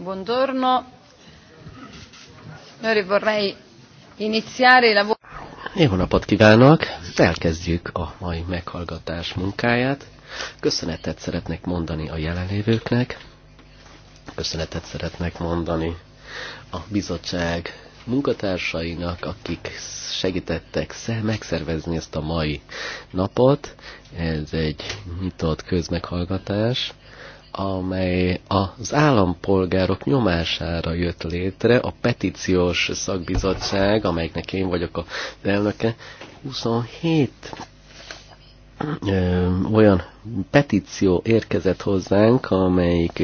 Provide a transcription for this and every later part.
Buongiorno. vorrei iniziare Jó napot kívánok! Elkezdjük a mai meghallgatás munkáját. Köszönetet szeretnék mondani a jelenlévőknek. Köszönetet szeretnek mondani a bizottság munkatársainak, akik segítettek megszervezni ezt a mai napot. Ez egy nyitott közmeghallgatás amely az állampolgárok nyomására jött létre, a petíciós szakbizottság, amelynek én vagyok a elnöke, 27 ö, olyan petíció érkezett hozzánk, amelyik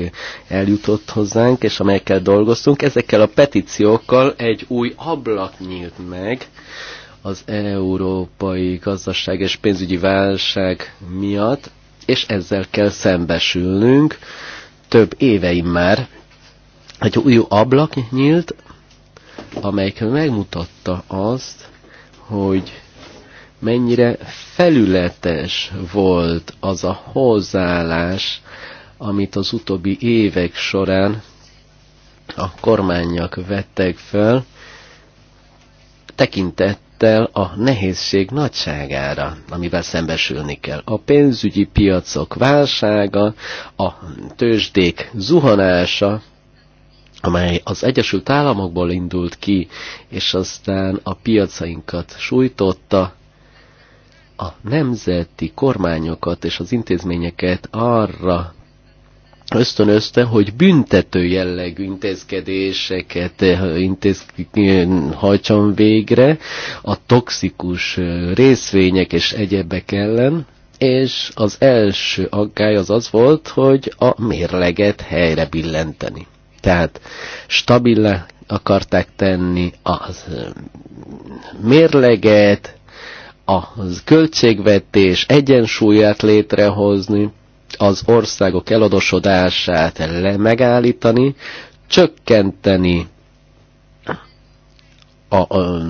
eljutott hozzánk, és amelyekkel dolgoztunk. Ezekkel a petíciókkal egy új ablak nyílt meg az európai gazdaság és pénzügyi válság miatt, és ezzel kell szembesülnünk. Több éveim már egy új ablak nyílt, amelyik megmutatta azt, hogy mennyire felületes volt az a hozzáállás, amit az utóbbi évek során a kormányok vettek fel, tekintett tekintettel a nehézség nagyságára, amivel szembesülni kell. A pénzügyi piacok válsága, a tőzsdék zuhanása, amely az Egyesült Államokból indult ki, és aztán a piacainkat sújtotta, a nemzeti kormányokat és az intézményeket arra ösztönözte, hogy büntető jellegű intézkedéseket eh, intéz, hajtson végre a toxikus eh, részvények és egyebek ellen, és az első aggály az az volt, hogy a mérleget helyre billenteni. Tehát stabilá akarták tenni az eh, mérleget, a költségvetés egyensúlyát létrehozni, az országok eladosodását le megállítani, csökkenteni a, a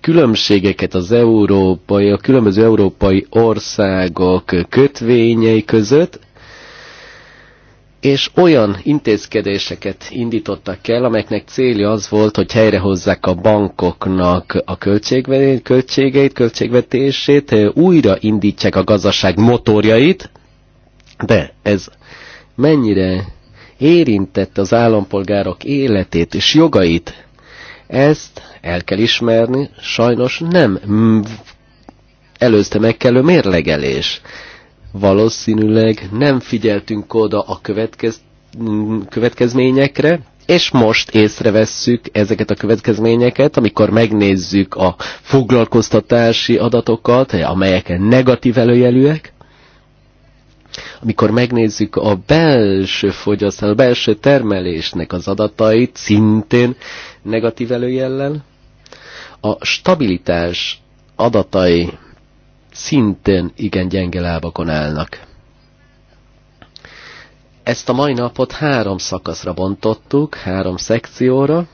különbségeket az európai, a különböző európai országok kötvényei között, és olyan intézkedéseket indítottak el, amelyeknek célja az volt, hogy helyrehozzák a bankoknak a költségeit, költségeit költségvetését, újra a gazdaság motorjait, de ez mennyire érintett az állampolgárok életét és jogait, ezt el kell ismerni, sajnos nem előzte meg kellő mérlegelés. Valószínűleg nem figyeltünk oda a következ, következményekre, és most észrevesszük ezeket a következményeket, amikor megnézzük a foglalkoztatási adatokat, amelyek negatív előjelűek, amikor megnézzük a belső fogyasztás, a belső termelésnek az adatait, szintén negatív előjellel, a stabilitás adatai szintén igen gyenge lábakon állnak. Ezt a mai napot három szakaszra bontottuk, három szekcióra,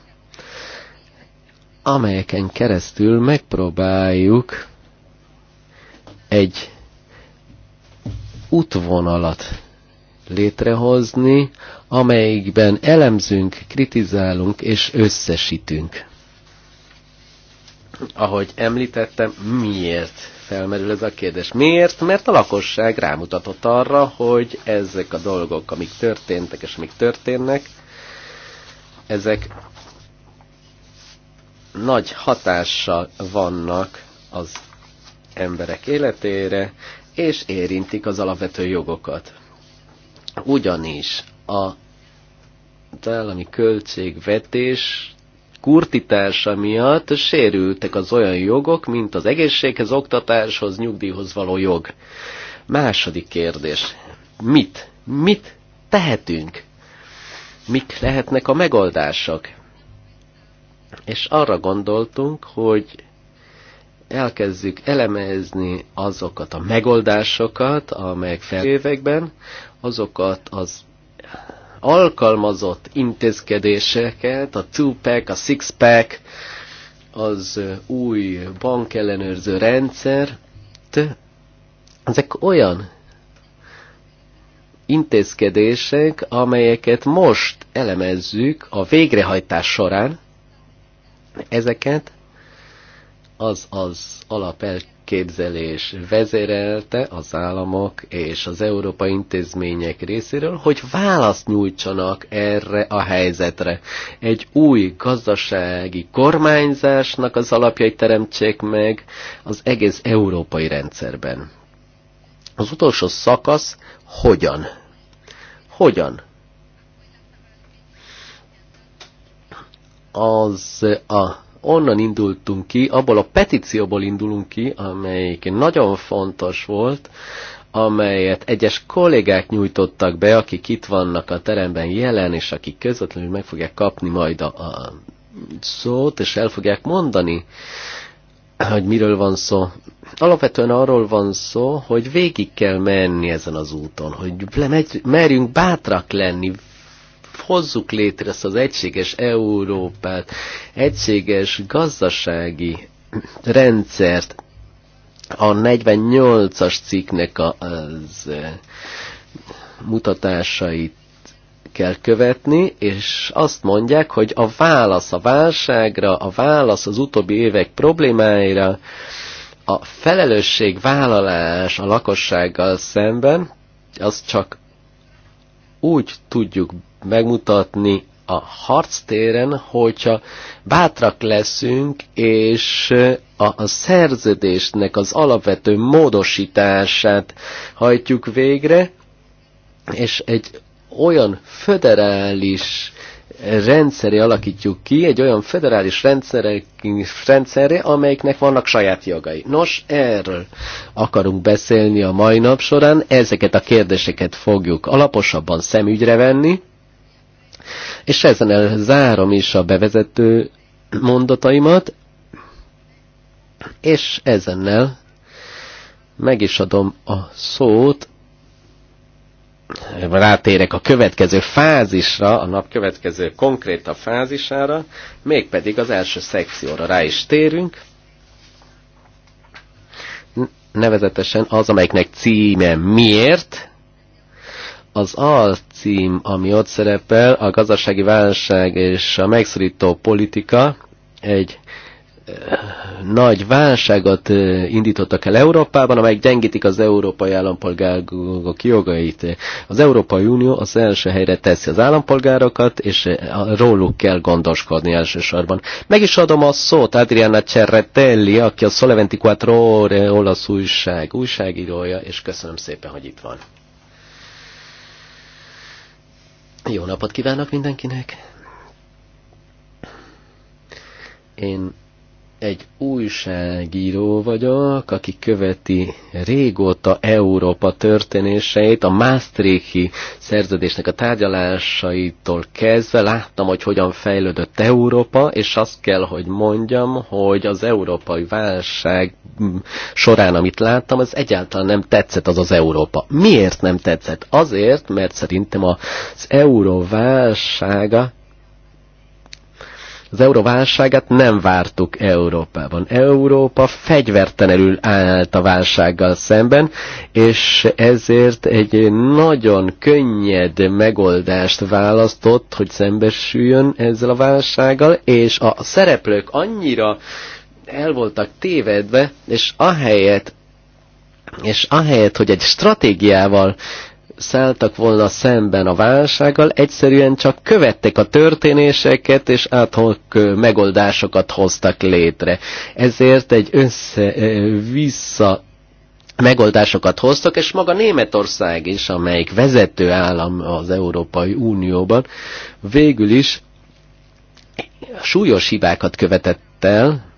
amelyeken keresztül megpróbáljuk egy útvonalat létrehozni, amelyikben elemzünk, kritizálunk és összesítünk. Ahogy említettem, miért felmerül ez a kérdés? Miért? Mert a lakosság rámutatott arra, hogy ezek a dolgok, amik történtek és amik történnek, ezek nagy hatással vannak az emberek életére, és érintik az alapvető jogokat. Ugyanis a állami költségvetés kurtitása miatt sérültek az olyan jogok, mint az egészséghez, oktatáshoz, nyugdíjhoz való jog. Második kérdés. Mit? Mit tehetünk? Mik lehetnek a megoldások? És arra gondoltunk, hogy elkezdjük elemezni azokat a megoldásokat, amelyek felévekben, azokat az alkalmazott intézkedéseket, a two-pack, a six-pack, az új bankellenőrző rendszert, ezek olyan intézkedések, amelyeket most elemezzük a végrehajtás során, ezeket az az alapelképzelés vezérelte az államok és az európai intézmények részéről, hogy választ nyújtsanak erre a helyzetre. Egy új gazdasági kormányzásnak az alapjait teremtsék meg az egész európai rendszerben. Az utolsó szakasz hogyan? Hogyan? Az a onnan indultunk ki, abból a petícióból indulunk ki, amelyik nagyon fontos volt, amelyet egyes kollégák nyújtottak be, akik itt vannak a teremben jelen, és akik közvetlenül meg fogják kapni majd a, a szót, és el fogják mondani, hogy miről van szó. Alapvetően arról van szó, hogy végig kell menni ezen az úton, hogy merjünk bátrak lenni, hozzuk létre ezt az egységes Európát, egységes gazdasági rendszert, a 48-as cikknek az mutatásait kell követni, és azt mondják, hogy a válasz a válságra, a válasz az utóbbi évek problémáira, a felelősségvállalás a lakossággal szemben, az csak úgy tudjuk megmutatni a harctéren, hogyha bátrak leszünk, és a, szerződésnek az alapvető módosítását hajtjuk végre, és egy olyan föderális rendszeré alakítjuk ki, egy olyan föderális rendszerre, amelyiknek vannak saját jogai. Nos, erről akarunk beszélni a mai nap során, ezeket a kérdéseket fogjuk alaposabban szemügyre venni, és ezen zárom is a bevezető mondataimat, és ezennel meg is adom a szót, rátérek a következő fázisra, a nap következő konkrét a fázisára, mégpedig az első szekcióra rá is térünk, nevezetesen az, amelyiknek címe miért, az alt cím, ami ott szerepel, a gazdasági válság és a megszorító politika egy eh, nagy válságot eh, indítottak el Európában, amelyek gyengítik az európai állampolgárok jogait. Az Európai Unió az első helyre teszi az állampolgárokat, és eh, róluk kell gondoskodni elsősorban. Meg is adom a szót Adriana Cerretelli, aki a Soleventi Quattro Ore olasz újság újságírója, és köszönöm szépen, hogy itt van. Jó napot kívánok mindenkinek! Én egy újságíró vagyok, aki követi régóta Európa történéseit, a Maastrichti szerződésnek a tárgyalásaitól kezdve láttam, hogy hogyan fejlődött Európa, és azt kell, hogy mondjam, hogy az európai válság során, amit láttam, az egyáltalán nem tetszett az az Európa. Miért nem tetszett? Azért, mert szerintem az euróválsága az euróválságát nem vártuk Európában. Európa fegyvertelenül állt a válsággal szemben, és ezért egy nagyon könnyed megoldást választott, hogy szembesüljön ezzel a válsággal, és a szereplők annyira el voltak tévedve, és ahelyett, és ahelyett, hogy egy stratégiával szálltak volna szemben a válsággal, egyszerűen csak követtek a történéseket, és áthok megoldásokat hoztak létre. Ezért egy össze-vissza megoldásokat hoztak, és maga Németország is, amelyik vezető állam az Európai Unióban, végül is súlyos hibákat követett el,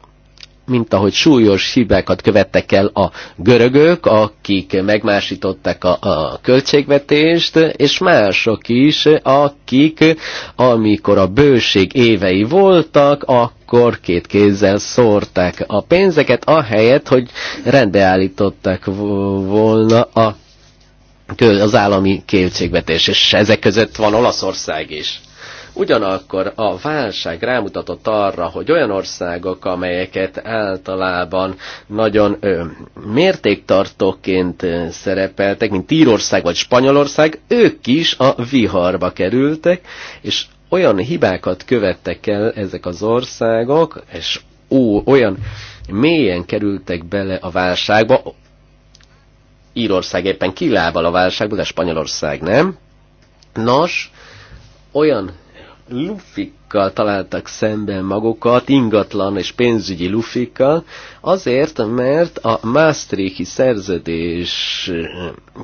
mint ahogy súlyos hibákat követtek el a görögök, akik megmásították a, a költségvetést, és mások is, akik, amikor a bőség évei voltak, akkor két kézzel szórták a pénzeket, ahelyett, hogy rendeállították volna a, az állami költségvetést, és ezek között van Olaszország is. Ugyanakkor a válság rámutatott arra, hogy olyan országok, amelyeket általában nagyon ö, mértéktartóként szerepeltek, mint Írország vagy Spanyolország, ők is a viharba kerültek, és olyan hibákat követtek el ezek az országok, és ó, olyan mélyen kerültek bele a válságba, Írország éppen kilábal a válságból, de Spanyolország nem. Nos, olyan lufikkal találtak szemben magukat, ingatlan és pénzügyi lufikkal, azért, mert a Maastrichti szerződés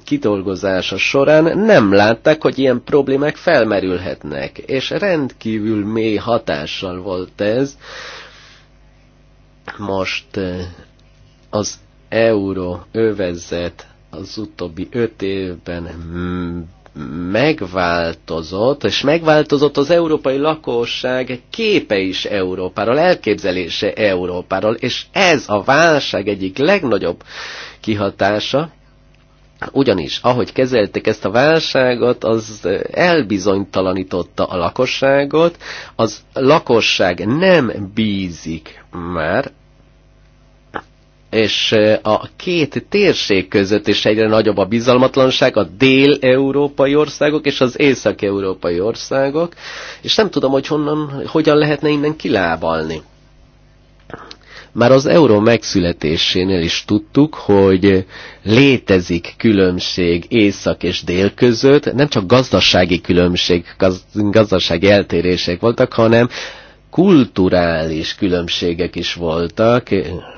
kidolgozása során nem látták, hogy ilyen problémák felmerülhetnek, és rendkívül mély hatással volt ez. Most eh, az euró övezet az utóbbi öt évben hmm, megváltozott, és megváltozott az európai lakosság képe is Európáról, elképzelése Európáról, és ez a válság egyik legnagyobb kihatása, ugyanis, ahogy kezelték ezt a válságot, az elbizonytalanította a lakosságot, az lakosság nem bízik már és a két térség között is egyre nagyobb a bizalmatlanság, a dél-európai országok és az észak-európai országok, és nem tudom, hogy honnan, hogyan lehetne innen kilábalni. Már az euró megszületésénél is tudtuk, hogy létezik különbség észak és dél között, nem csak gazdasági különbség, gazdasági eltérések voltak, hanem kulturális különbségek is voltak,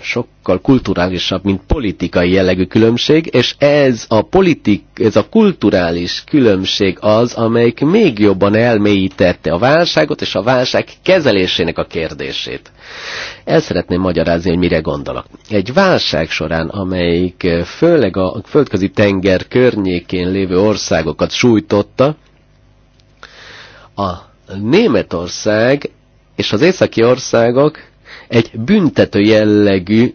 sokkal kulturálisabb, mint politikai jellegű különbség, és ez a, politik, ez a kulturális különbség az, amelyik még jobban elmélyítette a válságot és a válság kezelésének a kérdését. El szeretném magyarázni, hogy mire gondolok. Egy válság során, amelyik főleg a földközi tenger környékén lévő országokat sújtotta, a Németország és az északi országok egy büntető jellegű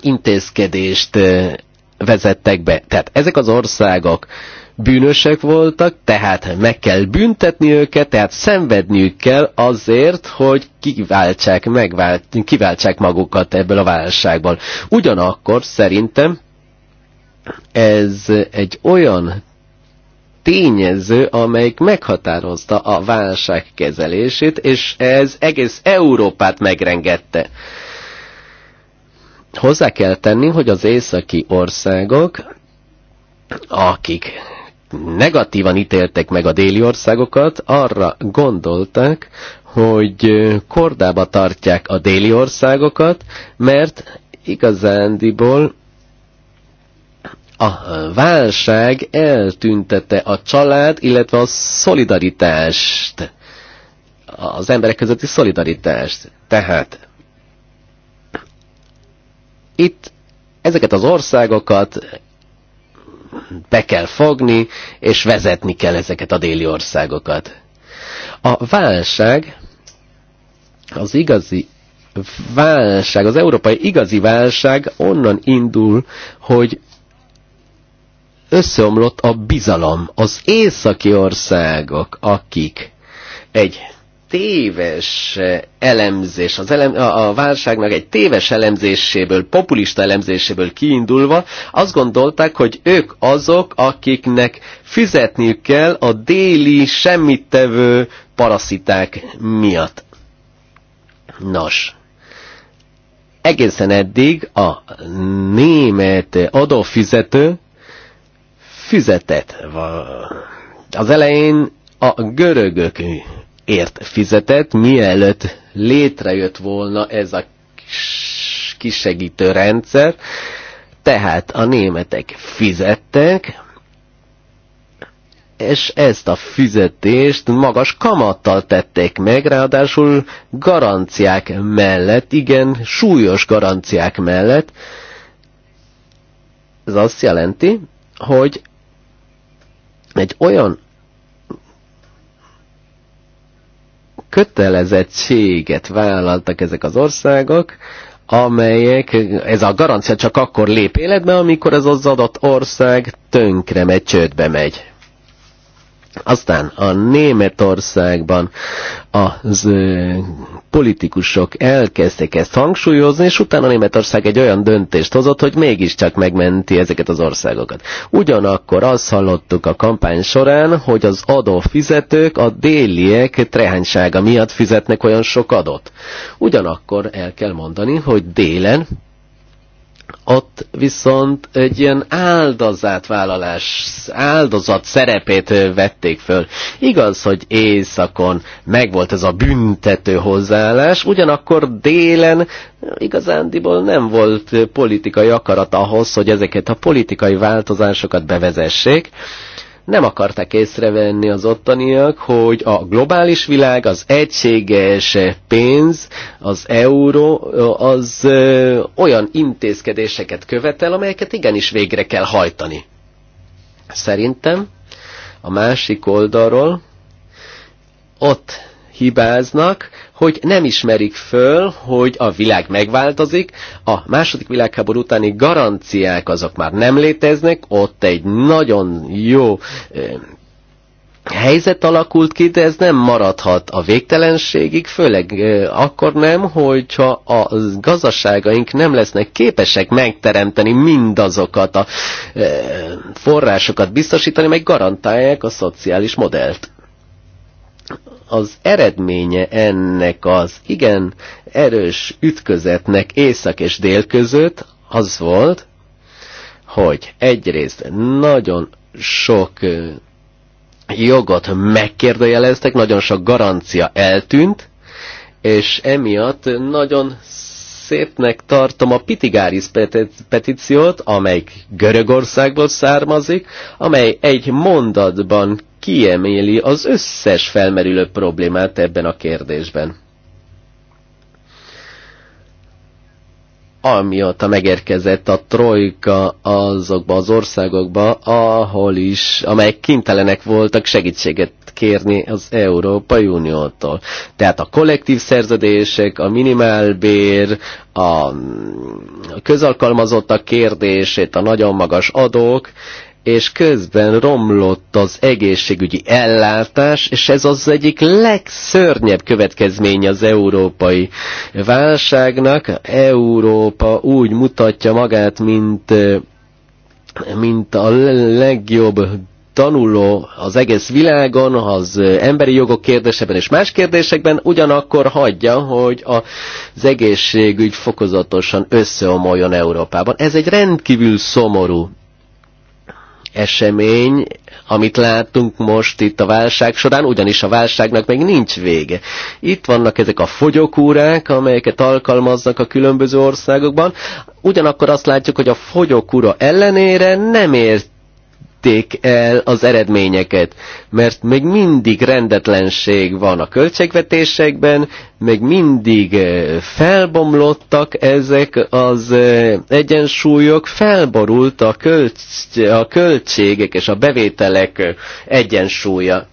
intézkedést vezettek be. Tehát ezek az országok bűnösek voltak, tehát meg kell büntetni őket, tehát szenvedniük kell azért, hogy kiváltsák, megvált, kiváltsák magukat ebből a válságból. Ugyanakkor szerintem ez egy olyan tényező, amelyik meghatározta a válság kezelését, és ez egész Európát megrengette. Hozzá kell tenni, hogy az északi országok, akik negatívan ítéltek meg a déli országokat, arra gondolták, hogy kordába tartják a déli országokat, mert igazándiból a válság eltüntette a család, illetve a szolidaritást, az emberek közötti szolidaritást. Tehát itt ezeket az országokat be kell fogni, és vezetni kell ezeket a déli országokat. A válság, az igazi válság, az európai igazi válság onnan indul, hogy összeomlott a bizalom. Az északi országok, akik egy téves elemzés, az elem, a, a válságnak egy téves elemzéséből, populista elemzéséből kiindulva azt gondolták, hogy ők azok, akiknek fizetniük kell a déli semmittevő parasziták miatt. Nos, egészen eddig a német adófizető füzetet. Az elején a görögök ért fizetett, mielőtt létrejött volna ez a kisegítő rendszer, tehát a németek fizettek, és ezt a fizetést magas kamattal tették meg, ráadásul garanciák mellett, igen, súlyos garanciák mellett. Ez azt jelenti, hogy egy olyan kötelezettséget vállaltak ezek az országok, amelyek, ez a garancia csak akkor lép életbe, amikor ez az adott ország tönkre megy, csődbe megy. Aztán a Németországban az ö, politikusok elkezdték ezt hangsúlyozni, és utána Németország egy olyan döntést hozott, hogy mégiscsak megmenti ezeket az országokat. Ugyanakkor azt hallottuk a kampány során, hogy az adófizetők a déliek trehánysága miatt fizetnek olyan sok adót. Ugyanakkor el kell mondani, hogy délen ott viszont egy ilyen áldozatvállalás, áldozat szerepét vették föl. Igaz, hogy éjszakon megvolt ez a büntető hozzáállás, ugyanakkor délen igazándiból nem volt politikai akarat ahhoz, hogy ezeket a politikai változásokat bevezessék nem akarták észrevenni az ottaniak, hogy a globális világ, az egységes pénz, az euró, az ö, olyan intézkedéseket követel, amelyeket igenis végre kell hajtani. Szerintem a másik oldalról ott hibáznak, hogy nem ismerik föl, hogy a világ megváltozik, a második világháború utáni garanciák azok már nem léteznek, ott egy nagyon jó helyzet alakult ki, de ez nem maradhat a végtelenségig, főleg akkor nem, hogyha a gazdaságaink nem lesznek képesek megteremteni mindazokat a forrásokat biztosítani, meg garantálják a szociális modellt az eredménye ennek az igen erős ütközetnek észak és dél között az volt, hogy egyrészt nagyon sok jogot megkérdőjeleztek, nagyon sok garancia eltűnt, és emiatt nagyon szépnek tartom a Pitigáris petíciót, amely Görögországból származik, amely egy mondatban kiemeli az összes felmerülő problémát ebben a kérdésben. amióta megérkezett a trojka azokba az országokba, ahol is, amelyek kintelenek voltak segítséget kérni az Európai Uniótól. Tehát a kollektív szerződések, a minimálbér, a közalkalmazottak kérdését, a nagyon magas adók, és közben romlott az egészségügyi ellátás, és ez az egyik legszörnyebb következménye az európai válságnak. Európa úgy mutatja magát, mint, mint a legjobb tanuló az egész világon, az emberi jogok kérdésében és más kérdésekben, ugyanakkor hagyja, hogy az egészségügy fokozatosan összeomoljon Európában. Ez egy rendkívül szomorú esemény, amit látunk most itt a válság során, ugyanis a válságnak még nincs vége. Itt vannak ezek a fogyókúrák, amelyeket alkalmaznak a különböző országokban, ugyanakkor azt látjuk, hogy a fogyókúra ellenére nem ért érték el az eredményeket, mert még mindig rendetlenség van a költségvetésekben, még mindig eh, felbomlottak ezek az eh, egyensúlyok, felborult a, költs a költségek és a bevételek eh, egyensúlya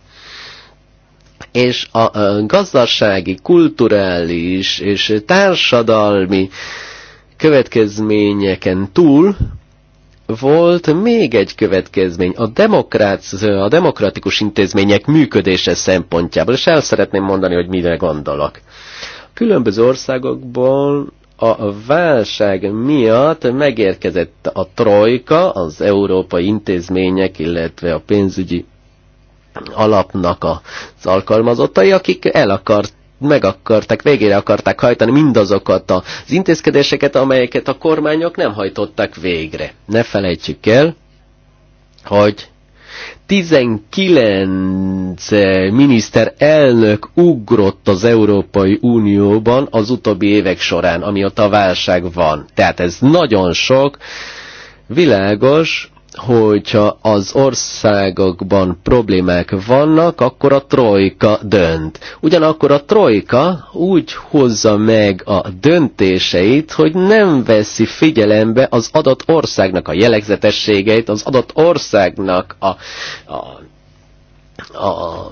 és a gazdasági, kulturális és társadalmi következményeken túl volt még egy következmény, a, a demokratikus intézmények működése szempontjából, és el szeretném mondani, hogy mire gondolok. Különböző országokból a válság miatt megérkezett a trojka, az európai intézmények, illetve a pénzügyi alapnak az alkalmazottai, akik el akart meg akarták, végére akarták hajtani mindazokat az intézkedéseket, amelyeket a kormányok nem hajtottak végre. Ne felejtsük el, hogy 19 miniszter elnök ugrott az Európai Unióban az utóbbi évek során, amióta válság van. Tehát ez nagyon sok, világos, hogyha az országokban problémák vannak, akkor a trojka dönt. Ugyanakkor a trojka úgy hozza meg a döntéseit, hogy nem veszi figyelembe az adott országnak a jellegzetességeit, az adott országnak a, a, a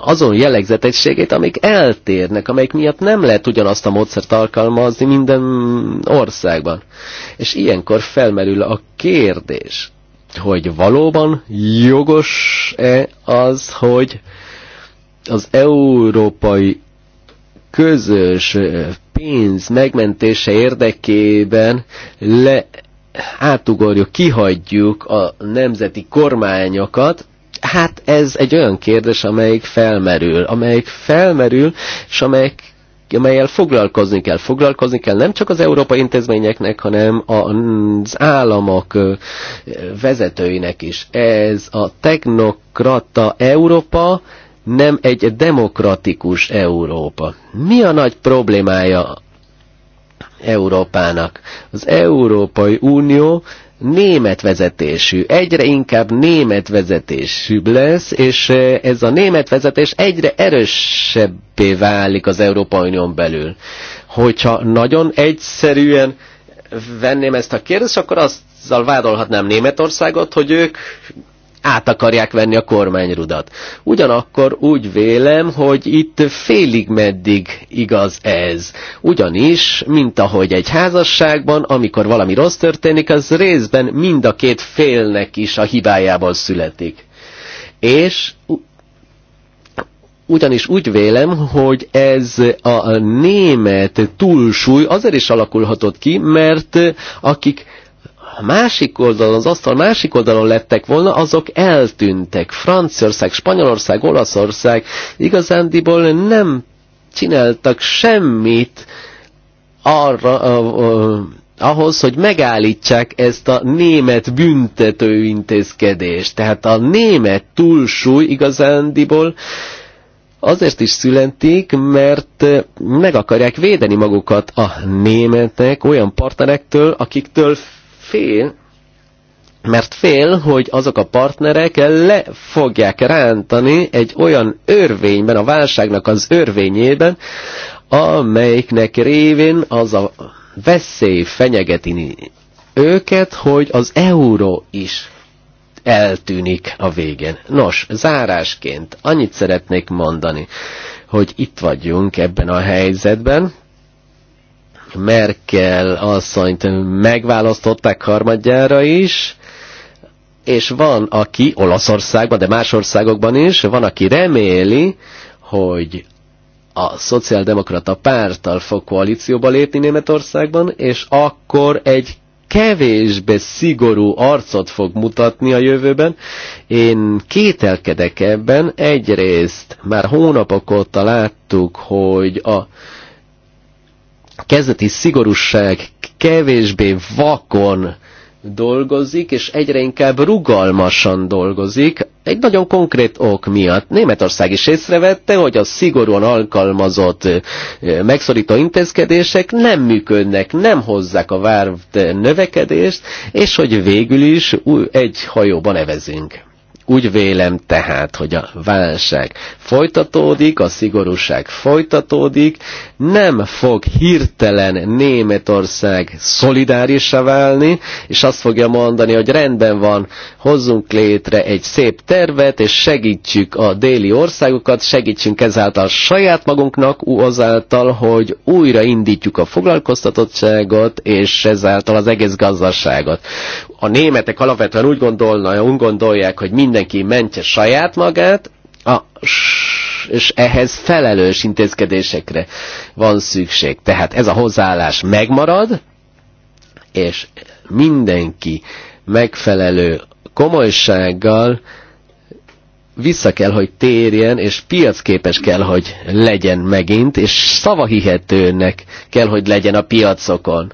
azon jellegzetességét, amik eltérnek, amelyik miatt nem lehet ugyanazt a módszert alkalmazni minden országban. És ilyenkor felmerül a kérdés, hogy valóban jogos-e az, hogy az európai közös pénz megmentése érdekében le átugorjuk, kihagyjuk a nemzeti kormányokat, Hát ez egy olyan kérdés, amelyik felmerül, amelyik felmerül, és amelyik amelyel foglalkozni kell. Foglalkozni kell nem csak az európai intézményeknek, hanem az államok vezetőinek is. Ez a technokrata Európa, nem egy demokratikus Európa. Mi a nagy problémája Európának? Az Európai Unió német vezetésű, egyre inkább német vezetésű lesz, és e, ez a német vezetés egyre erősebbé válik az Európai Unión belül. Hogyha nagyon egyszerűen venném ezt a kérdést, akkor azzal vádolhatnám Németországot, hogy ők át akarják venni a kormányrudat. Ugyanakkor úgy vélem, hogy itt félig meddig igaz ez. Ugyanis, mint ahogy egy házasságban, amikor valami rossz történik, az részben mind a két félnek is a hibájából születik. És ugyanis úgy vélem, hogy ez a német túlsúly azért is alakulhatott ki, mert akik a másik oldalon, az asztal másik oldalon lettek volna, azok eltűntek. Franciaország, Spanyolország, Olaszország igazándiból nem csináltak semmit arra, uh, uh, ahhoz, hogy megállítsák ezt a német büntető intézkedést. Tehát a német túlsúly igazándiból azért is születik, mert meg akarják védeni magukat a németek olyan partnerektől, akiktől fél, mert fél, hogy azok a partnerek le fogják rántani egy olyan örvényben, a válságnak az örvényében, amelyiknek révén az a veszély fenyegeti őket, hogy az euró is eltűnik a végén. Nos, zárásként annyit szeretnék mondani, hogy itt vagyunk ebben a helyzetben, Merkel asszonyt megválasztották harmadjára is, és van, aki Olaszországban, de más országokban is, van, aki reméli, hogy a szociáldemokrata párttal fog koalícióba lépni Németországban, és akkor egy kevésbé szigorú arcot fog mutatni a jövőben. Én kételkedek ebben. Egyrészt már hónapok óta láttuk, hogy a kezdeti szigorúság kevésbé vakon dolgozik, és egyre inkább rugalmasan dolgozik, egy nagyon konkrét ok miatt. Németország is észrevette, hogy a szigorúan alkalmazott megszorító intézkedések nem működnek, nem hozzák a várt növekedést, és hogy végül is egy hajóban nevezünk. Úgy vélem tehát, hogy a válság folytatódik, a szigorúság folytatódik, nem fog hirtelen Németország szolidárisra válni, és azt fogja mondani, hogy rendben van, hozzunk létre egy szép tervet, és segítsük a déli országokat, segítsünk ezáltal saját magunknak, azáltal, hogy újra indítjuk a foglalkoztatottságot, és ezáltal az egész gazdaságot. A németek alapvetően úgy, gondolna, úgy gondolják, hogy mind mindenki mentse saját magát, a, és ehhez felelős intézkedésekre van szükség. Tehát ez a hozzáállás megmarad, és mindenki megfelelő komolysággal vissza kell, hogy térjen, és piacképes kell, hogy legyen megint, és szavahihetőnek kell, hogy legyen a piacokon.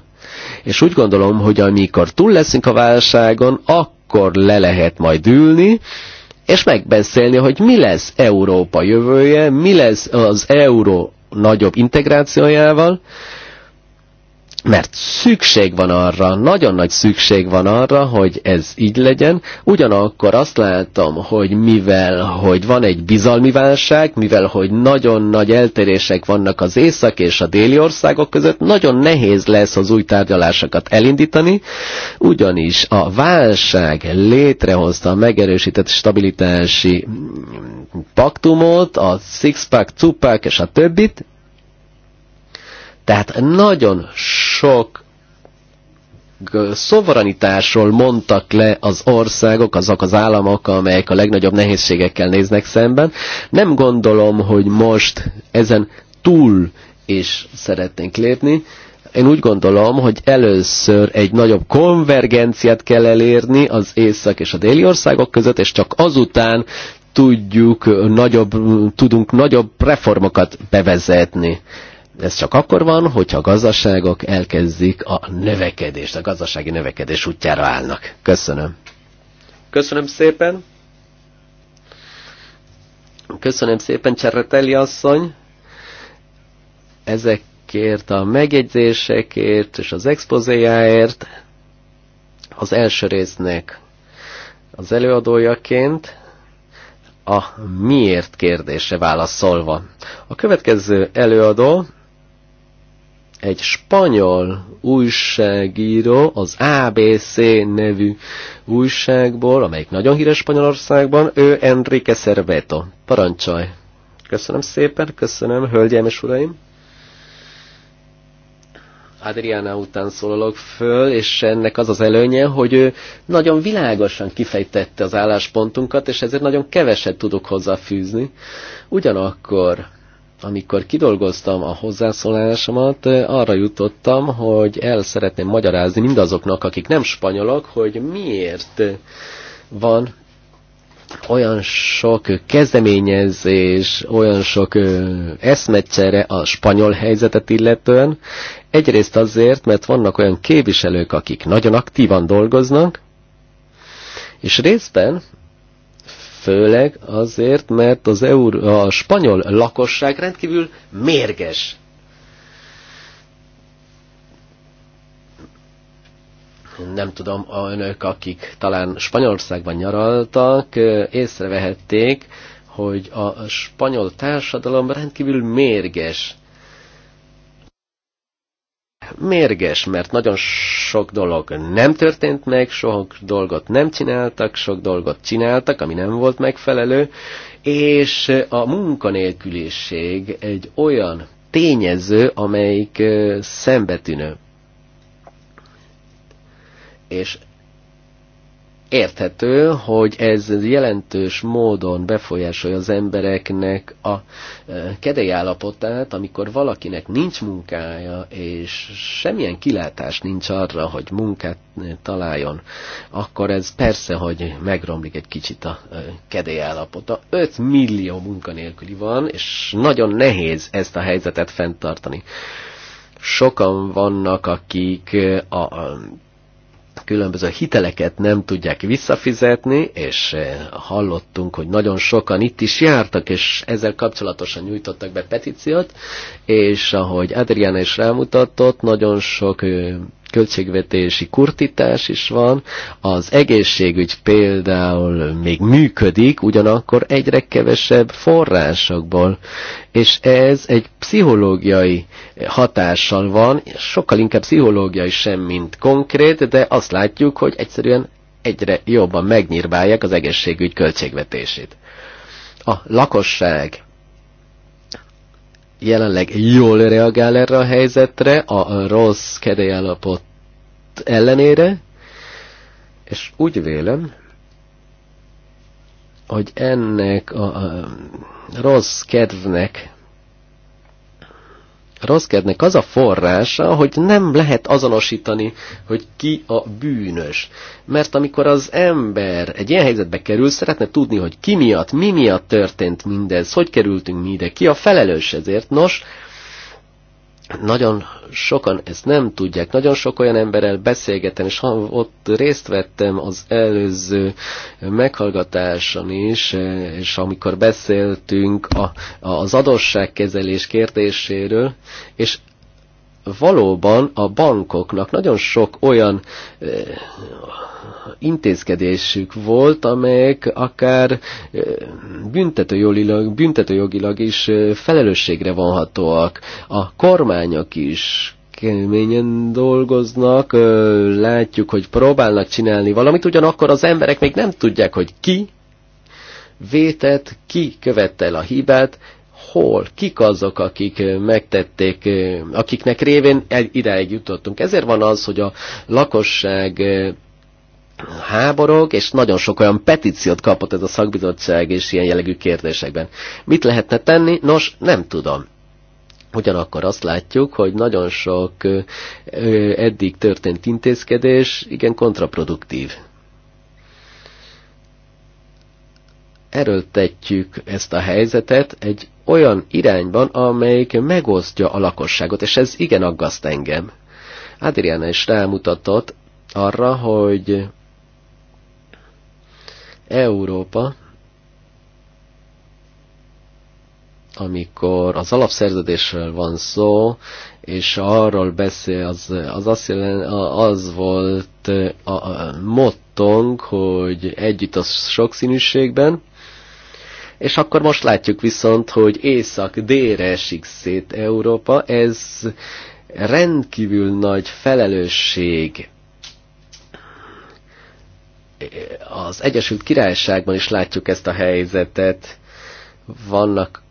És úgy gondolom, hogy amikor túl leszünk a válságon, akkor akkor le lehet majd ülni, és megbeszélni, hogy mi lesz Európa jövője, mi lesz az euró nagyobb integrációjával, mert szükség van arra, nagyon nagy szükség van arra, hogy ez így legyen. Ugyanakkor azt látom, hogy mivel, hogy van egy bizalmi válság, mivel, hogy nagyon nagy eltérések vannak az észak és a déli országok között, nagyon nehéz lesz az új tárgyalásokat elindítani, ugyanis a válság létrehozta a megerősített stabilitási paktumot, a six-pack, two-pack és a többit, tehát nagyon sok szovranitásról mondtak le az országok, azok az államok, amelyek a legnagyobb nehézségekkel néznek szemben. Nem gondolom, hogy most ezen túl is szeretnénk lépni. Én úgy gondolom, hogy először egy nagyobb konvergenciát kell elérni az észak és a déli országok között, és csak azután tudjuk nagyobb, tudunk nagyobb reformokat bevezetni ez csak akkor van, hogyha a gazdaságok elkezdik a növekedést, a gazdasági növekedés útjára állnak. Köszönöm. Köszönöm szépen. Köszönöm szépen, Cserreteli asszony. Ezekért a megjegyzésekért és az expozéjáért az első résznek az előadójaként a miért kérdése válaszolva. A következő előadó egy spanyol újságíró, az ABC nevű újságból, amelyik nagyon híres Spanyolországban, ő Enrique Cerveto. Parancsolj! Köszönöm szépen, köszönöm, hölgyeim és uraim! Adriana után szólalok föl, és ennek az az előnye, hogy ő nagyon világosan kifejtette az álláspontunkat, és ezért nagyon keveset tudok hozzáfűzni. Ugyanakkor amikor kidolgoztam a hozzászólásomat, arra jutottam, hogy el szeretném magyarázni mindazoknak, akik nem spanyolok, hogy miért van olyan sok kezdeményezés, olyan sok eszmecsere a spanyol helyzetet illetően. Egyrészt azért, mert vannak olyan képviselők, akik nagyon aktívan dolgoznak, és részben Főleg azért, mert az eur, a spanyol lakosság rendkívül mérges. nem tudom, a önök, akik talán Spanyolországban nyaraltak, észrevehették, hogy a spanyol társadalom rendkívül mérges mérges, mert nagyon sok dolog nem történt meg, sok dolgot nem csináltak, sok dolgot csináltak, ami nem volt megfelelő, és a munkanélküliség egy olyan tényező, amelyik szembetűnő. És Érthető, hogy ez jelentős módon befolyásolja az embereknek a e, kedélyállapotát, amikor valakinek nincs munkája, és semmilyen kilátás nincs arra, hogy munkát találjon, akkor ez persze, hogy megromlik egy kicsit a e, kedélyállapota. 5 millió munkanélküli van, és nagyon nehéz ezt a helyzetet fenntartani sokan vannak, akik a, a különböző hiteleket nem tudják visszafizetni, és eh, hallottunk, hogy nagyon sokan itt is jártak, és ezzel kapcsolatosan nyújtottak be petíciót, és ahogy Adriana is rámutatott, nagyon sok eh, költségvetési kurtítás is van, az egészségügy például még működik, ugyanakkor egyre kevesebb forrásokból, és ez egy pszichológiai hatással van, sokkal inkább pszichológiai sem, mint konkrét, de azt látjuk, hogy egyszerűen egyre jobban megnyírbálják az egészségügy költségvetését. A lakosság jelenleg jól reagál erre a helyzetre, a rossz kedélyállapot ellenére, és úgy vélem, hogy ennek a, a rossz kedvnek rossz az a forrása, hogy nem lehet azonosítani, hogy ki a bűnös. Mert amikor az ember egy ilyen helyzetbe kerül, szeretne tudni, hogy ki miatt, mi miatt történt mindez, hogy kerültünk mi ide, ki a felelős ezért. Nos, nagyon sokan ezt nem tudják, nagyon sok olyan emberrel beszélgetem, és ha ott részt vettem az előző meghallgatáson is, eh, és amikor beszéltünk a, az adósságkezelés kérdéséről, és valóban a bankoknak nagyon sok olyan eh, intézkedésük volt, amelyek akár eh, büntetőjogilag, büntetőjogilag is eh, felelősségre vonhatóak. A kormányok is keményen dolgoznak, eh, látjuk, hogy próbálnak csinálni valamit, ugyanakkor az emberek még nem tudják, hogy ki vétett, ki követte el a hibát, hol, kik azok, akik megtették, akiknek révén ideig jutottunk. Ezért van az, hogy a lakosság háborog, és nagyon sok olyan petíciót kapott ez a szakbizottság és ilyen jellegű kérdésekben. Mit lehetne tenni? Nos, nem tudom. Ugyanakkor azt látjuk, hogy nagyon sok eddig történt intézkedés igen kontraproduktív. erőltetjük ezt a helyzetet egy olyan irányban, amelyik megosztja a lakosságot, és ez igen aggaszt engem. Adriana is rámutatott arra, hogy Európa, amikor az alapszerződésről van szó, és arról beszél, az, az, azt jelenti, az volt a, a mottonk, hogy együtt a sokszínűségben, és akkor most látjuk viszont, hogy észak-délre esik szét Európa, ez rendkívül nagy felelősség az Egyesült Királyságban is látjuk ezt a helyzetet. Vannak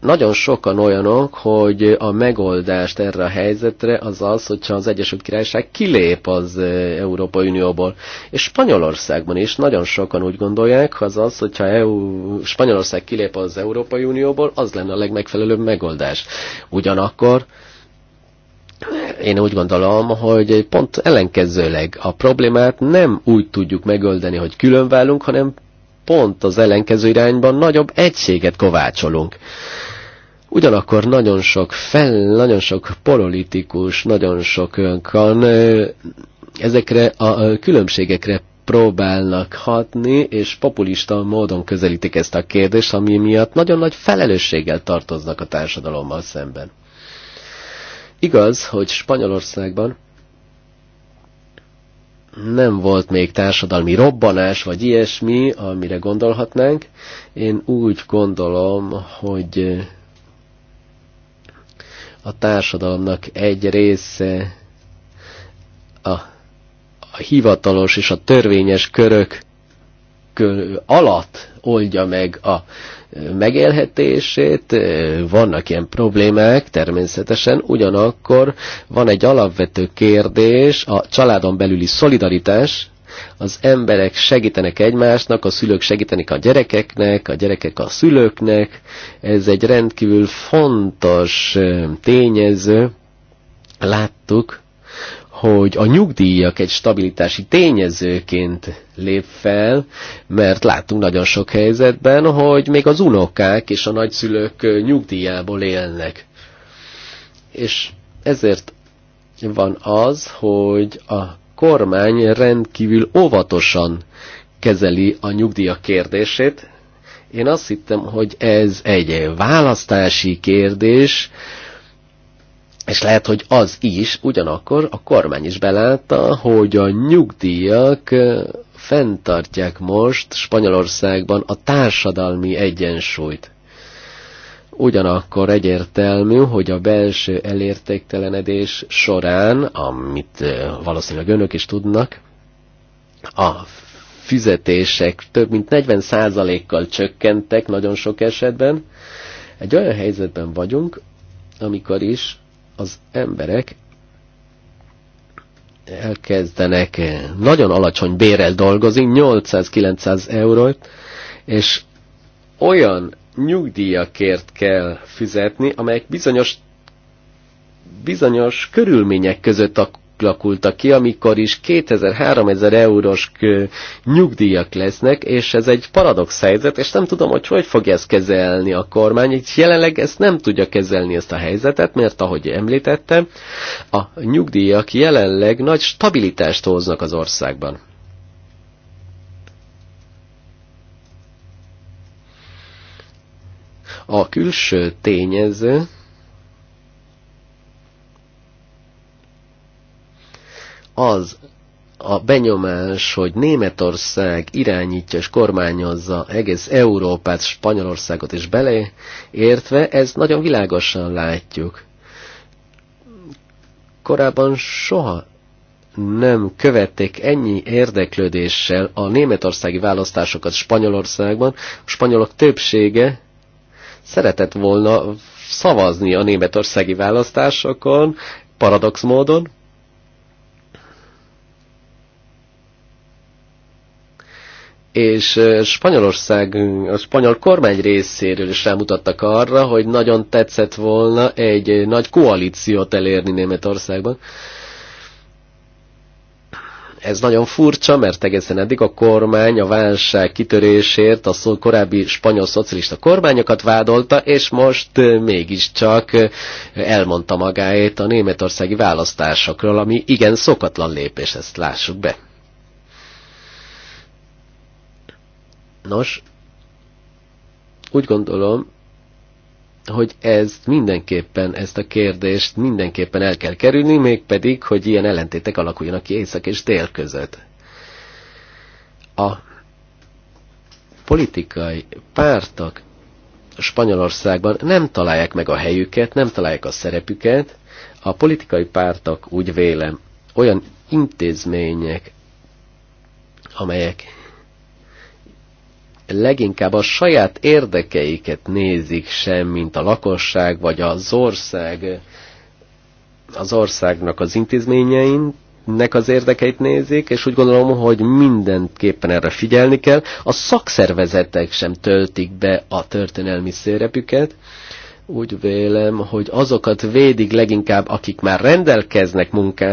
nagyon sokan olyanok, hogy a megoldást erre a helyzetre az az, hogyha az Egyesült Királyság kilép az Európai Unióból. És Spanyolországban is nagyon sokan úgy gondolják, az az, hogyha EU, Spanyolország kilép az Európai Unióból, az lenne a legmegfelelőbb megoldás. Ugyanakkor én úgy gondolom, hogy pont ellenkezőleg a problémát nem úgy tudjuk megoldani, hogy különválunk, hanem pont az ellenkező irányban nagyobb egységet kovácsolunk. Ugyanakkor nagyon sok fel, nagyon sok politikus, nagyon sok önkan ezekre a különbségekre próbálnak hatni, és populista módon közelítik ezt a kérdést, ami miatt nagyon nagy felelősséggel tartoznak a társadalommal szemben. Igaz, hogy Spanyolországban nem volt még társadalmi robbanás, vagy ilyesmi, amire gondolhatnánk. Én úgy gondolom, hogy a társadalomnak egy része a, a hivatalos és a törvényes körök alatt oldja meg a megélhetését, vannak ilyen problémák természetesen, ugyanakkor van egy alapvető kérdés, a családon belüli szolidaritás, az emberek segítenek egymásnak, a szülők segítenek a gyerekeknek, a gyerekek a szülőknek. Ez egy rendkívül fontos tényező. Láttuk, hogy a nyugdíjak egy stabilitási tényezőként lép fel, mert láttunk nagyon sok helyzetben, hogy még az unokák és a nagyszülők nyugdíjából élnek. És ezért van az, hogy a kormány rendkívül óvatosan kezeli a nyugdíjak kérdését. Én azt hittem, hogy ez egy választási kérdés, és lehet, hogy az is, ugyanakkor a kormány is belátta, hogy a nyugdíjak fenntartják most Spanyolországban a társadalmi egyensúlyt. Ugyanakkor egyértelmű, hogy a belső elértéktelenedés során, amit valószínűleg önök is tudnak, a fizetések több mint 40%-kal csökkentek nagyon sok esetben. Egy olyan helyzetben vagyunk, amikor is az emberek elkezdenek nagyon alacsony bérrel dolgozni, 800-900 eurót, és olyan nyugdíjakért kell fizetni, amelyek bizonyos, bizonyos körülmények között a alakultak ki, amikor is 2000-3000 eurós nyugdíjak lesznek, és ez egy paradox helyzet, és nem tudom, hogy hogy fogja ezt kezelni a kormány. Itt jelenleg ezt nem tudja kezelni ezt a helyzetet, mert ahogy említettem, a nyugdíjak jelenleg nagy stabilitást hoznak az országban. A külső tényező az a benyomás, hogy Németország irányítja és kormányozza egész Európát, Spanyolországot is beleértve, ez nagyon világosan látjuk. Korábban soha nem követték ennyi érdeklődéssel a németországi választásokat Spanyolországban. A spanyolok többsége szeretett volna szavazni a németországi választásokon, paradox módon, és Spanyolország, a spanyol kormány részéről is rámutattak arra, hogy nagyon tetszett volna egy nagy koalíciót elérni Németországban. Ez nagyon furcsa, mert egészen eddig a kormány a válság kitörésért a szó, korábbi spanyol szocialista kormányokat vádolta, és most mégiscsak elmondta magáét a németországi választásokról, ami igen szokatlan lépés, ezt lássuk be. Nos, úgy gondolom, hogy ez mindenképpen, ezt a kérdést mindenképpen el kell kerülni, mégpedig, hogy ilyen ellentétek alakuljanak ki észak és dél között. A politikai pártok Spanyolországban nem találják meg a helyüket, nem találják a szerepüket. A politikai pártok úgy vélem olyan intézmények, amelyek leginkább a saját érdekeiket nézik sem, mint a lakosság vagy az ország, az országnak az intézményein, nek az érdekeit nézik, és úgy gondolom, hogy mindenképpen erre figyelni kell. A szakszervezetek sem töltik be a történelmi szerepüket, úgy vélem, hogy azokat védik leginkább, akik már rendelkeznek munka,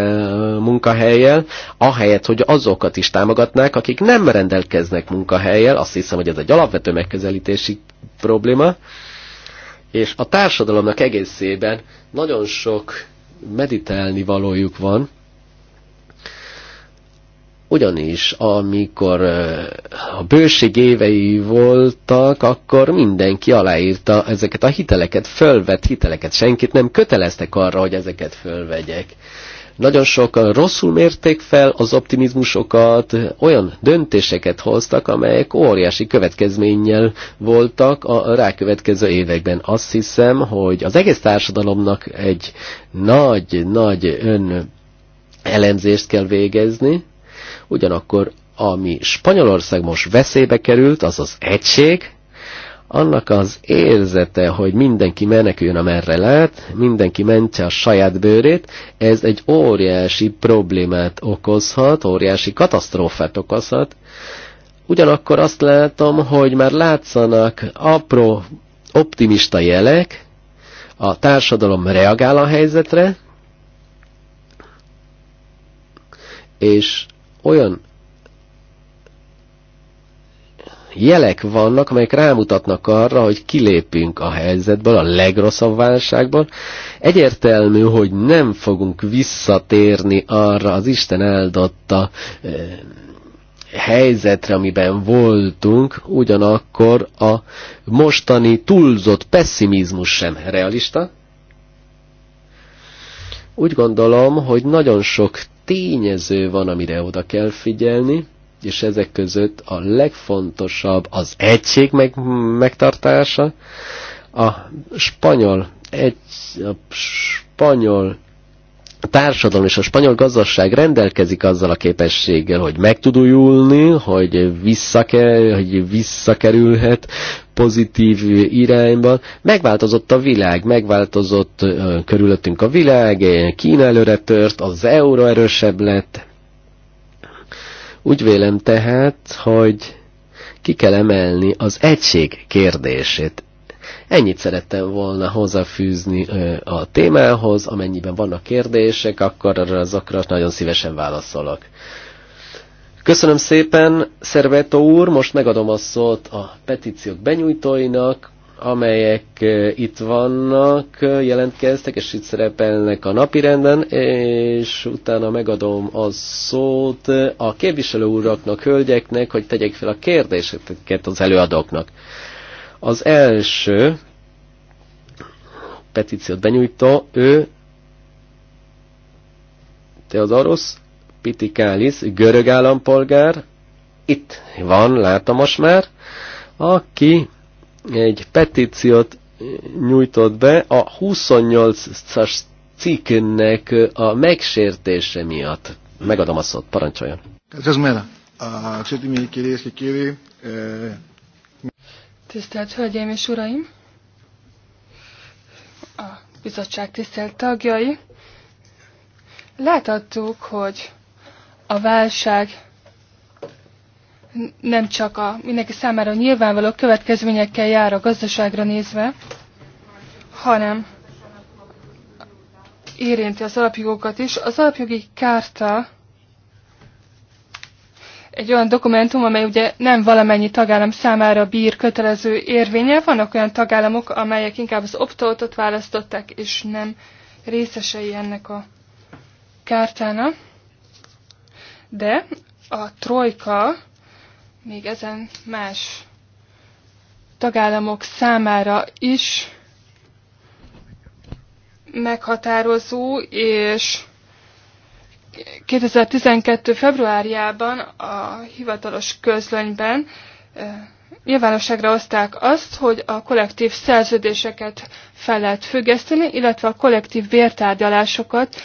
munkahelyel, ahelyett, hogy azokat is támogatnák, akik nem rendelkeznek munkahelyel. Azt hiszem, hogy ez egy alapvető megközelítési probléma. És a társadalomnak egészében nagyon sok meditálni valójuk van, ugyanis, amikor a bőség évei voltak, akkor mindenki aláírta ezeket a hiteleket, fölvett hiteleket. Senkit nem köteleztek arra, hogy ezeket fölvegyek. Nagyon sokan rosszul mérték fel az optimizmusokat, olyan döntéseket hoztak, amelyek óriási következménnyel voltak a rákövetkező években. Azt hiszem, hogy az egész társadalomnak egy nagy-nagy ön elemzést kell végezni, Ugyanakkor, ami Spanyolország most veszélybe került, az az egység, annak az érzete, hogy mindenki meneküljön, amerre lehet, mindenki mentse a saját bőrét, ez egy óriási problémát okozhat, óriási katasztrófát okozhat. Ugyanakkor azt látom, hogy már látszanak apró optimista jelek, a társadalom reagál a helyzetre, és olyan jelek vannak, amelyek rámutatnak arra, hogy kilépünk a helyzetből, a legrosszabb válságból. Egyértelmű, hogy nem fogunk visszatérni arra az Isten eldotta eh, helyzetre, amiben voltunk, ugyanakkor a mostani túlzott pessimizmus sem realista. Úgy gondolom, hogy nagyon sok tényező van, amire oda kell figyelni, és ezek között a legfontosabb az egység meg, megtartása, a spanyol, egy, a spanyol társadalom és a spanyol gazdaság rendelkezik azzal a képességgel, hogy meg tud újulni, hogy, visszaker, hogy visszakerülhet pozitív irányba. Megváltozott a világ, megváltozott körülöttünk a világ, Kína előre tört, az euró erősebb lett. Úgy vélem tehát, hogy ki kell emelni az egység kérdését. Ennyit szerettem volna hozzáfűzni a témához, amennyiben vannak kérdések, akkor azokra nagyon szívesen válaszolok. Köszönöm szépen, Szerveto úr, most megadom a szót a petíciók benyújtóinak, amelyek itt vannak, jelentkeztek, és itt szerepelnek a napirenden, és utána megadom a szót a képviselő uraknak, hölgyeknek, hogy tegyék fel a kérdéseket az előadóknak. Az első petíciót benyújtó, ő Teodoros Pitikális, görög állampolgár, itt van, látom most már, aki egy petíciót nyújtott be a 28-as cikknek a megsértése miatt. Megadom a szót, parancsoljon. Köszönöm, Mela. Αξιότιμοι κυρίες και Tisztelt Hölgyeim és Uraim! A bizottság tisztelt tagjai! Láthattuk, hogy a válság nem csak a mindenki számára nyilvánvaló következményekkel jár a gazdaságra nézve, hanem érinti az alapjogokat is. Az alapjogi kárta egy olyan dokumentum, amely ugye nem valamennyi tagállam számára bír kötelező érvénye. Vannak olyan tagállamok, amelyek inkább az opt választották, és nem részesei ennek a kártának. De a trojka még ezen más tagállamok számára is meghatározó, és 2012. februárjában a hivatalos közlönyben nyilvánosságra hozták azt, hogy a kollektív szerződéseket fel lehet függeszteni, illetve a kollektív vértárgyalásokat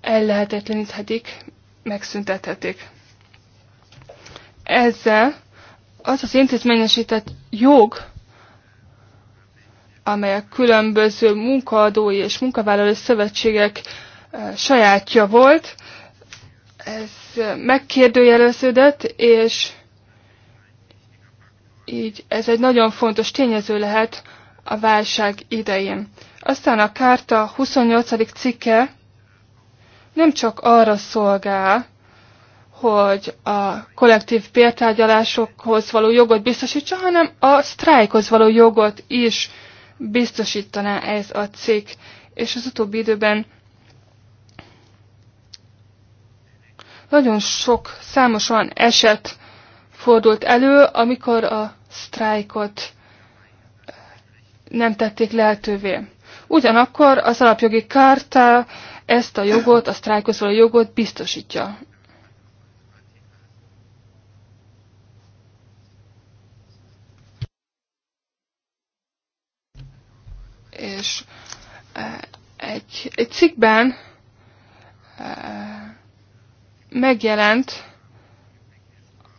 ellehetetleníthetik, megszüntethetik. Ezzel az az intézményesített jog, a különböző munkaadói és munkavállalói szövetségek sajátja volt, ez megkérdőjeleződött, és így ez egy nagyon fontos tényező lehet a válság idején. Aztán a kárta 28. cikke nem csak arra szolgál, hogy a kollektív bértárgyalásokhoz való jogot biztosítsa, hanem a sztrájkhoz való jogot is biztosítaná ez a cikk. És az utóbbi időben Nagyon sok, számos olyan eset fordult elő, amikor a sztrájkot nem tették lehetővé. Ugyanakkor az alapjogi kárta ezt a jogot, a sztrájkozó jogot biztosítja. És eh, egy, egy cikkben eh, megjelent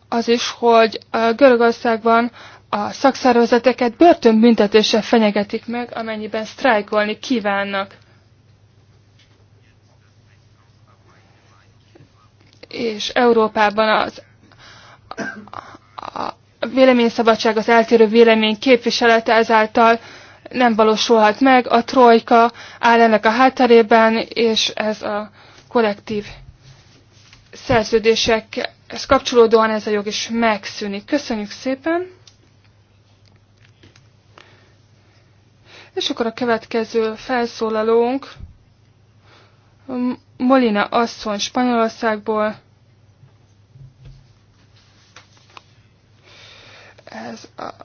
az is, hogy Görögországban a szakszervezeteket börtönbüntetéssel fenyegetik meg, amennyiben sztrájkolni kívánnak. És Európában az, a, a véleményszabadság, az eltérő vélemény képviselete ezáltal nem valósulhat meg, a trojka áll ennek a hátterében, és ez a kollektív szerződésekhez kapcsolódóan ez a jog is megszűnik. Köszönjük szépen! És akkor a következő felszólalónk Molina asszony Spanyolországból. Ez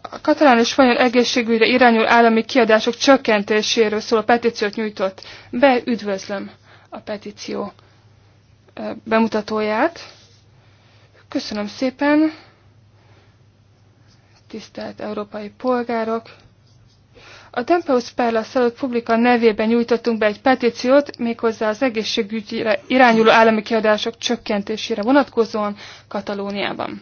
a katalán és spanyol egészségügyre irányul állami kiadások csökkentéséről szóló petíciót nyújtott be. Üdvözlöm a petíció bemutatóját. Köszönöm szépen, tisztelt európai polgárok! A Tempeus Perla Szalott Publika nevében nyújtottunk be egy petíciót, méghozzá az egészségügyre irányuló állami kiadások csökkentésére vonatkozóan Katalóniában.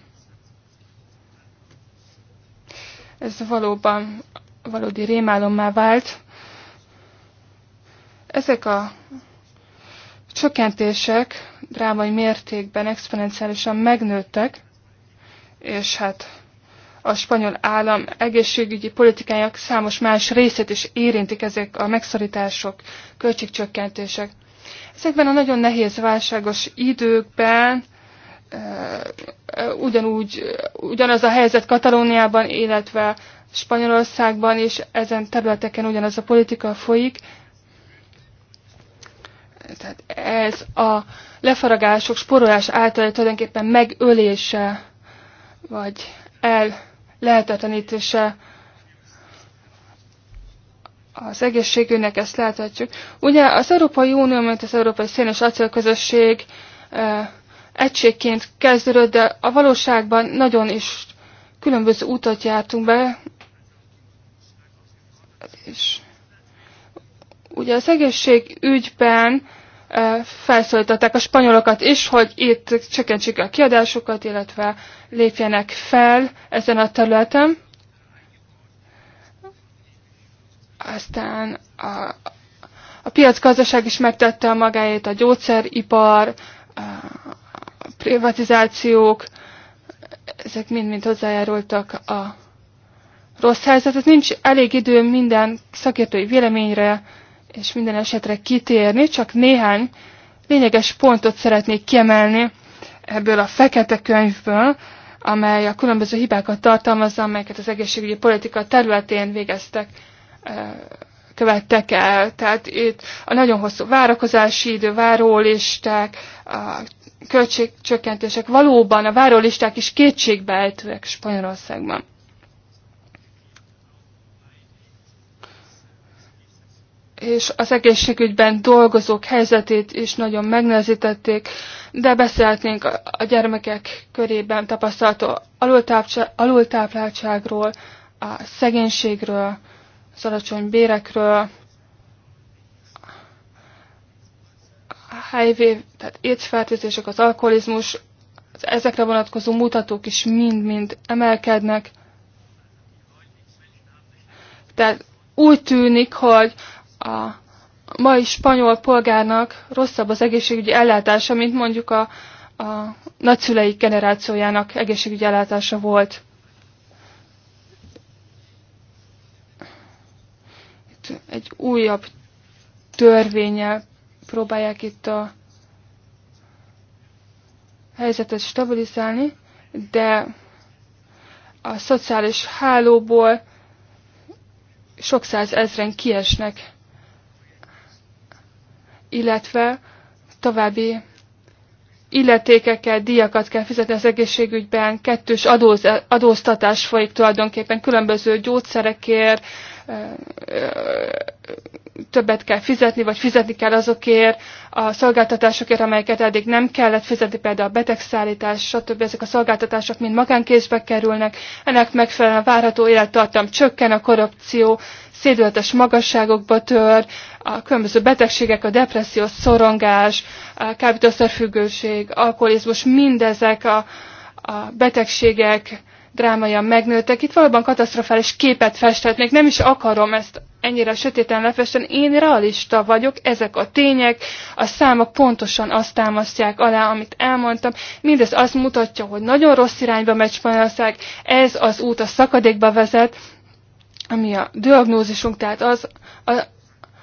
Ez valóban valódi rémálommá vált. Ezek a csökkentések drámai mértékben exponenciálisan megnőttek, és hát a spanyol állam egészségügyi politikájának számos más részét is érintik ezek a megszorítások, költségcsökkentések. Ezekben a nagyon nehéz válságos időkben eh, ugyanúgy, ugyanaz a helyzet Katalóniában, illetve Spanyolországban is ezen területeken ugyanaz a politika folyik, tehát ez a lefaragások, sporolás által tulajdonképpen megölése, vagy el lehetetlenítése az egészségünknek, ezt láthatjuk. Ugye az Európai Unió, mint az Európai Szén és Acélközösség egységként kezdődött, de a valóságban nagyon is különböző utat jártunk be, és Ugye a az ügyben felszólították a spanyolokat is, hogy itt csökkentsék a kiadásokat, illetve lépjenek fel ezen a területen. Aztán a, a piacgazdaság is megtette a magáét, a gyógyszeripar, a privatizációk, ezek mind-mind hozzájárultak a rossz helyzetet. Nincs elég idő minden szakértői véleményre, és minden esetre kitérni, csak néhány lényeges pontot szeretnék kiemelni ebből a fekete könyvből, amely a különböző hibákat tartalmazza, amelyeket az egészségügyi politika területén végeztek, követtek el. Tehát itt a nagyon hosszú várakozási idő, várólisták, a költségcsökkentések, valóban a várólisták is kétségbeejtőek Spanyolországban. és az egészségügyben dolgozók helyzetét is nagyon megnehezítették, de beszélhetnénk a gyermekek körében tapasztalható alultápláltságról, a szegénységről, az alacsony bérekről, a HIV, tehát étfertőzések, az alkoholizmus, az ezekre vonatkozó mutatók is mind-mind emelkednek. Tehát úgy tűnik, hogy a mai spanyol polgárnak rosszabb az egészségügyi ellátása, mint mondjuk a, a nagyszülei generációjának egészségügyi ellátása volt. Itt egy újabb törvényel próbálják itt a helyzetet stabilizálni, de a szociális hálóból sok száz ezren kiesnek illetve további illetékekkel, díjakat kell fizetni az egészségügyben, kettős adóz, adóztatás folyik tulajdonképpen különböző gyógyszerekért, többet kell fizetni, vagy fizetni kell azokért a szolgáltatásokért, amelyeket eddig nem kellett fizetni, például a betegszállítás, stb. Ezek a szolgáltatások mind magánkézbe kerülnek, ennek megfelelően várható élettartam csökken, a korrupció szédületes magasságokba tör, a különböző betegségek, a depresszió, szorongás, a kábítószerfüggőség, alkoholizmus, mindezek a, a betegségek, drámaian megnőttek. Itt valóban katasztrofális képet festhetnék, nem is akarom ezt ennyire sötéten lefesteni. Én realista vagyok, ezek a tények, a számok pontosan azt támasztják alá, amit elmondtam. Mindez azt mutatja, hogy nagyon rossz irányba megy Spanyolország, ez az út a szakadékba vezet, ami a diagnózisunk, tehát az, a,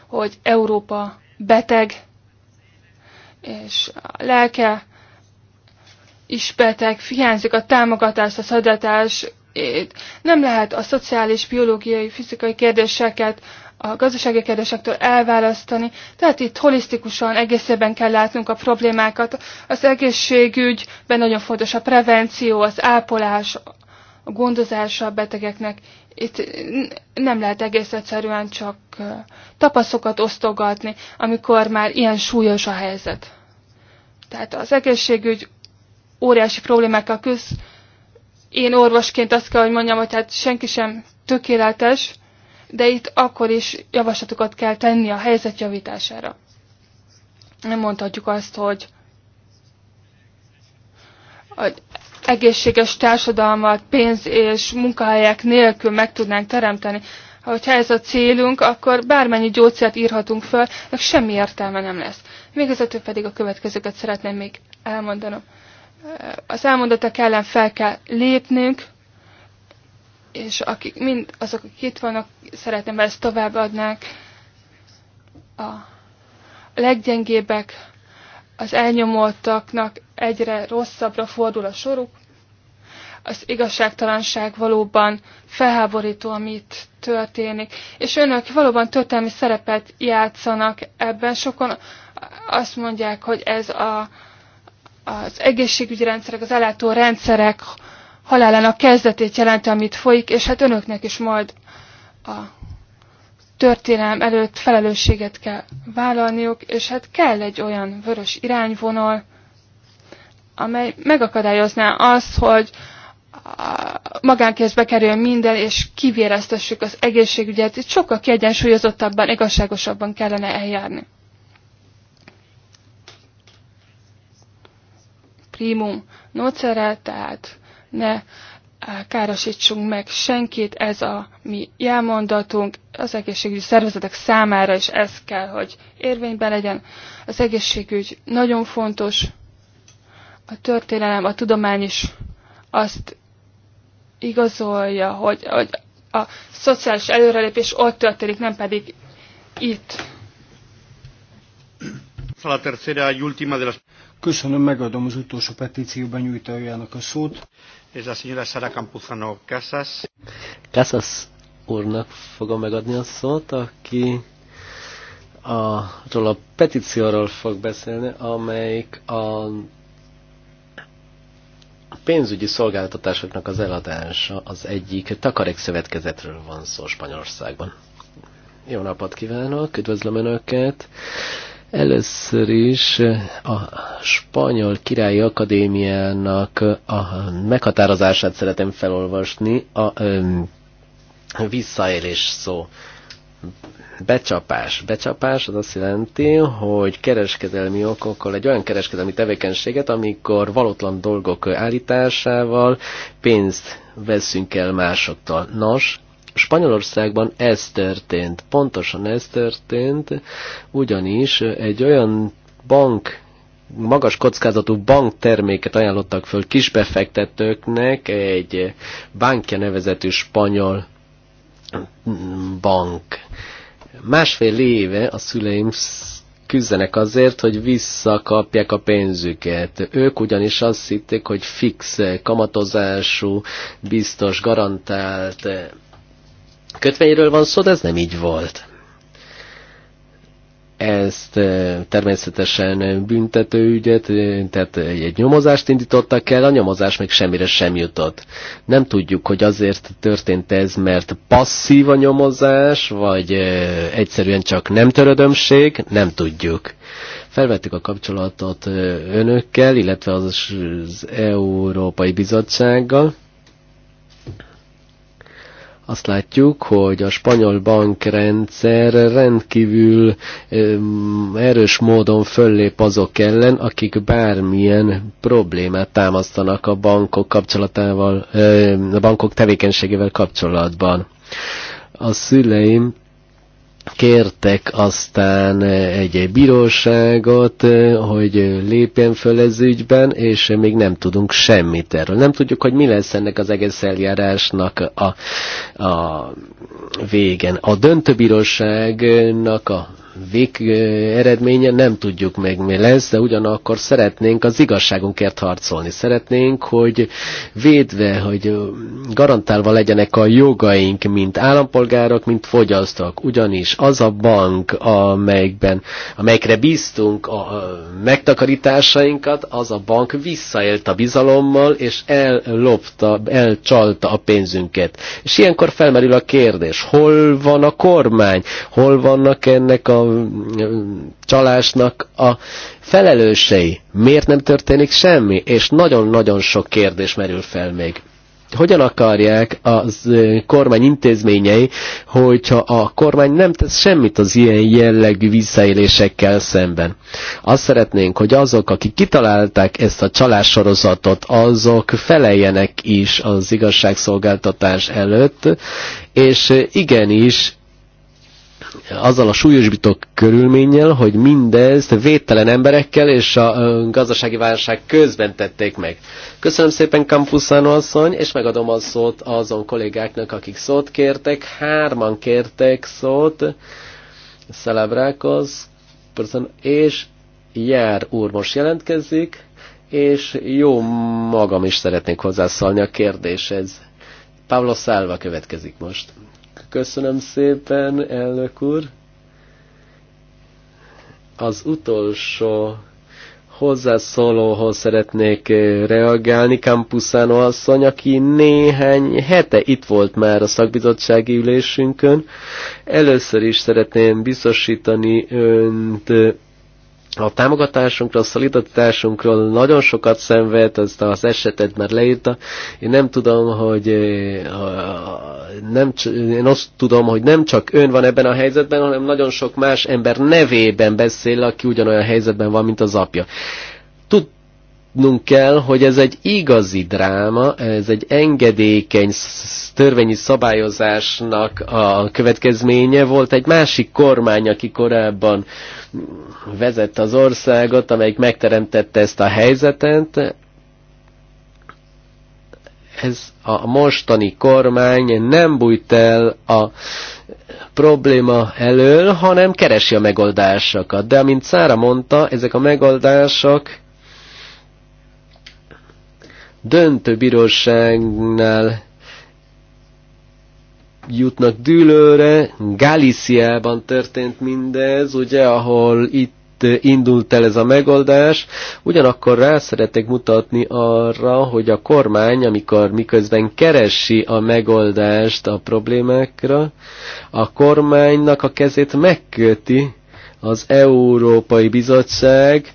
hogy Európa beteg, és a lelke is beteg, hiányzik a támogatás, a szadatás, nem lehet a szociális, biológiai, fizikai kérdéseket a gazdasági kérdésektől elválasztani, tehát itt holisztikusan, egészében kell látnunk a problémákat. Az egészségügyben nagyon fontos a prevenció, az ápolás, a gondozása a betegeknek. Itt nem lehet egész egyszerűen csak tapaszokat osztogatni, amikor már ilyen súlyos a helyzet. Tehát az egészségügy óriási problémákkal küzd. Én orvosként azt kell, hogy mondjam, hogy hát senki sem tökéletes, de itt akkor is javaslatokat kell tenni a helyzet javítására. Nem mondhatjuk azt, hogy, hogy egészséges társadalmat pénz és munkahelyek nélkül meg tudnánk teremteni. Ha ez a célunk, akkor bármennyi gyógyszert írhatunk föl, de semmi értelme nem lesz. Végezetül pedig a következőket szeretném még elmondanom az elmondottak ellen fel kell lépnünk, és akik, mind azok, akik itt vannak, szeretném, mert ezt továbbadnák a leggyengébbek, az elnyomoltaknak egyre rosszabbra fordul a soruk. Az igazságtalanság valóban felháborító, amit történik. És önök valóban történelmi szerepet játszanak ebben. Sokan azt mondják, hogy ez a, az egészségügyi rendszerek, az ellátó rendszerek halálának kezdetét jelenti, amit folyik, és hát önöknek is majd a történelm előtt felelősséget kell vállalniuk, és hát kell egy olyan vörös irányvonal, amely megakadályozná azt, hogy magánkézbe kerül minden, és kivéreztessük az egészségügyet. Itt sokkal kiegyensúlyozottabban, igazságosabban kellene eljárni. primum nocere, tehát ne károsítsunk meg senkit, ez a mi jelmondatunk, az egészségügyi szervezetek számára is ez kell, hogy érvényben legyen. Az egészségügy nagyon fontos, a történelem, a tudomány is azt igazolja, hogy, hogy a szociális előrelépés ott történik, nem pedig itt. Köszönöm, megadom az utolsó petícióban nyújtójának a szót. Ez a señora Sara Campuzano Casas. Casas úrnak fogom megadni a szót, aki arról a petícióról fog beszélni, amelyik a pénzügyi szolgáltatásoknak az eladása az egyik takarékszövetkezetről van szó Spanyolországban. Jó napot kívánok, üdvözlöm Önöket! Először is a Spanyol Királyi Akadémiának a meghatározását szeretem felolvasni, a öm, visszaélés szó. Becsapás. Becsapás az azt jelenti, hogy kereskedelmi okokkal egy olyan kereskedelmi tevékenységet, amikor valótlan dolgok állításával pénzt veszünk el másoktól. Nos, Spanyolországban ez történt, pontosan ez történt, ugyanis egy olyan bank magas kockázatú bankterméket ajánlottak föl kisbefektetőknek egy bankja nevezetű spanyol bank. Másfél éve a szüleim küzdenek azért, hogy visszakapják a pénzüket. Ők ugyanis azt hitték, hogy fix, kamatozású, biztos, garantált kötvényről van szó, de ez nem így volt. Ezt eh, természetesen büntetőügyet, eh, tehát egy nyomozást indítottak el, a nyomozás még semmire sem jutott. Nem tudjuk, hogy azért történt ez, mert passzív a nyomozás, vagy eh, egyszerűen csak nem törödömség, nem tudjuk felvettük a kapcsolatot önökkel, illetve az, az Európai Bizottsággal, azt látjuk, hogy a spanyol bankrendszer rendkívül erős módon föllép azok ellen, akik bármilyen problémát támasztanak a bankok kapcsolatával, a bankok tevékenységével kapcsolatban. A szüleim kértek aztán egy bíróságot, eh, hogy lépjen föl ez ügyben, és még nem tudunk semmit erről. Nem tudjuk, hogy mi lesz ennek az egész eljárásnak a, a végen. A döntőbíróságnak a vég eredménye nem tudjuk meg mi lesz, de ugyanakkor szeretnénk az igazságunkért harcolni. Szeretnénk, hogy védve, hogy garantálva legyenek a jogaink, mint állampolgárok, mint fogyasztók. Ugyanis az a bank, amelyikben, amelyikre bíztunk a megtakarításainkat, az a bank visszaélt a bizalommal, és ellopta, elcsalta a pénzünket. És ilyenkor felmerül a kérdés, hol van a kormány, hol vannak ennek a csalásnak a felelősei? Miért nem történik semmi? És nagyon-nagyon sok kérdés merül fel még hogyan akarják az kormány intézményei, hogyha a kormány nem tesz semmit az ilyen jellegű visszaélésekkel szemben. Azt szeretnénk, hogy azok, akik kitalálták ezt a csalássorozatot, azok feleljenek is az igazságszolgáltatás előtt, és igenis azzal a súlyosbító körülménnyel, hogy mindezt védtelen emberekkel és a gazdasági válság közben tették meg. Köszönöm szépen Kampuszán asszony, és megadom a szót azon kollégáknak, akik szót kértek. Hárman kértek szót, Szelebrákhoz, és Jár úr most jelentkezik, és jó magam is szeretnék hozzászólni a kérdéshez. Pablo Szálva következik most. Köszönöm szépen, elnök úr. Az utolsó hozzászólóhoz szeretnék reagálni, Kampuszánó asszony, aki néhány hete itt volt már a szakbizottsági ülésünkön. Először is szeretném biztosítani önt a támogatásunkról, a szolidatásunkról nagyon sokat szenved, ezt az esetet már leírta. Én nem tudom, hogy eh, nem, én azt tudom, hogy nem csak ön van ebben a helyzetben, hanem nagyon sok más ember nevében beszél, aki ugyanolyan helyzetben van, mint az apja. Tud, látnunk kell, hogy ez egy igazi dráma, ez egy engedékeny törvényi szabályozásnak a következménye volt. Egy másik kormány, aki korábban vezette az országot, amelyik megteremtette ezt a helyzetet, ez a mostani kormány nem bújt el a probléma elől, hanem keresi a megoldásokat. De amint Szára mondta, ezek a megoldások döntő bíróságnál jutnak dűlőre. Galíciában történt mindez, ugye, ahol itt indult el ez a megoldás, ugyanakkor rá szeretek mutatni arra, hogy a kormány, amikor miközben keresi a megoldást a problémákra, a kormánynak a kezét megköti az Európai Bizottság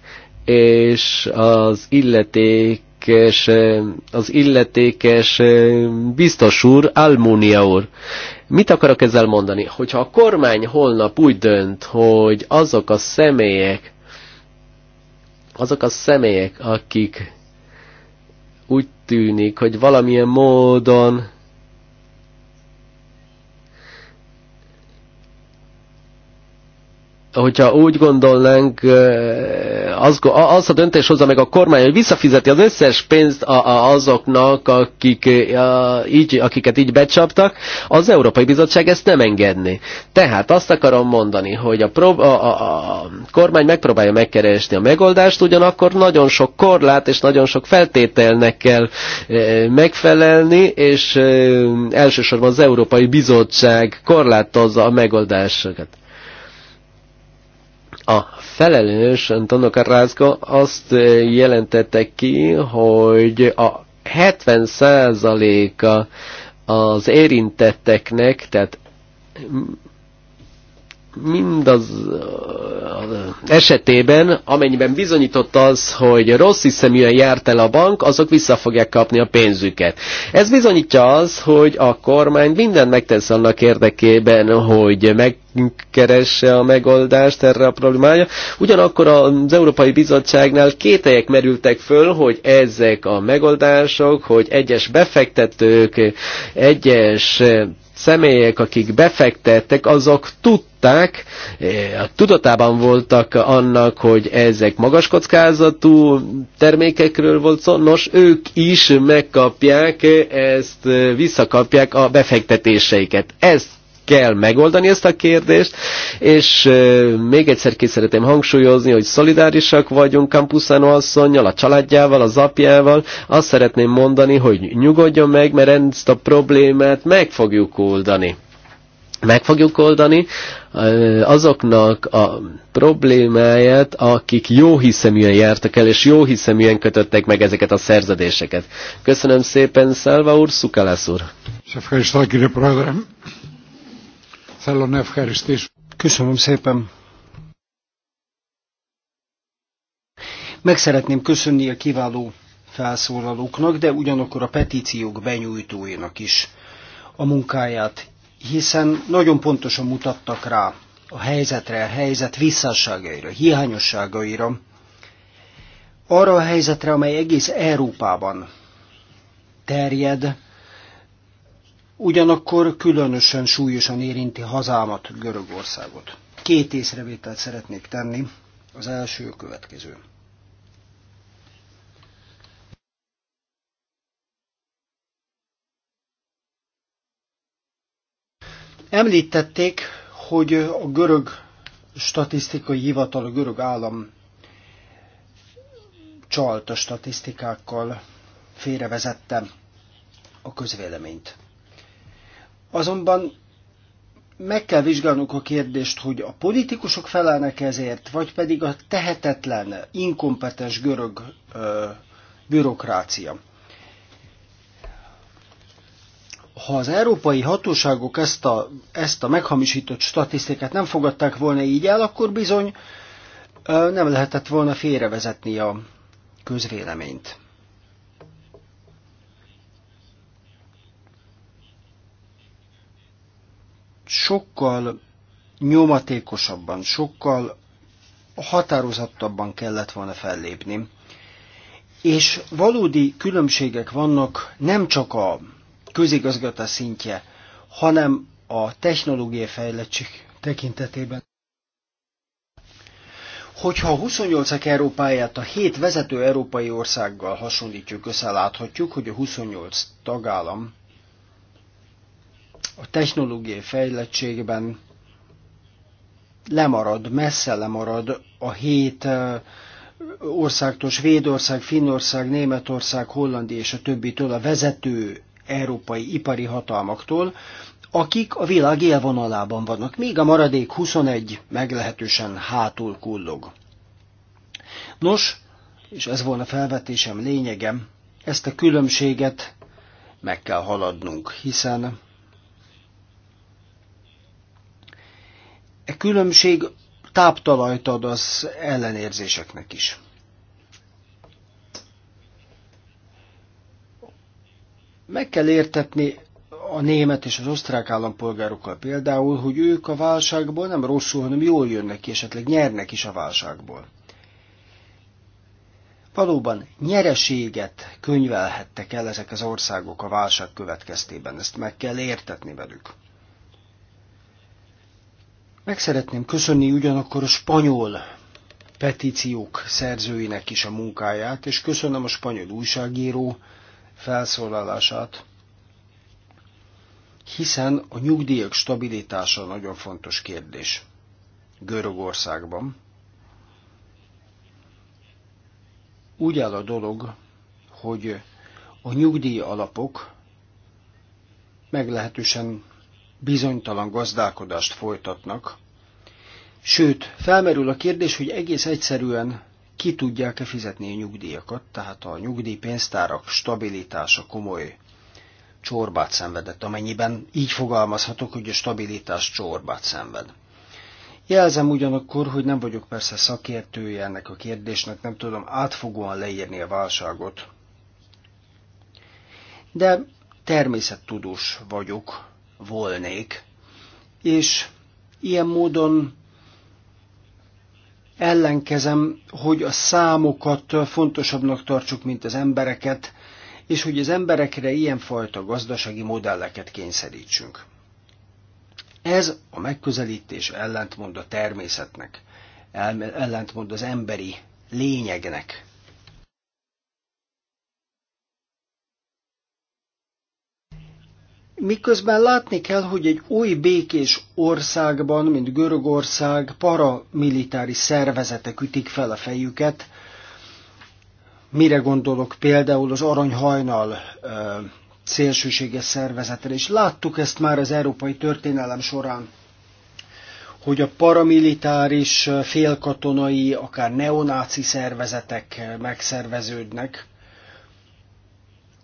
és az illeték illetékes, az illetékes biztos úr, Almunia úr. Mit akarok ezzel mondani? Hogyha a kormány holnap úgy dönt, hogy azok a személyek, azok a személyek, akik úgy tűnik, hogy valamilyen módon hogyha úgy gondolnánk, az, az a döntés hozza meg a kormány, hogy visszafizeti az összes pénzt a, a, azoknak, akik, a, így, akiket így becsaptak, az Európai Bizottság ezt nem engedni. Tehát azt akarom mondani, hogy a, prób, a, a, a kormány megpróbálja megkeresni a megoldást, ugyanakkor nagyon sok korlát és nagyon sok feltételnek kell megfelelni, és elsősorban az Európai Bizottság korlátozza a megoldásokat a felelős Antonio Carrasco azt eh, jelentette ki, hogy a 70%-a az érintetteknek, tehát mindaz esetében, amennyiben bizonyított az, hogy rossz hiszeműen járt el a bank, azok vissza fogják kapni a pénzüket. Ez bizonyítja az, hogy a kormány mindent megtesz annak érdekében, hogy meg keresse a megoldást erre a problémája. Ugyanakkor az Európai Bizottságnál kételyek merültek föl, hogy ezek a megoldások, hogy egyes befektetők, egyes személyek, akik befektettek, azok tudták, eh, tudatában voltak annak, hogy ezek magas kockázatú termékekről volt szó, nos, ők is megkapják, eh, ezt eh, visszakapják a befektetéseiket. Ezt kell megoldani ezt a kérdést, és még egyszer ki szeretném hangsúlyozni, hogy szolidárisak vagyunk Campuszano asszonynal, a családjával, az apjával. Azt szeretném mondani, hogy nyugodjon meg, mert ezt a problémát meg fogjuk oldani. Meg fogjuk oldani azoknak a problémáját, akik jóhiszeműen jártak el, és jóhiszeműen kötöttek meg ezeket a szerződéseket. Köszönöm szépen, Szelva úr, Szukalász úr. Köszönöm, Köszönöm szépen. Meg szeretném köszönni a kiváló felszólalóknak, de ugyanakkor a petíciók benyújtóinak is a munkáját, hiszen nagyon pontosan mutattak rá a helyzetre, a helyzet visszásságaira, hiányosságaira, arra a helyzetre, amely egész Európában terjed, Ugyanakkor különösen súlyosan érinti hazámat, Görögországot. Két észrevételt szeretnék tenni. Az első a következő. Említették, hogy a görög statisztikai hivatal, a görög állam csalt a statisztikákkal, félrevezette a közvéleményt. Azonban meg kell vizsgálnunk a kérdést, hogy a politikusok felelnek ezért, vagy pedig a tehetetlen, inkompetens görög ö, bürokrácia. Ha az európai hatóságok ezt a, ezt a meghamisított statisztikát nem fogadták volna így el, akkor bizony ö, nem lehetett volna félrevezetni a közvéleményt. sokkal nyomatékosabban, sokkal határozottabban kellett volna fellépni. És valódi különbségek vannak nem csak a közigazgatás szintje, hanem a technológiai fejlettség tekintetében. Hogyha a 28 Európáját a 7 vezető európai országgal hasonlítjuk össze, láthatjuk, hogy a 28 tagállam a technológiai fejlettségben lemarad, messze lemarad a hét országtól, Svédország, Finnország, Németország, Hollandia és a többitől a vezető európai ipari hatalmaktól, akik a világ élvonalában vannak, míg a maradék 21 meglehetősen hátul kullog. Nos, és ez volna felvetésem lényegem, ezt a különbséget meg kell haladnunk, hiszen E különbség táptalajt ad az ellenérzéseknek is. Meg kell értetni a német és az osztrák állampolgárokkal például, hogy ők a válságból nem rosszul, hanem jól jönnek ki, esetleg nyernek is a válságból. Valóban nyereséget könyvelhettek el ezek az országok a válság következtében, ezt meg kell értetni velük. Meg szeretném köszönni ugyanakkor a spanyol petíciók szerzőinek is a munkáját, és köszönöm a spanyol újságíró felszólalását, hiszen a nyugdíjak stabilitása nagyon fontos kérdés Görögországban. Úgy áll a dolog, hogy a nyugdíj alapok meglehetősen bizonytalan gazdálkodást folytatnak. Sőt, felmerül a kérdés, hogy egész egyszerűen ki tudják-e fizetni a nyugdíjakat, tehát a nyugdíjpénztárak stabilitása komoly csorbát szenvedett, amennyiben így fogalmazhatok, hogy a stabilitás csorbát szenved. Jelzem ugyanakkor, hogy nem vagyok persze szakértője ennek a kérdésnek, nem tudom átfogóan leírni a válságot. De természettudós vagyok, volnék, és ilyen módon ellenkezem, hogy a számokat fontosabbnak tartsuk, mint az embereket, és hogy az emberekre ilyenfajta gazdasági modelleket kényszerítsünk. Ez a megközelítés ellentmond a természetnek, ellentmond az emberi lényegnek. Miközben látni kell, hogy egy új békés országban, mint Görögország, paramilitári szervezetek ütik fel a fejüket. Mire gondolok például az aranyhajnal szélsőséges szervezetre, és láttuk ezt már az európai történelem során, hogy a paramilitáris, félkatonai, akár neonáci szervezetek megszerveződnek,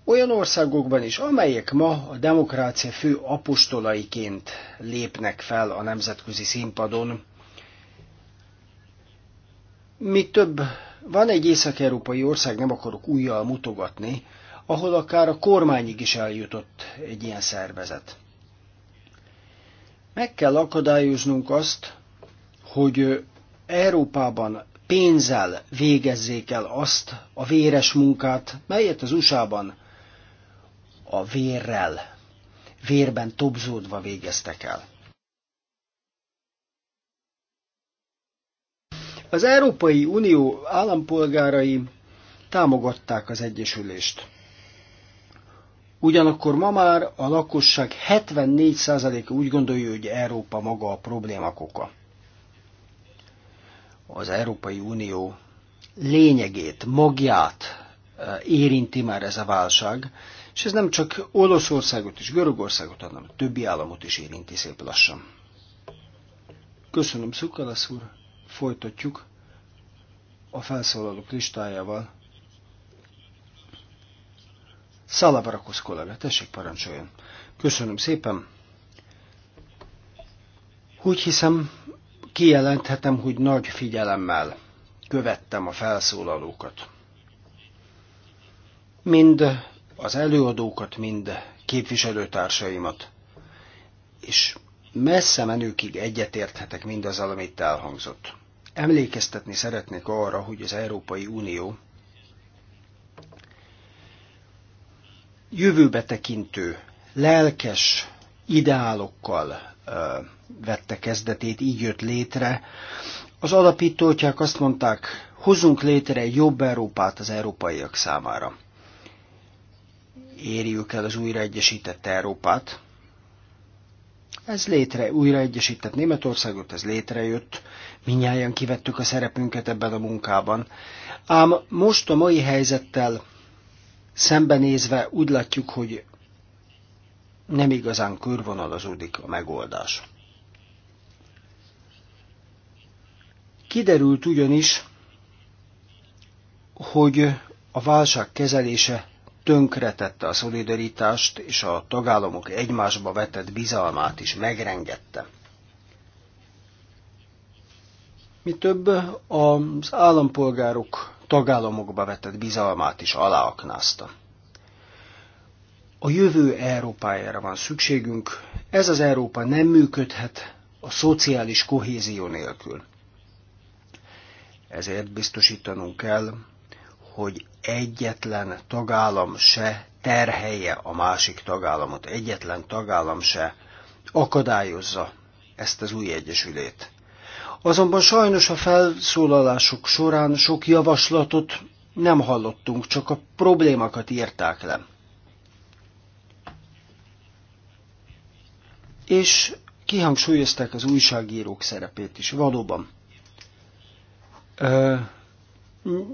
olyan országokban is, amelyek ma a demokrácia fő apostolaiként lépnek fel a nemzetközi színpadon. Mi több, van egy észak-európai ország, nem akarok újjal mutogatni, ahol akár a kormányig is eljutott egy ilyen szervezet. Meg kell akadályoznunk azt, hogy Európában pénzzel végezzék el azt a véres munkát, melyet az USA-ban a vérrel, vérben tobzódva végeztek el. Az Európai Unió állampolgárai támogatták az Egyesülést. Ugyanakkor ma már a lakosság 74%-a úgy gondolja, hogy Európa maga a probléma koka. Az Európai Unió lényegét, magját eh, érinti már ez a válság, és ez nem csak Olaszországot és Görögországot, hanem a többi államot is érinti szép lassan. Köszönöm, Szukalasz úr. Folytatjuk a felszólalók listájával. Szalavarakosz kollega, tessék parancsoljon. Köszönöm szépen. Úgy hiszem, kijelenthetem, hogy nagy figyelemmel követtem a felszólalókat. Mind az előadókat, mind képviselőtársaimat, és messze menőkig egyetérthetek mindazzal, amit elhangzott. Emlékeztetni szeretnék arra, hogy az Európai Unió jövőbe tekintő, lelkes ideálokkal ö, vette kezdetét, így jött létre. Az alapítótyák azt mondták, hozzunk létre egy jobb Európát az európaiak számára érjük el az újraegyesített Európát. Ez létre, újraegyesített Németországot, ez létrejött, minnyáján kivettük a szerepünket ebben a munkában. Ám most a mai helyzettel szembenézve úgy látjuk, hogy nem igazán körvonalazódik a megoldás. Kiderült ugyanis, hogy a válság kezelése tönkretette a szolidaritást, és a tagállamok egymásba vetett bizalmát is megrengette. Mi több, az állampolgárok tagállamokba vetett bizalmát is aláaknázta. A jövő Európájára van szükségünk, ez az Európa nem működhet a szociális kohézió nélkül. Ezért biztosítanunk kell, hogy egyetlen tagállam se terhelje a másik tagállamot, egyetlen tagállam se akadályozza ezt az új egyesülét. Azonban sajnos a felszólalások során sok javaslatot nem hallottunk, csak a problémákat írták le. És kihangsúlyozták az újságírók szerepét is, valóban. Ö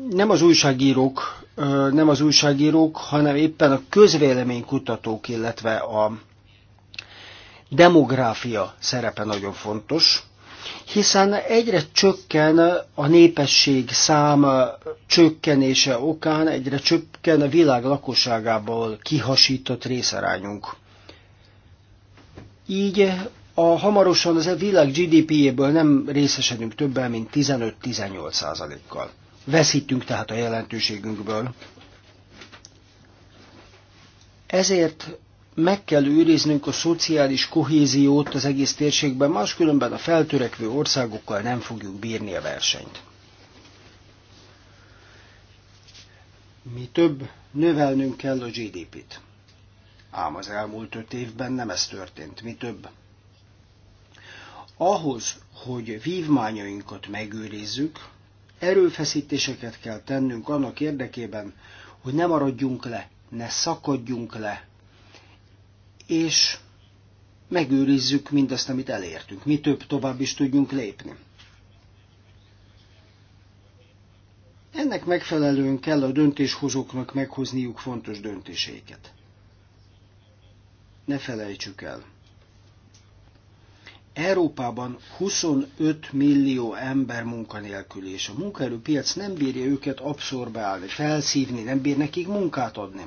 nem az újságírók, nem az újságírók, hanem éppen a közvéleménykutatók, illetve a demográfia szerepe nagyon fontos, hiszen egyre csökken a népesség száma csökkenése okán, egyre csökken a világ lakosságából kihasított részarányunk. Így a hamarosan az a világ GDP-jéből nem részesedünk többen, mint 15-18 százalékkal. Veszítünk tehát a jelentőségünkből. Ezért meg kell őriznünk a szociális kohéziót az egész térségben, máskülönben a feltörekvő országokkal nem fogjuk bírni a versenyt. Mi több, növelnünk kell a GDP-t. Ám az elmúlt öt évben nem ez történt, mi több. Ahhoz, hogy vívmányainkat megőrizzük, Erőfeszítéseket kell tennünk annak érdekében, hogy ne maradjunk le, ne szakadjunk le, és megőrizzük mindazt, amit elértünk. Mi több tovább is tudjunk lépni. Ennek megfelelően kell a döntéshozóknak meghozniuk fontos döntéseiket. Ne felejtsük el, Európában 25 millió ember munkanélkül, és a munkaerőpiac nem bírja őket abszorbálni, felszívni, nem bír nekik munkát adni.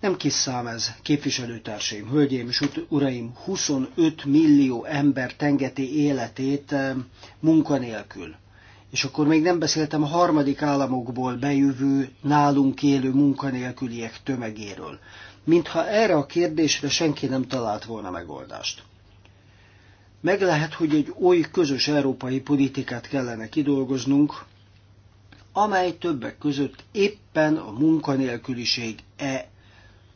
Nem kis szám ez, képviselőtársaim, hölgyeim és uraim, 25 millió ember tengeti életét eh, munkanélkül. És akkor még nem beszéltem a harmadik államokból bejövő, nálunk élő munkanélküliek tömegéről. Mintha erre a kérdésre senki nem talált volna megoldást. Meg lehet, hogy egy oly közös európai politikát kellene kidolgoznunk, amely többek között éppen a munkanélküliség e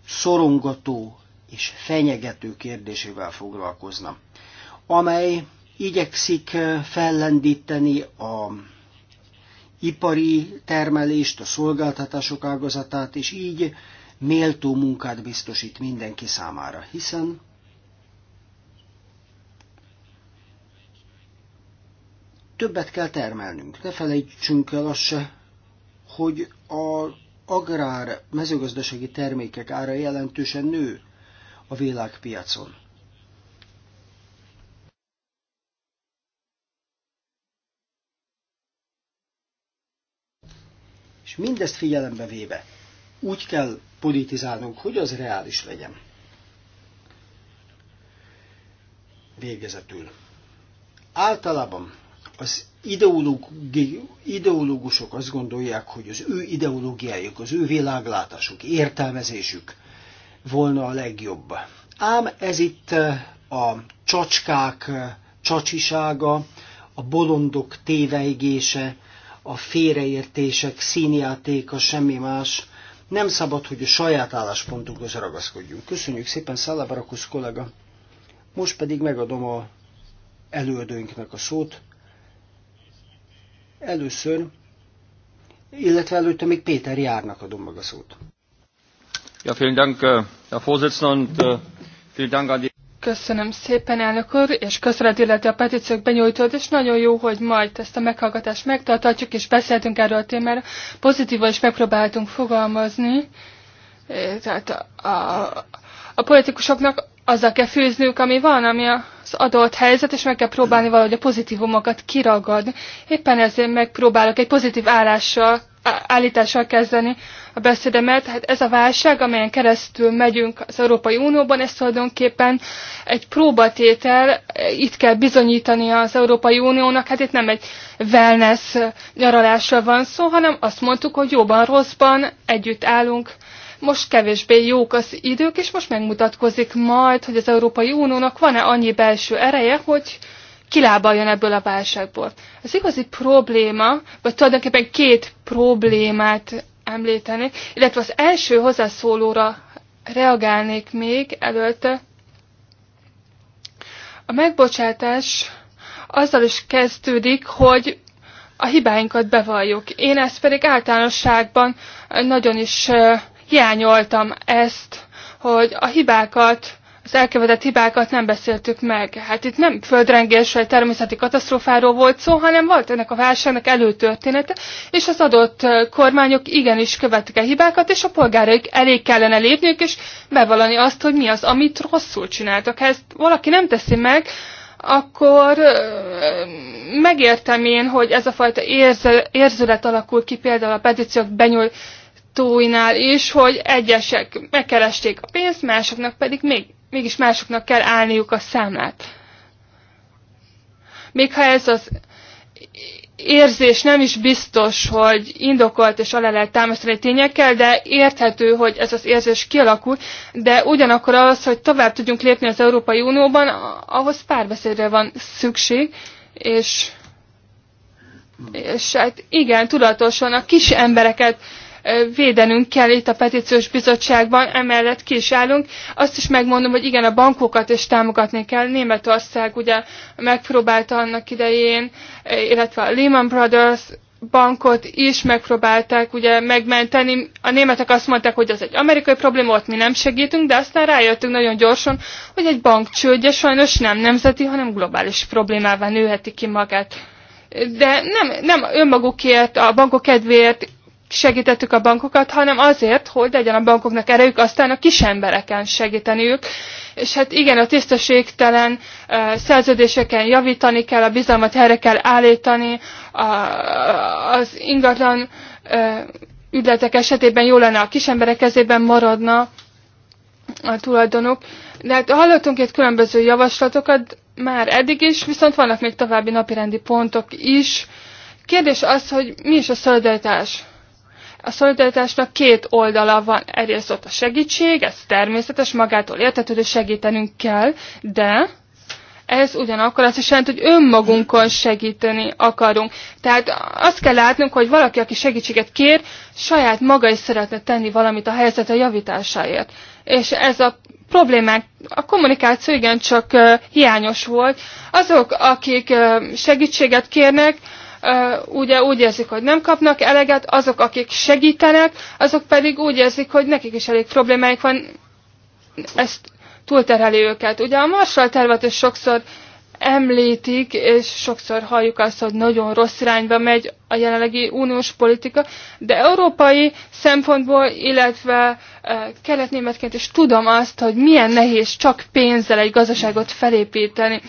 szorongató és fenyegető kérdésével foglalkozna, amely igyekszik e, fellendíteni a ipari termelést, a szolgáltatások ágazatát, és így méltó munkát biztosít mindenki számára, hiszen többet kell termelnünk. Ne felejtsünk el azt se, hogy a agrár mezőgazdasági termékek ára jelentősen nő a világpiacon. És mindezt figyelembe véve úgy kell politizálnunk, hogy az reális legyen. Végezetül. Általában az ideológusok azt gondolják, hogy az ő ideológiájuk, az ő világlátásuk, értelmezésük volna a legjobb. Ám ez itt eh, a csacskák eh, csacsisága, a bolondok téveigése, a félreértések színjátéka, semmi más. Nem szabad, hogy a saját álláspontunkhoz ragaszkodjunk. Köszönjük szépen, Szalabarakusz kollega. Most pedig megadom a előadóinknak a szót. Először, illetve előtte még Péter járnak adom maga szót. Ja, vielen Dank, äh, Herr Vorsitzender, und äh, vielen Dank an die Köszönöm szépen, elnök úr, és köszönet illeti a petíciók benyújtót, és nagyon jó, hogy majd ezt a meghallgatást megtartatjuk, és beszéltünk erről a témáról. Pozitívan is megpróbáltunk fogalmazni. Eh, tehát a, a, a politikusoknak azzal kell főzniük, ami van, ami az adott helyzet, és meg kell próbálni valahogy a pozitívumokat kiragadni. Éppen ezért megpróbálok egy pozitív állással, állítással kezdeni a beszédemet. Hát ez a válság, amelyen keresztül megyünk az Európai Unióban, ez tulajdonképpen egy próbatétel, itt kell bizonyítani az Európai Uniónak, hát itt nem egy wellness nyaralásra van szó, hanem azt mondtuk, hogy jóban, rosszban együtt állunk most kevésbé jók az idők, és most megmutatkozik majd, hogy az Európai Uniónak van-e annyi belső ereje, hogy kilábaljon ebből a válságból. Az igazi probléma, vagy tulajdonképpen két problémát említenék, illetve az első hozzászólóra reagálnék még előtte. A megbocsátás azzal is kezdődik, hogy a hibáinkat bevalljuk. Én ezt pedig általánosságban nagyon is hiányoltam ezt, hogy a hibákat, az elkövetett hibákat nem beszéltük meg. Hát itt nem földrengés, vagy természeti katasztrófáról volt szó, hanem volt ennek a válságnak előtörténete, és az adott kormányok igenis követtek a hibákat, és a polgáraik elég kellene lépniük, és bevallani azt, hogy mi az, amit rosszul csináltak. Ha ezt valaki nem teszi meg, akkor megértem én, hogy ez a fajta érzelet alakul ki például a petíciók benyújtása, gyártóinál is, hogy egyesek megkeresték a pénzt, másoknak pedig még, mégis másoknak kell állniuk a számlát. Még ha ez az érzés nem is biztos, hogy indokolt és alá lehet támasztani tényekkel, de érthető, hogy ez az érzés kialakul, de ugyanakkor az, hogy tovább tudjunk lépni az Európai Unióban, ahhoz párbeszédre van szükség, és, és hát igen, tudatosan a kis embereket védenünk kell itt a petíciós bizottságban, emellett ki is állunk. Azt is megmondom, hogy igen, a bankokat is támogatni kell. Németország ugye megpróbálta annak idején, illetve a Lehman Brothers bankot is megpróbálták ugye megmenteni. A németek azt mondták, hogy ez egy amerikai probléma, ott mi nem segítünk, de aztán rájöttünk nagyon gyorsan, hogy egy bank csődje sajnos nem nemzeti, hanem globális problémává nőheti ki magát. De nem, nem önmagukért, a bankok kedvéért segítettük a bankokat, hanem azért, hogy legyen a bankoknak erejük aztán a kis embereken segíteniük. És hát igen, a tisztességtelen szerződéseken javítani kell, a bizalmat helyre kell állítani, a, az ingatlan ügyletek esetében jó lenne, a kis emberek kezében maradna a tulajdonok. De hát hallottunk itt különböző javaslatokat már eddig is, viszont vannak még további napirendi pontok is. Kérdés az, hogy mi is a szolidaritás? a szolidaritásnak két oldala van. Egyrészt ott a segítség, ez természetes, magától értetődő, segítenünk kell, de ez ugyanakkor azt is jelenti, hogy önmagunkon segíteni akarunk. Tehát azt kell látnunk, hogy valaki, aki segítséget kér, saját maga is szeretne tenni valamit a a javításáért. És ez a problémák, a kommunikáció igencsak hiányos volt. Azok, akik segítséget kérnek, ugye úgy érzik, hogy nem kapnak eleget, azok, akik segítenek, azok pedig úgy érzik, hogy nekik is elég problémáik van, ezt túlterheli őket. Ugye a Marshall tervet is sokszor említik, és sokszor halljuk azt, hogy nagyon rossz irányba megy a jelenlegi uniós politika, de európai szempontból, illetve keletnémetként, és tudom azt, hogy milyen nehéz csak pénzzel egy gazdaságot felépíteni.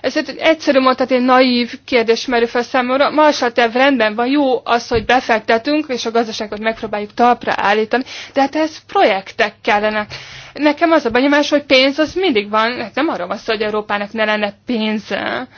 Ezért egy egyszerű egy naív kérdés merül fel számomra. Marsaltáv rendben van, jó az, hogy befektetünk, és a gazdaságot megpróbáljuk talpra állítani, de hát ez projektek kellene. Nekem az a benyomás, hogy pénz az mindig van, hát nem arra van szó, hogy Európának ne lenne pénze,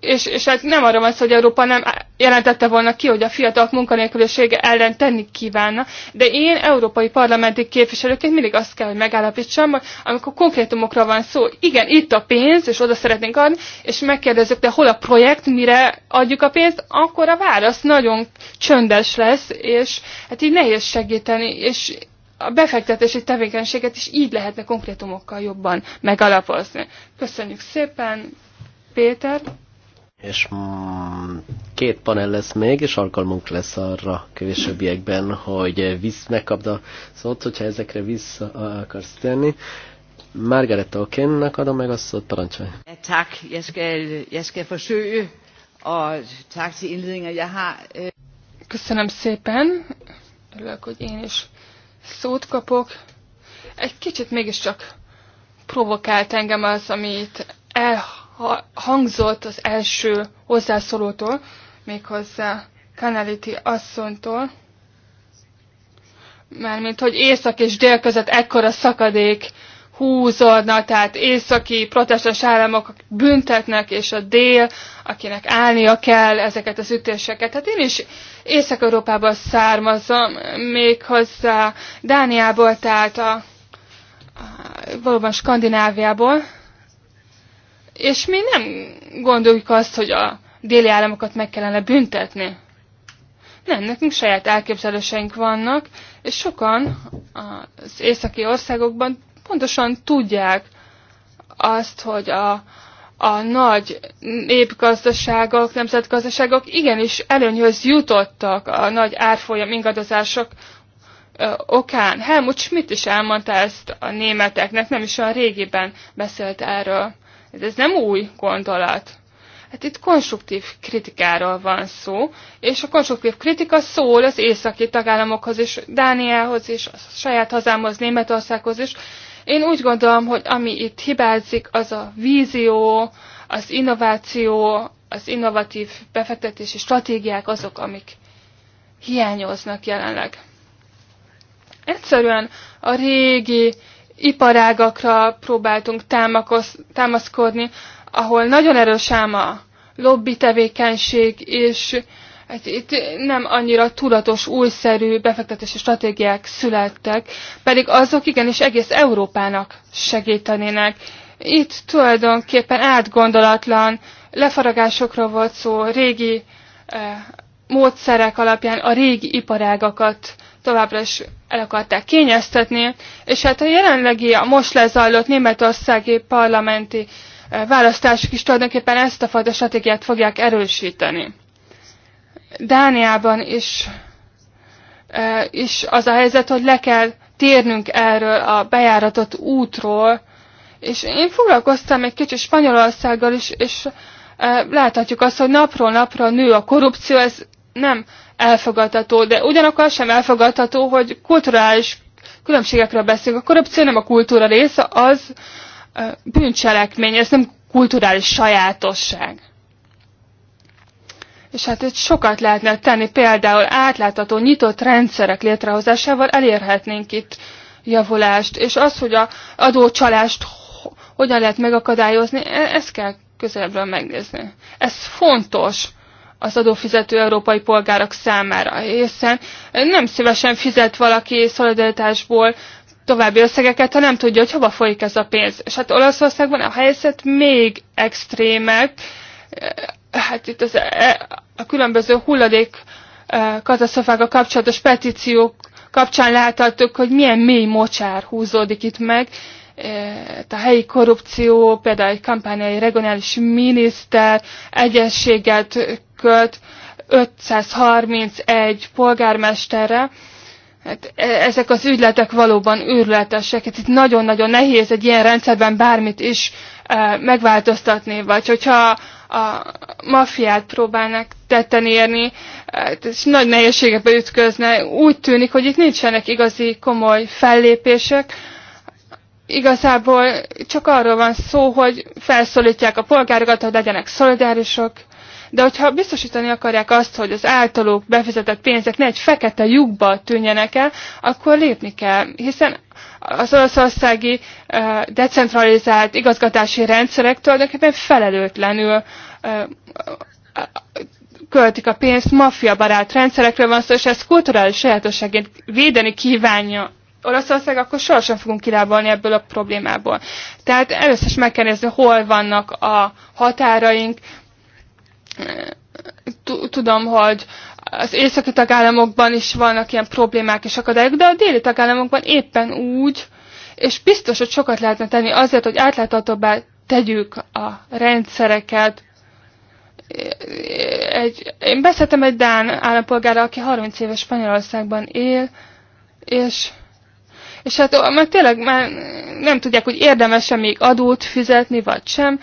és, és hát nem arra van szó, hogy Európa nem jelentette volna ki, hogy a fiatalok munkanélkülisége ellen tenni kívánna, de én európai parlamenti képviselőként mindig azt kell, hogy megállapítsam, hogy amikor konkrétumokra van szó, igen, itt a pénz, és oda szeretnénk adni, és megkérdezzük, de hol a projekt, mire adjuk a pénzt, akkor a válasz nagyon csöndes lesz, és hát így nehéz segíteni, és a befektetési tevékenységet is így lehetne konkrétumokkal jobban megalapozni. Köszönjük szépen! Péter. És mm, két panel lesz még, és alkalmunk lesz arra kövésőbbiekben, hogy visz, megkapd a szót, hogyha ezekre vissza akarsz tenni. Margaret Okennak adom meg a szót, parancsolj. Ja, tak, jeg skal, jeg skal forsøge, og tak til indledninger, jeg har... Øh. Köszönöm szépen, örülök, hogy én is szót kapok. Egy kicsit mégiscsak provokált engem az, amit elhagyom hangzott az első hozzászólótól, méghozzá Kanaliti asszonytól, mint hogy észak és dél között ekkora szakadék húzódna, tehát északi protestáns államok büntetnek, és a dél, akinek állnia kell ezeket az ütéseket. Hát én is Észak-Európából származom, méghozzá Dániából, tehát a, a, valóban Skandináviából, és mi nem gondoljuk azt, hogy a déli államokat meg kellene büntetni. Nem, nekünk saját elképzeléseink vannak, és sokan az északi országokban pontosan tudják azt, hogy a, a nagy népgazdaságok, nemzetgazdaságok igenis előnyhöz jutottak a nagy árfolyam ingadozások okán. Helmut Schmidt is elmondta ezt a németeknek, nem is olyan régiben beszélt erről ez nem új gondolat. Hát itt konstruktív kritikáról van szó, és a konstruktív kritika szól az északi tagállamokhoz is, Dániához is, a saját hazámhoz, Németországhoz is. Én úgy gondolom, hogy ami itt hibázik, az a vízió, az innováció, az innovatív befektetési stratégiák azok, amik hiányoznak jelenleg. Egyszerűen a régi iparágakra próbáltunk támaszkodni, ahol nagyon erős ám a lobby tevékenység, és hát itt nem annyira tudatos, újszerű befektetési stratégiák születtek, pedig azok igenis egész Európának segítenének. Itt tulajdonképpen átgondolatlan lefaragásokra volt szó, régi eh, módszerek alapján a régi iparágakat továbbra is el akarták kényeztetni, és hát a jelenlegi, a most lezajlott németországi parlamenti eh, választások is tulajdonképpen ezt a fajta stratégiát fogják erősíteni. Dániában is, eh, is az a helyzet, hogy le kell térnünk erről a bejáratott útról, és én foglalkoztam egy kicsit Spanyolországgal is, és eh, láthatjuk azt, hogy napról napra nő a korrupció, ez nem elfogadható, de ugyanakkor sem elfogadható, hogy kulturális különbségekről beszélünk. A korrupció nem a kultúra része, az bűncselekmény, ez nem kulturális sajátosság. És hát itt sokat lehetne tenni, például átlátható, nyitott rendszerek létrehozásával elérhetnénk itt javulást, és az, hogy a adócsalást hogyan lehet megakadályozni, e-, ezt kell közelebbről megnézni. Ez fontos az adófizető európai polgárok számára, hiszen nem szívesen fizet valaki szolidaritásból további összegeket, ha nem tudja, hogy hova folyik ez a pénz. És hát Olaszországban a helyzet még extrémek, hát itt az, e, a különböző hulladék e, katasztrofákkal kapcsolatos petíciók kapcsán láthattuk, hogy milyen mély mocsár húzódik itt meg. E, a helyi korrupció, például egy kampányai regionális miniszter, egyességet költ 531 polgármesterre, Hát e, ezek az ügyletek valóban űrletesek. Hát itt nagyon-nagyon nehéz egy ilyen rendszerben bármit is e, megváltoztatni, vagy hogyha a mafiát próbálnak tetten érni, e, hát és nagy nehézségekbe ütközne. Úgy tűnik, hogy itt nincsenek igazi komoly fellépések. Igazából csak arról van szó, hogy felszólítják a polgárokat, hogy legyenek szolidárisok, de hogyha biztosítani akarják azt, hogy az általuk befizetett pénzek ne egy fekete lyukba tűnjenek el, akkor lépni kell, hiszen az olaszországi decentralizált igazgatási rendszerek tulajdonképpen felelőtlenül költik a pénzt, maffiabarát rendszerekről van szó, és ezt kulturális sajátosságét védeni kívánja Olaszország, akkor sohasem fogunk kilábalni ebből a problémából. Tehát először is meg kell nézni, hol vannak a határaink, tudom, hogy az északi tagállamokban is vannak ilyen problémák és akadályok, de a déli tagállamokban éppen úgy, és biztos, hogy sokat lehetne tenni azért, hogy átláthatóbbá tegyük a rendszereket. Egy, én beszéltem egy Dán állampolgára, aki 30 éves Spanyolországban él, és, és hát mert tényleg már nem tudják, hogy érdemes-e még adót fizetni, vagy sem,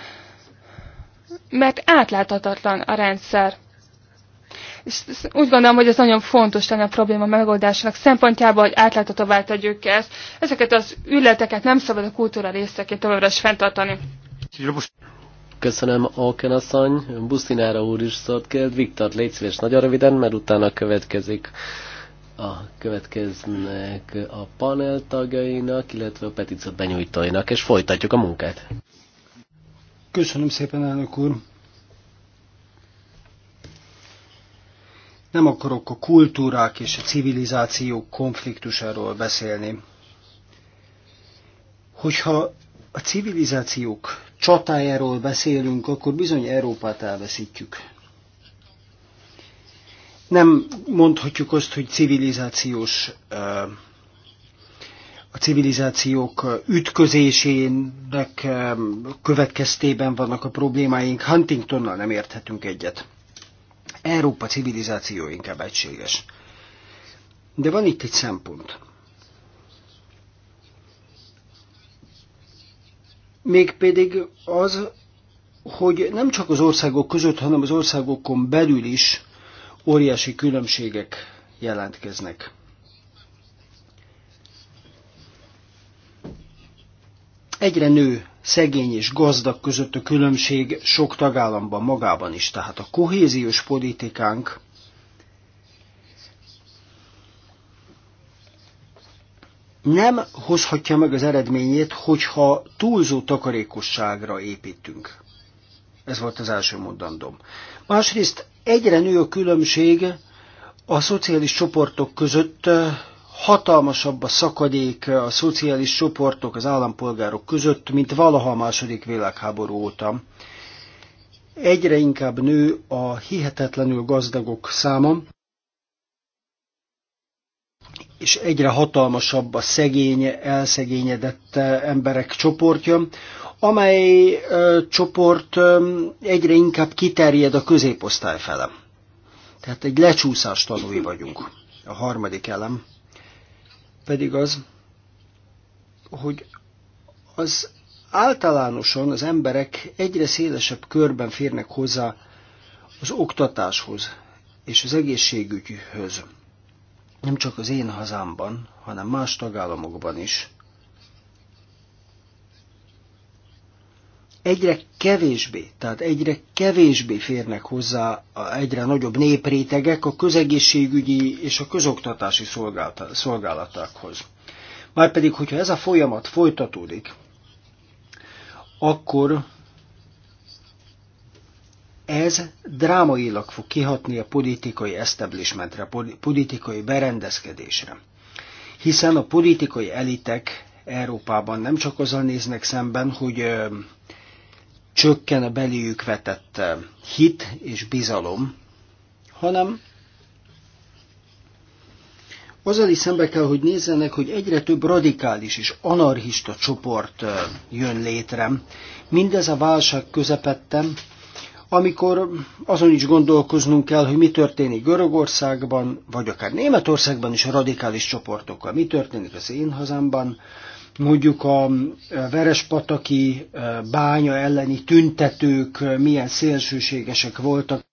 mert átláthatatlan a rendszer. És úgy gondolom, hogy ez nagyon fontos lenne a probléma megoldásának szempontjából, hogy átláthatóvá tegyük ezt. Ezeket az ületeket nem szabad a kultúra részeként továbbra is fenntartani. Köszönöm, Alken asszony. úr is szót kérd. Viktor, légy szíves, nagyon röviden, mert utána következik a következnek a panel tagjainak, illetve a petíciót benyújtóinak, és folytatjuk a munkát. Köszönöm szépen, elnök úr. Nem akarok a kultúrák és a civilizációk konfliktusáról beszélni. Hogyha a civilizációk csatájáról beszélünk, akkor bizony Európát elveszítjük. Nem mondhatjuk azt, hogy civilizációs a civilizációk ütközésének eh, következtében vannak a problémáink. Huntingtonnal nem érthetünk egyet. Európa civilizáció inkább egységes. De van itt egy szempont. Mégpedig az, hogy nem csak az országok között, hanem az országokon belül is óriási különbségek jelentkeznek. Egyre nő szegény és gazdag között a különbség sok tagállamban magában is. Tehát a kohéziós politikánk nem hozhatja meg az eredményét, hogyha túlzó takarékosságra építünk. Ez volt az első mondandom. Másrészt egyre nő a különbség a szociális csoportok között, hatalmasabb a szakadék a szociális csoportok, az állampolgárok között, mint valaha a második világháború óta. Egyre inkább nő a hihetetlenül gazdagok száma, és egyre hatalmasabb a szegény, elszegényedett eh, emberek csoportja, amely ö, eh, csoport ö, eh, egyre inkább kiterjed a középosztály fele. Tehát egy lecsúszás tanúi vagyunk. A harmadik elem pedig az, hogy az általánosan az emberek egyre szélesebb körben férnek hozzá az oktatáshoz és az egészségügyhöz. Nem csak az én hazámban, hanem más tagállamokban is egyre kevésbé, tehát egyre kevésbé férnek hozzá a egyre nagyobb néprétegek a közegészségügyi és a közoktatási szolgálatákhoz. Márpedig, hogyha ez a folyamat folytatódik, akkor ez drámailag fog kihatni a politikai establishmentre, politikai berendezkedésre. Hiszen a politikai elitek Európában nem csak azzal néznek szemben, hogy csökken a beléjük vetett eh, hit és bizalom, hanem azzal is szembe kell, hogy nézzenek, hogy egyre több radikális és anarchista csoport eh, jön létre. Mindez a válság közepette, amikor azon is gondolkoznunk kell, hogy mi történik Görögországban, vagy akár Németországban is a radikális csoportokkal, mi történik az én hazámban, mondjuk a verespataki e, bánya elleni tüntetők e, milyen szélsőségesek voltak.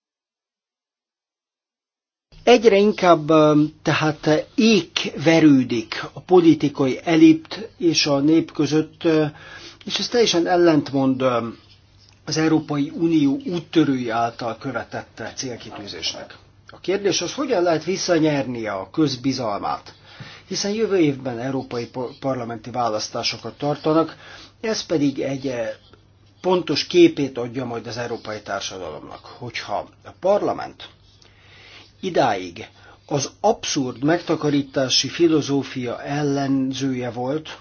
Egyre inkább e, tehát ékverődik a politikai elit és a nép között, és ez teljesen ellentmond az Európai Unió úttörői által követett célkitűzésnek. A kérdés az, hogyan lehet visszanyerni a közbizalmát hiszen jövő évben európai parlamenti választásokat tartanak, ez pedig egy eh, pontos képét adja majd az európai társadalomnak, hogyha a parlament idáig az abszurd megtakarítási filozófia ellenzője volt,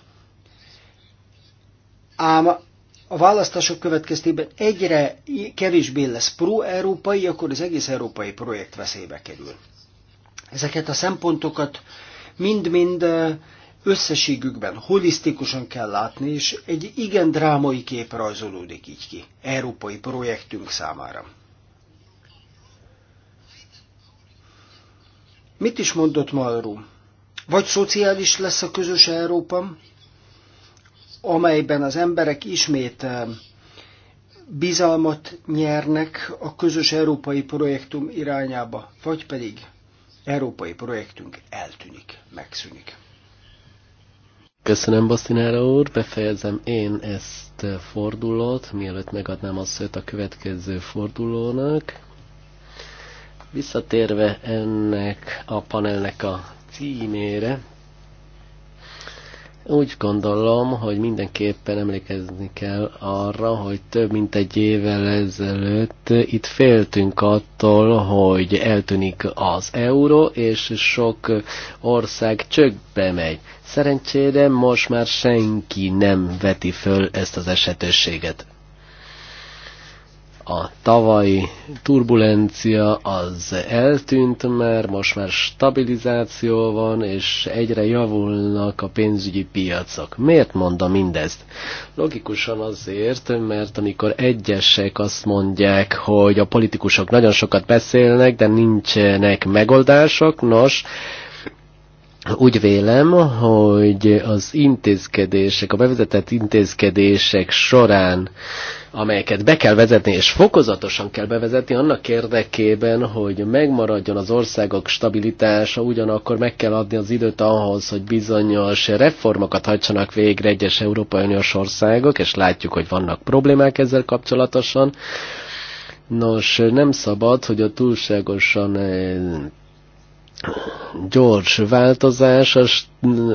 ám a választások következtében egyre kevésbé lesz pro-európai, akkor az egész európai projekt veszélybe kerül. Ezeket a szempontokat mind-mind összességükben holisztikusan kell látni, és egy igen drámai kép rajzolódik így ki európai projektünk számára. Mit is mondott Malru? Vagy szociális lesz a közös Európa, amelyben az emberek ismét bizalmat nyernek a közös európai projektum irányába, vagy pedig európai projektünk eltűnik, megszűnik. Köszönöm, Bosszinára úr. Befejezem én ezt a fordulót, mielőtt megadnám a szőt a következő fordulónak. Visszatérve ennek a panelnek a címére, úgy gondolom, hogy mindenképpen emlékezni kell arra, hogy több mint egy évvel ezelőtt itt féltünk attól, hogy eltűnik az euró, és sok ország csökbe megy. Szerencsére most már senki nem veti föl ezt az esetőséget a tavalyi turbulencia az eltűnt, mert most már stabilizáció van, és egyre javulnak a pénzügyi piacok. Miért mondom mindezt? Logikusan azért, mert amikor egyesek azt mondják, hogy a politikusok nagyon sokat beszélnek, de nincsenek megoldások, nos, úgy vélem, hogy az intézkedések, a bevezetett intézkedések során, amelyeket be kell vezetni, és fokozatosan kell bevezetni annak érdekében, hogy megmaradjon az országok stabilitása, ugyanakkor meg kell adni az időt ahhoz, hogy bizonyos reformokat hajtsanak végre egyes Európai Uniós országok, és látjuk, hogy vannak problémák ezzel kapcsolatosan. Nos, nem szabad, hogy a túlságosan eh, gyors változás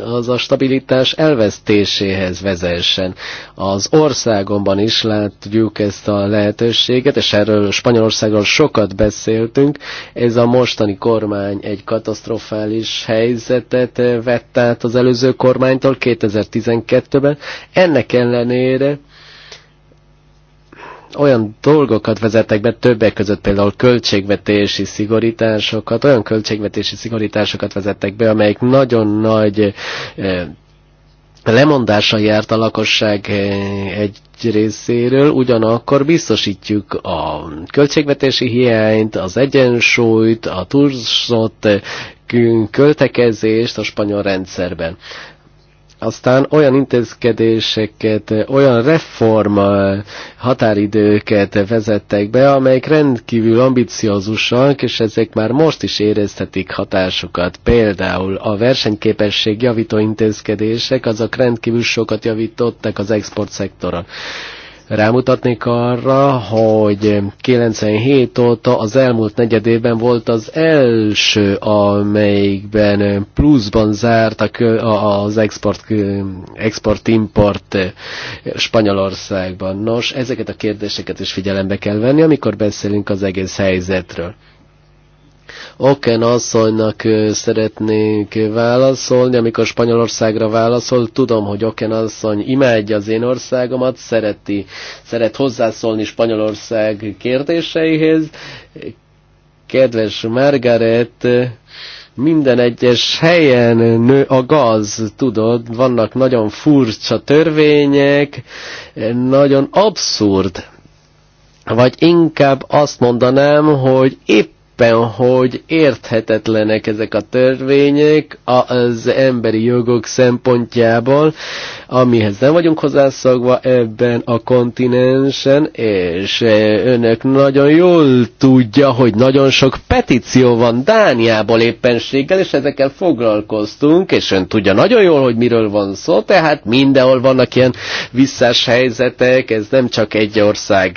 az a stabilitás elvesztéséhez vezessen. Az országomban is látjuk ezt a lehetőséget, és erről Spanyolországról sokat beszéltünk. Ez a mostani kormány egy katasztrofális helyzetet vett át az előző kormánytól 2012-ben. Ennek ellenére olyan dolgokat vezettek be többek között, például költségvetési szigorításokat, olyan költségvetési szigorításokat vezettek be, amelyek nagyon nagy eh, lemondása járt a lakosság eh, egy részéről, ugyanakkor biztosítjuk a költségvetési hiányt, az egyensúlyt, a túlzott eh, költekezést a spanyol rendszerben aztán olyan intézkedéseket, olyan reform határidőket vezettek be, amelyek rendkívül ambiciózusak, és ezek már most is éreztetik hatásukat. Például a versenyképesség javító intézkedések, azok rendkívül sokat javítottak az export szektoron. Rámutatnék arra, hogy 97 óta az elmúlt negyedében volt az első, amelyikben pluszban zárt az export-import export Spanyolországban. Nos, ezeket a kérdéseket is figyelembe kell venni, amikor beszélünk az egész helyzetről. Oken asszonynak szeretnék válaszolni, amikor Spanyolországra válaszol, tudom, hogy Oken asszony imádja az én országomat, szereti, szeret hozzászólni Spanyolország kérdéseihez. Kedves Margaret, minden egyes helyen nő a gaz, tudod, vannak nagyon furcsa törvények, nagyon abszurd. Vagy inkább azt mondanám, hogy épp éppen, hogy érthetetlenek ezek a törvények az emberi jogok szempontjából, amihez nem vagyunk hozzászokva ebben a kontinensen, és eh, önök nagyon jól tudja, hogy nagyon sok petíció van Dániából éppenséggel, és ezekkel foglalkoztunk, és ön tudja nagyon jól, hogy miről van szó, tehát mindenhol vannak ilyen visszás helyzetek, ez nem csak egy országra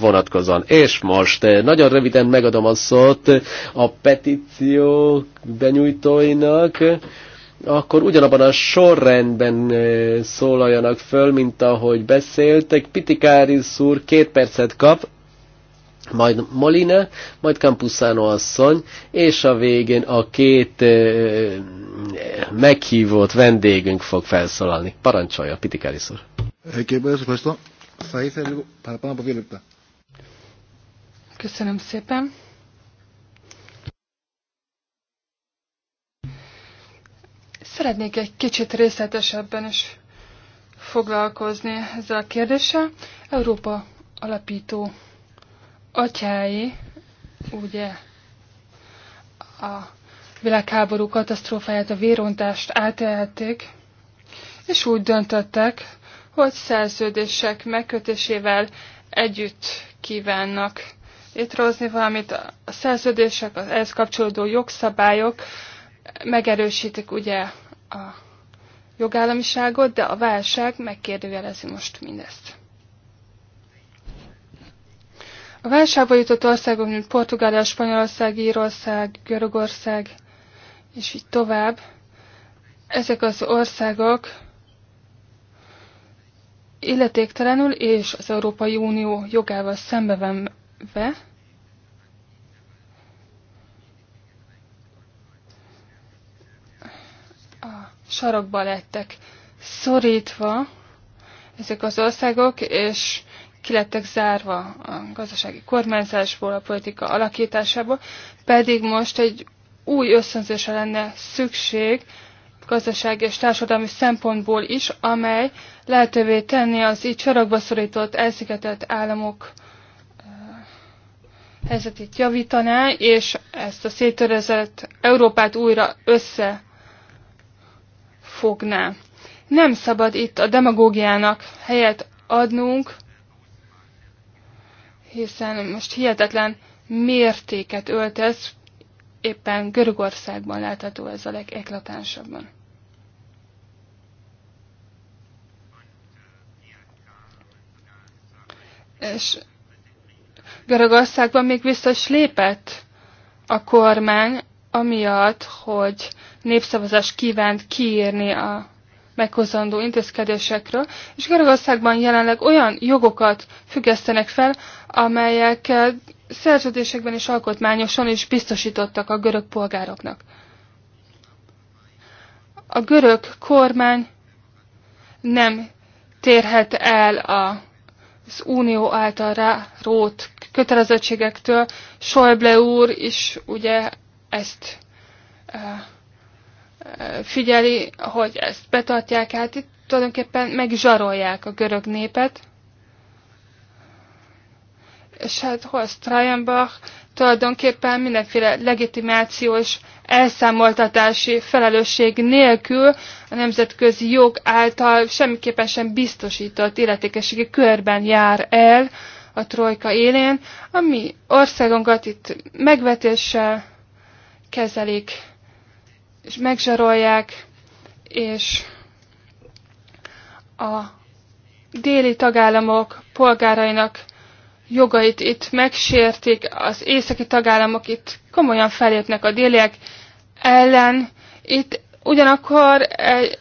vonatkozóan. És most eh, nagyon röviden megadom a szót, adott a petíció benyújtóinak, akkor ugyanabban a sorrendben szólaljanak föl, mint ahogy beszéltek. Pitikári úr két percet kap, majd Molina, majd Campusano asszony, és a végén a két meghívott vendégünk fog felszólalni. Parancsolja, Pitikári úr. Eh, Köszönöm szépen. Szeretnék egy kicsit részletesebben is foglalkozni ezzel a kérdéssel. Európa alapító atyái, ugye a világháború katasztrófáját, a vérontást átélték, és úgy döntöttek, hogy szerződések megkötésével együtt kívánnak létrehozni valamit. A szerződések, az ehhez kapcsolódó jogszabályok megerősítik ugye a jogállamiságot, de a válság megkérdőjelezi most mindezt. A válságba jutott országok, mint Portugália, Spanyolország, Írország, Görögország, és így tovább, ezek az országok illetéktelenül és az Európai Unió jogával szembevenve sarokba lettek szorítva ezek az országok, és ki lettek zárva a gazdasági kormányzásból, a politika alakításából, pedig most egy új összönzésre lenne szükség gazdasági és társadalmi szempontból is, amely lehetővé tenni az így sarokba szorított, elszigetelt államok eh, helyzetét javítaná, és ezt a széttörezett Európát újra össze fogná. Nem szabad itt a demagógiának helyet adnunk, hiszen most hihetetlen mértéket öltesz, éppen Görögországban látható ez a legeklatánsabban. És Görögországban még vissza is lépett a kormány, amiatt, hogy népszavazást kívánt kiírni a meghozandó intézkedésekről, és Görögországban jelenleg olyan jogokat függesztenek fel, amelyek szerződésekben és alkotmányosan is biztosítottak a görög polgároknak. A görög kormány nem térhet el az unió által rá rót kötelezettségektől. Schäuble úr is ugye ezt eh, figyeli, hogy ezt betartják, át. itt tulajdonképpen megzsarolják a görög népet. És hát Horst Trajanbach tulajdonképpen mindenféle legitimációs elszámoltatási felelősség nélkül a nemzetközi jog által semmiképpen sem biztosított illetékességi körben jár el a trojka élén, ami országunkat itt megvetéssel kezelik és megzsarolják, és a déli tagállamok polgárainak jogait itt megsértik, az északi tagállamok itt komolyan felépnek a déliek ellen. Itt ugyanakkor egy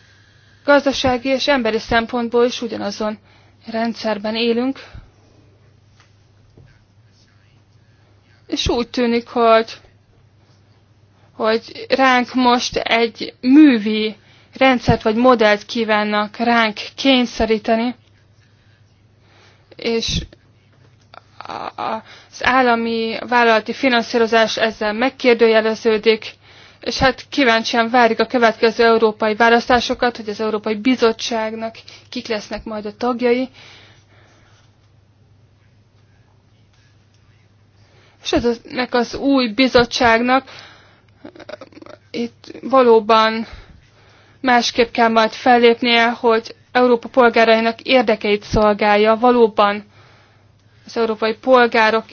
gazdasági és emberi szempontból is ugyanazon rendszerben élünk. És úgy tűnik, hogy hogy ránk most egy művi rendszert vagy modellt kívánnak ránk kényszeríteni, és az állami vállalati finanszírozás ezzel megkérdőjeleződik, és hát kíváncsian várjuk a következő európai választásokat, hogy az Európai Bizottságnak kik lesznek majd a tagjai. És ennek az új bizottságnak itt valóban másképp kell majd fellépnie, hogy Európa polgárainak érdekeit szolgálja, valóban az európai polgárok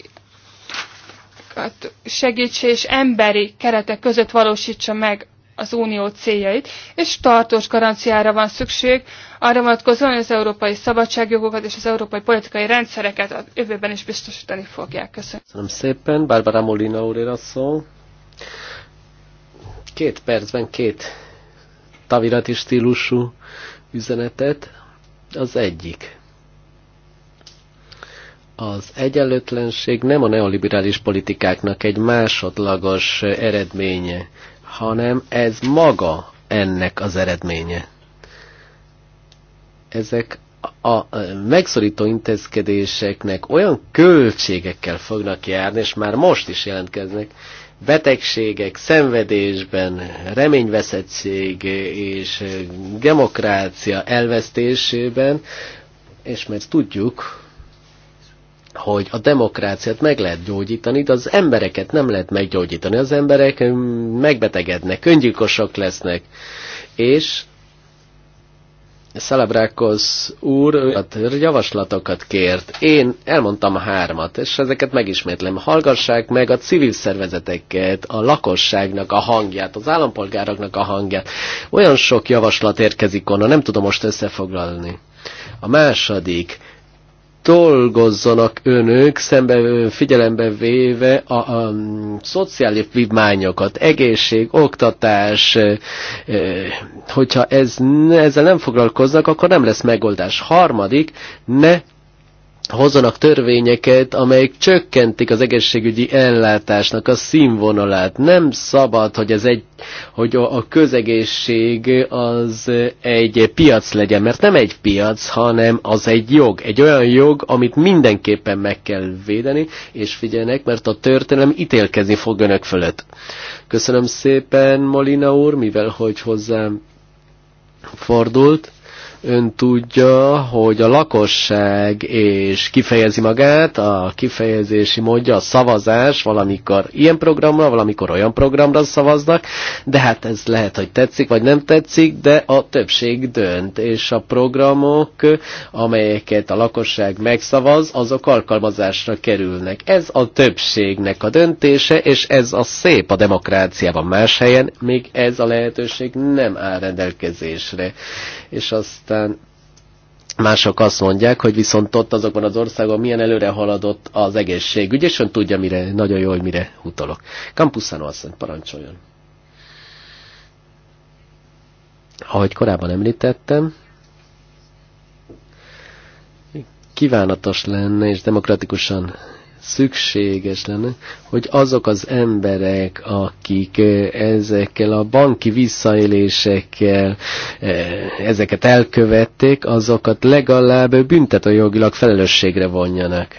segítsé és emberi keretek között valósítsa meg az unió céljait, és tartós garanciára van szükség, arra vonatkozóan, hogy az európai szabadságjogokat és az európai politikai rendszereket a jövőben is biztosítani fogják. Köszönöm. Köszönöm szépen, Barbara Molina úr szó két percben két tavirati stílusú üzenetet. Az egyik. Az egyenlőtlenség nem a neoliberális politikáknak egy másodlagos eredménye, hanem ez maga ennek az eredménye. Ezek a megszorító intézkedéseknek olyan költségekkel fognak járni, és már most is jelentkeznek, betegségek, szenvedésben, reményveszettség és demokrácia elvesztésében, és mert tudjuk, hogy a demokráciát meg lehet gyógyítani, de az embereket nem lehet meggyógyítani. Az emberek megbetegednek, öngyilkosok lesznek, és Szelebrákos úr hát javaslatokat kért. Én elmondtam a hármat, és ezeket megismétlem. Hallgassák meg a civil szervezeteket, a lakosságnak a hangját, az állampolgároknak a hangját. Olyan sok javaslat érkezik onnan, nem tudom most összefoglalni. A második, dolgozzanak önök, szembe, figyelembe véve a, a, a szociális vívmányokat, egészség, oktatás, e, hogyha ez, ezzel nem foglalkoznak, akkor nem lesz megoldás. Harmadik, ne hozzanak törvényeket, amelyek csökkentik az egészségügyi ellátásnak a színvonalát. Nem szabad, hogy, ez egy, hogy a közegészség az egy piac legyen, mert nem egy piac, hanem az egy jog. Egy olyan jog, amit mindenképpen meg kell védeni, és figyelnek, mert a történelem ítélkezni fog önök fölött. Köszönöm szépen, Molina úr, mivel hogy hozzám fordult Ön tudja, hogy a lakosság és kifejezi magát, a kifejezési módja a szavazás, valamikor ilyen programra, valamikor olyan programra szavaznak, de hát ez lehet, hogy tetszik, vagy nem tetszik, de a többség dönt, és a programok, amelyeket a lakosság megszavaz, azok alkalmazásra kerülnek. Ez a többségnek a döntése, és ez a szép a demokráciában más helyen, még ez a lehetőség nem áll rendelkezésre. És aztán aztán mások azt mondják, hogy viszont ott azokban az országban milyen előre haladott az egészségügy, és ön tudja, mire, nagyon jó, hogy mire utalok. Campuszano asszony, parancsoljon. Ahogy korábban említettem, kívánatos lenne és demokratikusan szükséges lenne, hogy azok az emberek, akik ezekkel a banki visszaélésekkel ezeket elkövették, azokat legalább büntetőjogilag felelősségre vonjanak.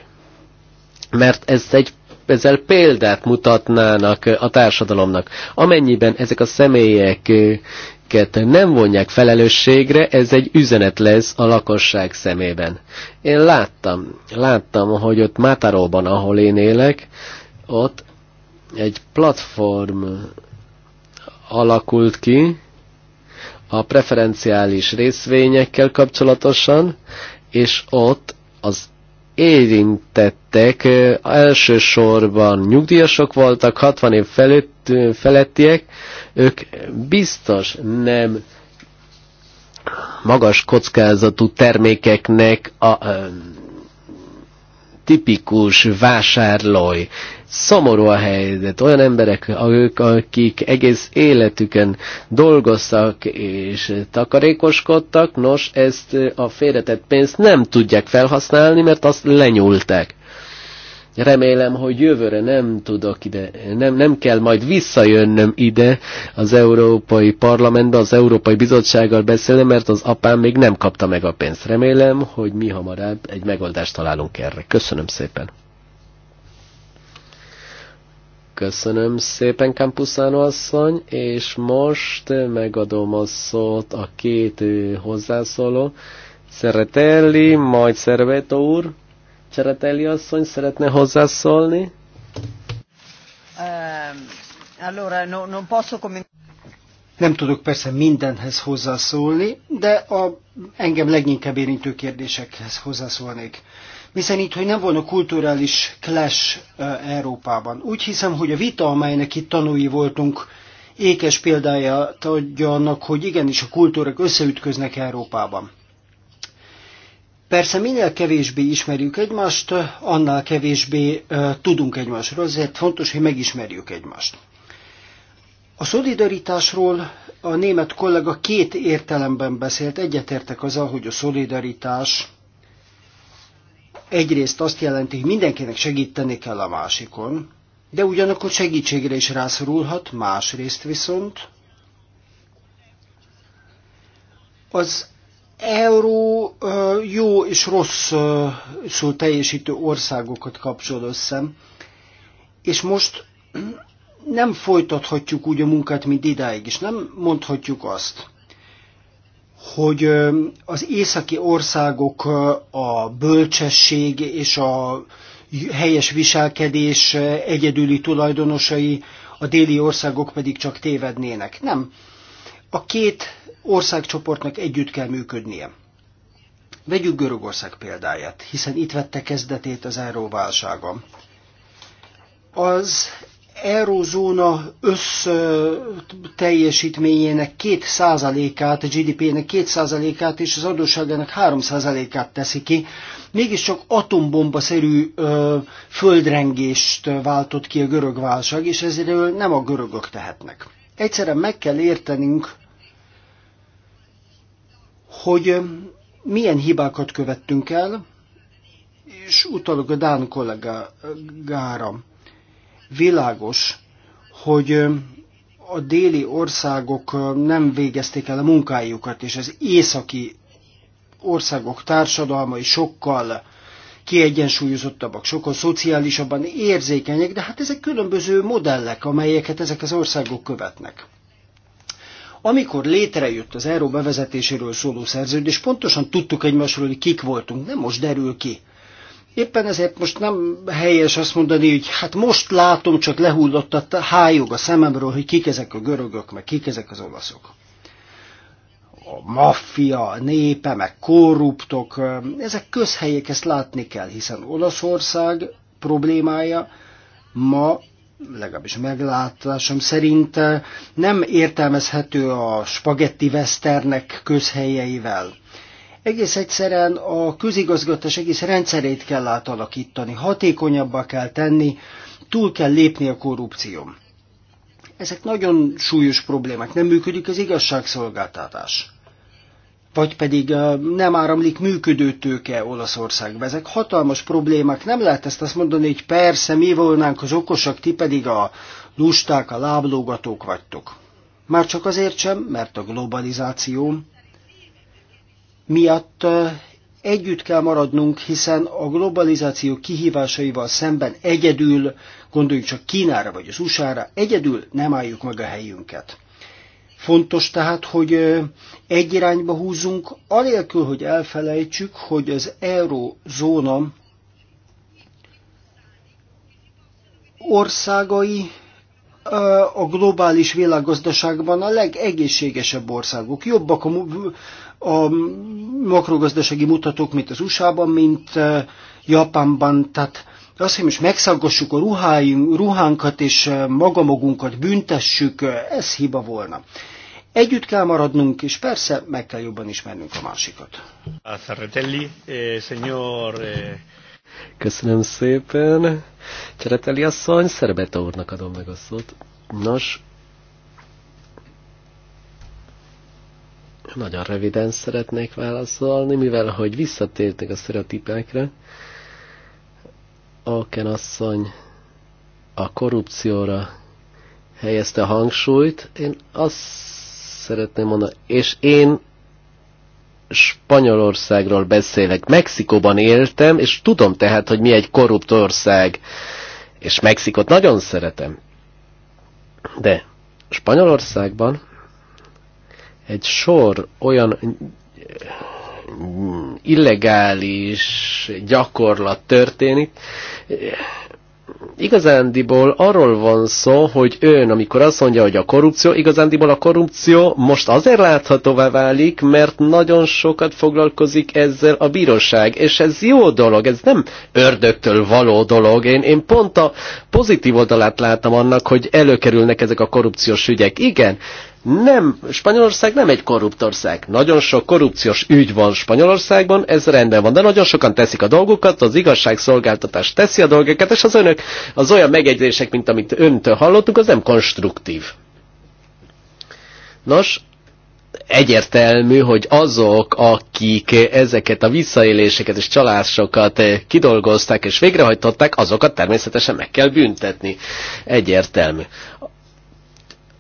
Mert ez egy ezzel példát mutatnának a társadalomnak. Amennyiben ezek a személyek nem vonják felelősségre, ez egy üzenet lesz a lakosság szemében. Én láttam, láttam, hogy ott Mátaróban, ahol én élek, ott egy platform alakult ki a preferenciális részvényekkel kapcsolatosan, és ott az érintettek eh, elsősorban nyugdíjasok voltak, 60 év felett felettiek, ők biztos nem magas kockázatú termékeknek a, tipikus vásárlói. Szomorú a helyzet. Olyan emberek, ők, akik egész életüken dolgoztak és takarékoskodtak, nos, ezt a félretett pénzt nem tudják felhasználni, mert azt lenyúlták. Remélem, hogy jövőre nem tudok ide, nem, nem kell majd visszajönnöm ide az Európai Parlamentbe, az Európai Bizottsággal beszélni, mert az apám még nem kapta meg a pénzt. Remélem, hogy mi hamarabb egy megoldást találunk erre. Köszönöm szépen. Köszönöm szépen, Kampuszánó asszony, és most megadom a szót a két hozzászóló. Szeretelli, majd Szerveto úr. Szereteli asszony szeretne hozzászólni? Ehm, nem tudok persze mindenhez hozzászólni, de a engem leginkább érintő kérdésekhez hozzászólnék. Hiszen itt, hogy nem volna kulturális clash Európában. Úgy hiszem, hogy a vita, amelynek itt tanúi voltunk, ékes példáját adja annak, hogy igenis a kultúrák összeütköznek Európában. Persze minél kevésbé ismerjük egymást, annál kevésbé tudunk egymásról, ezért fontos, hogy megismerjük egymást. A szolidaritásról a német kollega két értelemben beszélt, egyetértek azzal, hogy a szolidaritás egyrészt azt jelenti, hogy mindenkinek segíteni kell a másikon, de ugyanakkor segítségre is rászorulhat, másrészt viszont az euró jó és szó teljesítő országokat kapcsol össze, és most nem folytathatjuk úgy a munkát, mint idáig, és nem mondhatjuk azt, hogy az északi országok a bölcsesség és a helyes viselkedés egyedüli tulajdonosai, a déli országok pedig csak tévednének. Nem. A két országcsoportnak együtt kell működnie. Vegyük Görögország példáját, hiszen itt vette kezdetét az euróválsága. Az eurózóna összteljesítményének teljesítményének 2%-át, a GDP-nek 2%-át és az adósságának 3%-át teszi ki, mégiscsak atombomba-szerű ö, földrengést váltott ki a görög válság, és ezért nem a görögök tehetnek. Egyszerűen meg kell értenünk, hogy milyen hibákat követtünk el, és utalok a Dán kollégára. Világos, hogy a déli országok nem végezték el a munkájukat, és az északi országok társadalmai sokkal kiegyensúlyozottabbak, sokkal szociálisabban érzékenyek, de hát ezek különböző modellek, amelyeket ezek az országok követnek. Amikor létrejött az euró bevezetéséről szóló szerződés, pontosan tudtuk egymásról, hogy kik voltunk, nem most derül ki. Éppen ezért most nem helyes azt mondani, hogy hát most látom, csak lehullott a hájog a szememről, hogy kik ezek a görögök, meg kik ezek az olaszok. A maffia, a népe, meg korruptok, ezek közhelyek, ezt látni kell, hiszen Olaszország problémája ma legalábbis meglátásom szerint nem értelmezhető a spagetti westernek közhelyeivel. Egész egyszerűen a közigazgatás egész rendszerét kell átalakítani, hatékonyabbá kell tenni, túl kell lépni a korrupción. Ezek nagyon súlyos problémák, nem működik az igazságszolgáltatás vagy pedig nem áramlik működő tőke Olaszországba. Ezek hatalmas problémák. Nem lehet ezt azt mondani, hogy persze mi volnánk az okosak, ti pedig a lusták, a láblógatók vagytok. Már csak azért sem, mert a globalizáció miatt együtt kell maradnunk, hiszen a globalizáció kihívásaival szemben egyedül, gondoljuk csak Kínára vagy az USA-ra, egyedül nem álljuk meg a helyünket. Fontos tehát, hogy egy irányba húzunk, anélkül, hogy elfelejtsük, hogy az eurozóna országai a globális világgazdaságban a legegészségesebb országok. Jobbak a, a makrogazdasági mutatók, mint az USA-ban, mint Japánban. Tehát azt hiszem, is megszaggassuk a ruháink, ruhánkat, és magamagunkat büntessük, ez hiba volna. Együtt kell maradnunk, és persze meg kell jobban ismernünk a másikat. A Ferretelli, eh, señor... Eh... Köszönöm szépen. Csereteli asszony, Szerbeta úrnak adom meg a szót. Nos, nagyon röviden szeretnék válaszolni, mivel hogy visszatértek a sztereotípekre. Aken asszony a korrupcióra helyezte a hangsúlyt. Én azt szeretném mondani. És én Spanyolországról beszélek. Mexikóban éltem, és tudom tehát, hogy mi egy korrupt ország. És Mexikot nagyon szeretem. De Spanyolországban egy sor olyan mm, mm, illegális gyakorlat történik, igazándiból arról van szó, hogy ön, amikor azt mondja, hogy a korrupció, igazándiból a korrupció most azért láthatóvá válik, mert nagyon sokat foglalkozik ezzel a bíróság, és ez jó dolog, ez nem ördögtől való dolog. Én, én pont a pozitív oldalát látom annak, hogy előkerülnek ezek a korrupciós ügyek. Igen, nem, Spanyolország nem egy korrupt ország. Nagyon sok korrupciós ügy van Spanyolországban, ez rendben van, de nagyon sokan teszik a dolgukat, az igazságszolgáltatás teszi a dolgokat, és az önök, az olyan megjegyzések, mint amit öntől hallottunk, az nem konstruktív. Nos, egyértelmű, hogy azok, akik ezeket a visszaéléseket és csalásokat kidolgozták és végrehajtották, azokat természetesen meg kell büntetni. Egyértelmű.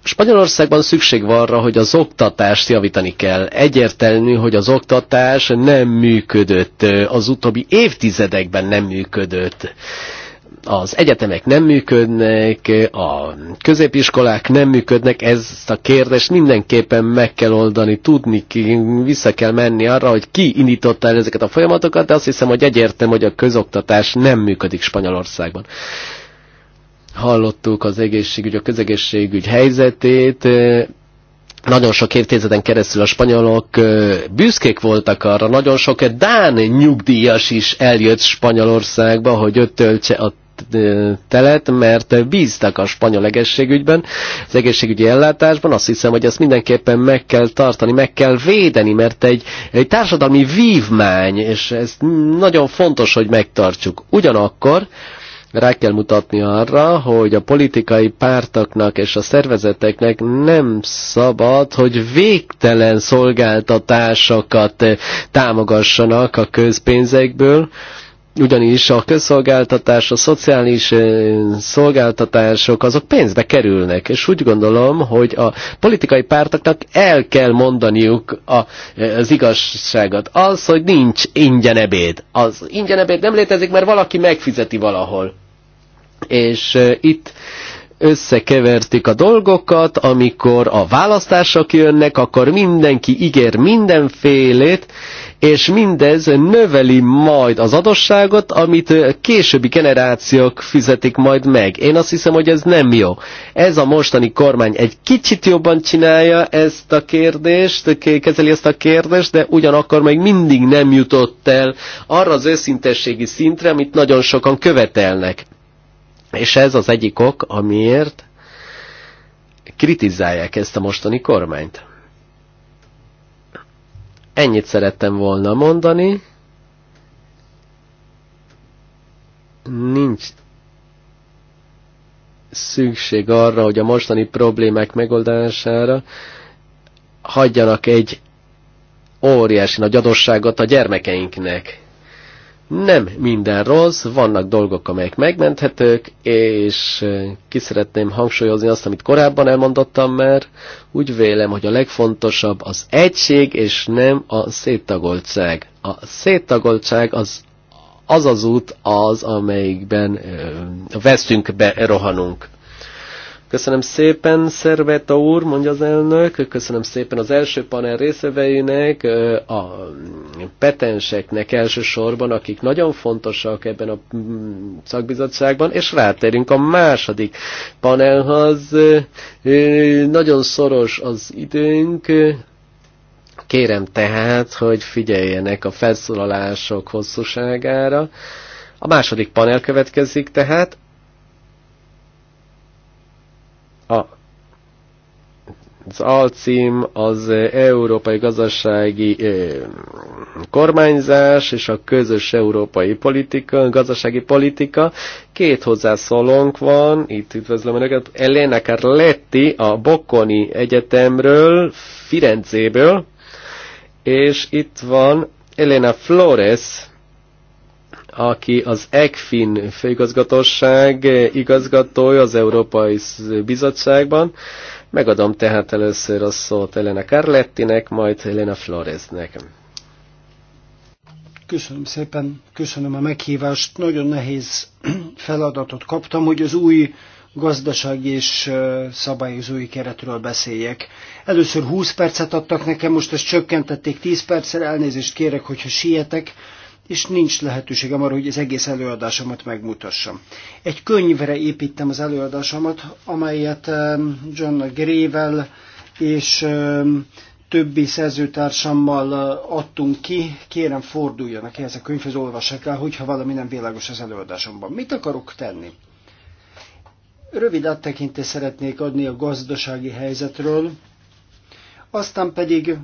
Spanyolországban szükség van arra, hogy az oktatást javítani kell. Egyértelmű, hogy az oktatás nem működött, az utóbbi évtizedekben nem működött. Az egyetemek nem működnek, a középiskolák nem működnek, ezt a kérdést mindenképpen meg kell oldani, tudni, vissza kell menni arra, hogy ki indította el ezeket a folyamatokat, de azt hiszem, hogy egyértelmű, hogy a közoktatás nem működik Spanyolországban. Hallottuk az egészségügy, a közegészségügy helyzetét, nagyon sok évtizeden keresztül a spanyolok büszkék voltak arra, nagyon sok Dán nyugdíjas is eljött Spanyolországba, hogy ott töltse a telet, mert bíztak a spanyol egészségügyben, az egészségügyi ellátásban. Azt hiszem, hogy ezt mindenképpen meg kell tartani, meg kell védeni, mert egy, egy társadalmi vívmány, és ez nagyon fontos, hogy megtartsuk. Ugyanakkor rá kell mutatni arra, hogy a politikai pártoknak és a szervezeteknek nem szabad, hogy végtelen szolgáltatásokat támogassanak a közpénzekből, ugyanis a közszolgáltatás, a szociális szolgáltatások, azok pénzbe kerülnek, és úgy gondolom, hogy a politikai pártoknak el kell mondaniuk a, az igazságot. Az, hogy nincs ingyen ebéd. Az ingyen ebéd nem létezik, mert valaki megfizeti valahol és itt összekevertük a dolgokat, amikor a választások jönnek, akkor mindenki ígér mindenfélét, és mindez növeli majd az adosságot, amit későbbi generációk fizetik majd meg. Én azt hiszem, hogy ez nem jó. Ez a mostani kormány egy kicsit jobban csinálja ezt a kérdést, kezeli ezt a kérdést, de ugyanakkor még mindig nem jutott el arra az őszintességi szintre, amit nagyon sokan követelnek és ez az egyik ok, amiért kritizálják ezt a mostani kormányt. Ennyit szerettem volna mondani. Nincs szükség arra, hogy a mostani problémák megoldására hagyjanak egy óriási nagy adosságot a gyermekeinknek nem minden rossz, vannak dolgok, amelyek megmenthetők, és ki szeretném hangsúlyozni azt, amit korábban elmondottam, mert úgy vélem, hogy a legfontosabb az egység, és nem a széttagoltság. A széttagoltság az az az út az, amelyikben ö, veszünk be, rohanunk. Köszönöm szépen, Szerveta úr, mondja az elnök. Köszönöm szépen az első panel részveveinek, a petenseknek elsősorban, akik nagyon fontosak ebben a mm, szakbizottságban, és ráterünk a második panelhoz. Nagyon szoros az időnk, Kérem tehát, hogy figyeljenek a felszólalások hosszúságára. A második panel következik tehát, a, az alcím az európai gazdasági kormányzás és a közös európai politika, gazdasági politika. Két hozzászólónk van, itt üdvözlöm Önöket, Elena Carletti a Bocconi Egyetemről, Firenzéből, és itt van Elena Flores, aki az ECFIN főigazgatóság igazgatója az Európai Bizottságban. Megadom tehát először a szót Elena Carlettinek, majd Elena Floresnek. Köszönöm szépen, köszönöm a meghívást. Nagyon nehéz feladatot kaptam, hogy az új gazdasági és szabályozói keretről beszéljek. Először 20 percet adtak nekem, most ezt csökkentették 10 percre, elnézést kérek, hogyha sietek, és nincs lehetőségem arra, hogy az egész előadásomat megmutassam. Egy könyvre építem az előadásomat, amelyet John Grével és többi szerzőtársammal eh, adtunk ki, kérem forduljanak ehhez a könyvhöz, olvassák el, hogyha valami nem világos az előadásomban. Mit akarok tenni? Rövid áttekintést szeretnék adni a gazdasági helyzetről, aztán pedig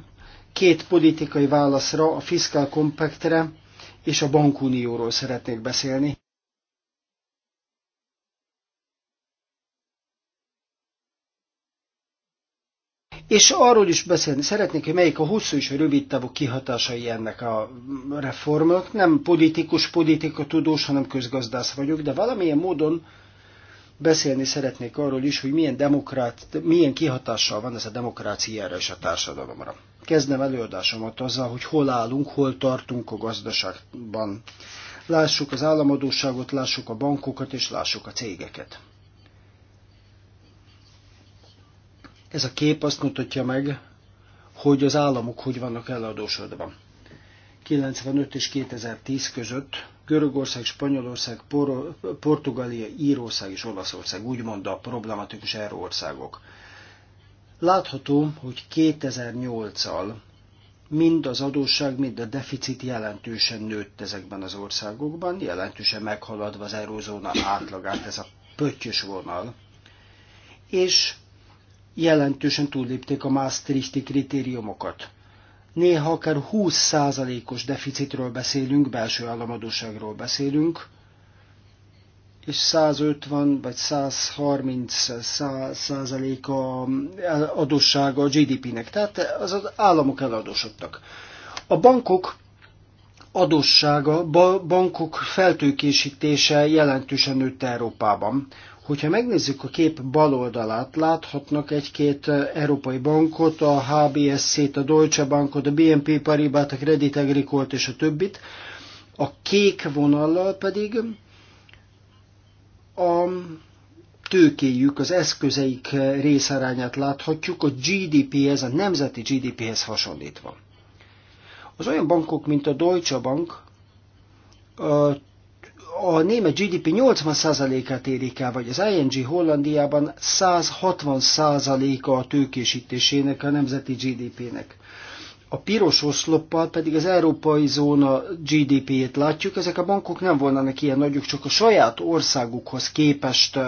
két politikai válaszra, a Fiscal Compactre és a bankunióról szeretnék beszélni. És arról is beszélni szeretnék, hogy melyik a hosszú és a rövid távú kihatásai ennek a reformnak. Nem politikus, tudós, hanem közgazdász vagyok, de valamilyen módon beszélni szeretnék arról is, hogy milyen, demokrát, milyen kihatással van ez a demokráciára és a társadalomra. Kezdem előadásomat azzal, hogy hol állunk, hol tartunk a gazdaságban. Lássuk az államadóságot, lássuk a bankokat és lássuk a cégeket. Ez a kép azt mutatja meg, hogy az államok hogy vannak eladósodva. 95 és 2010 között Görögország, Spanyolország, Por- Portugália, Írország és Olaszország, úgymond a problematikus országok. Látható, hogy 2008-al mind az adósság, mind a deficit jelentősen nőtt ezekben az országokban, jelentősen meghaladva az erózóna átlagát, ez a pöttyös vonal. És jelentősen túllépték a Maastrichti kritériumokat néha akár 20%-os deficitről beszélünk, belső államadóságról beszélünk, és 150 vagy 130 a adóssága a GDP-nek, tehát az államok eladósodtak. A bankok adóssága, bankok feltőkésítése jelentősen nőtt Európában. Hogyha megnézzük a kép bal oldalát, láthatnak egy-két európai bankot, a HBSC-t, a Deutsche Bankot, a BNP Paribas, a Credit agricole és a többit. A kék vonallal pedig a tőkéjük, az eszközeik részarányát láthatjuk, a GDP-hez, a nemzeti GDP-hez hasonlítva. Az olyan bankok, mint a Deutsche Bank, a német GDP 80%-át érik el, vagy az ING Hollandiában 160%-a a tőkésítésének, a nemzeti GDP-nek. A piros oszloppal pedig az európai zóna GDP-jét látjuk, ezek a bankok nem volnának ilyen nagyok, csak a saját országukhoz képest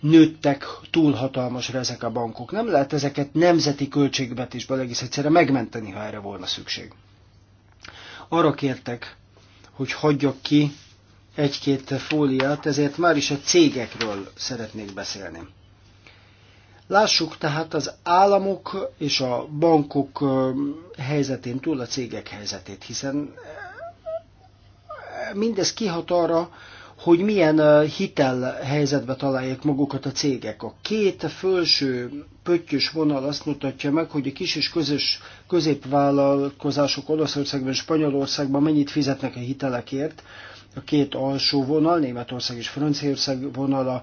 nőttek túlhatalmasra ezek a bankok. Nem lehet ezeket nemzeti költségvetésből egész egyszerre megmenteni, ha erre volna szükség. Arra kértek, hogy hagyjak ki egy-két fóliát, ezért már is a cégekről szeretnék beszélni. Lássuk tehát az államok és a bankok helyzetén túl a cégek helyzetét, hiszen mindez kihat arra, hogy milyen hitel helyzetbe találják magukat a cégek. A két felső pöttyös vonal azt mutatja meg, hogy a kis és közös középvállalkozások Olaszországban és Spanyolországban mennyit fizetnek a hitelekért, a két alsó vonal, Németország és Franciaország vonala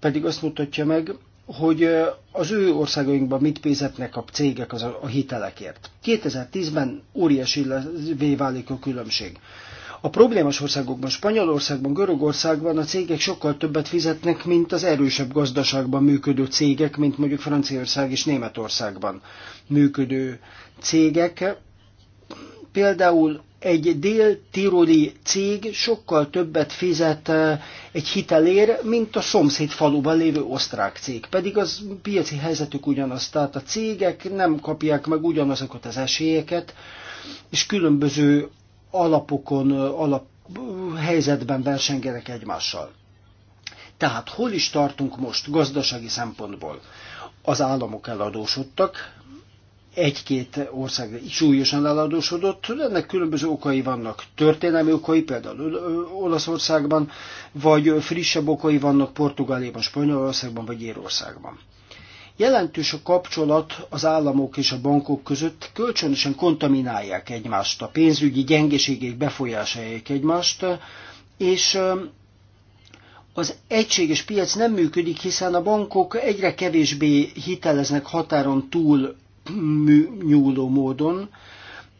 pedig azt mutatja meg, hogy az ő országainkban mit fizetnek a cégek az a hitelekért. 2010-ben óriási válik a különbség. A problémás országokban, Spanyolországban, Görögországban a cégek sokkal többet fizetnek, mint az erősebb gazdaságban működő cégek, mint mondjuk Franciaország és Németországban működő cégek. Például egy dél-tiroli cég sokkal többet fizet eh, egy hitelér, mint a szomszéd faluban lévő osztrák cég. Pedig az piaci helyzetük ugyanaz, tehát a cégek nem kapják meg ugyanazokat az esélyeket, és különböző alapokon, eh, alap eh, helyzetben versengenek egymással. Tehát hol is tartunk most gazdasági szempontból? Az államok eladósodtak, egy-két ország súlyosan eladósodott, ennek különböző okai vannak. Történelmi okai, például Olaszországban, vagy frissebb okai vannak Portugáliában, Spanyolországban, vagy Írországban. Jelentős a kapcsolat az államok és a bankok között, kölcsönösen kontaminálják egymást, a pénzügyi gyengeségek befolyásolják egymást, és az egységes piac nem működik, hiszen a bankok egyre kevésbé hiteleznek határon túl nyúló módon,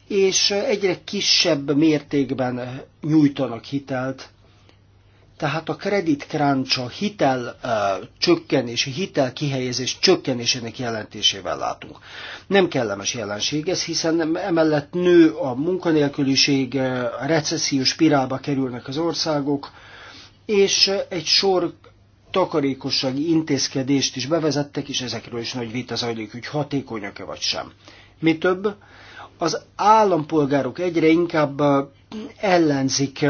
és egyre kisebb mértékben nyújtanak hitelt. Tehát a kreditkráncsa hitel uh, csökkenés, hitel kihelyezés csökkenésének jelentésével látunk. Nem kellemes jelenség ez, hiszen emellett nő a munkanélküliség, uh, recessziós spirálba kerülnek az országok, és egy sor takarékossági intézkedést is bevezettek, és ezekről is nagy vita zajlik, hogy hatékonyak-e vagy sem. Mi több, az állampolgárok egyre inkább ellenzik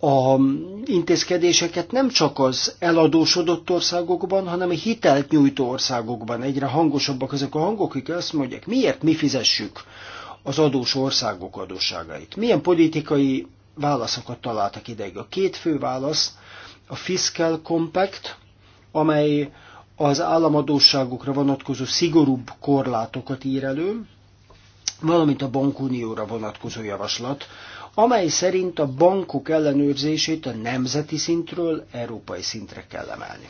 a intézkedéseket nem csak az eladósodott országokban, hanem a hitelt nyújtó országokban. Egyre hangosabbak ezek a hangok, akik azt mondják, miért mi fizessük az adós országok adósságait. Milyen politikai válaszokat találtak ideig? A két fő válasz a Fiscal Compact, amely az államadóságokra vonatkozó szigorúbb korlátokat ír elő, valamint a bankunióra vonatkozó javaslat, amely szerint a bankok ellenőrzését a nemzeti szintről európai szintre kell emelni.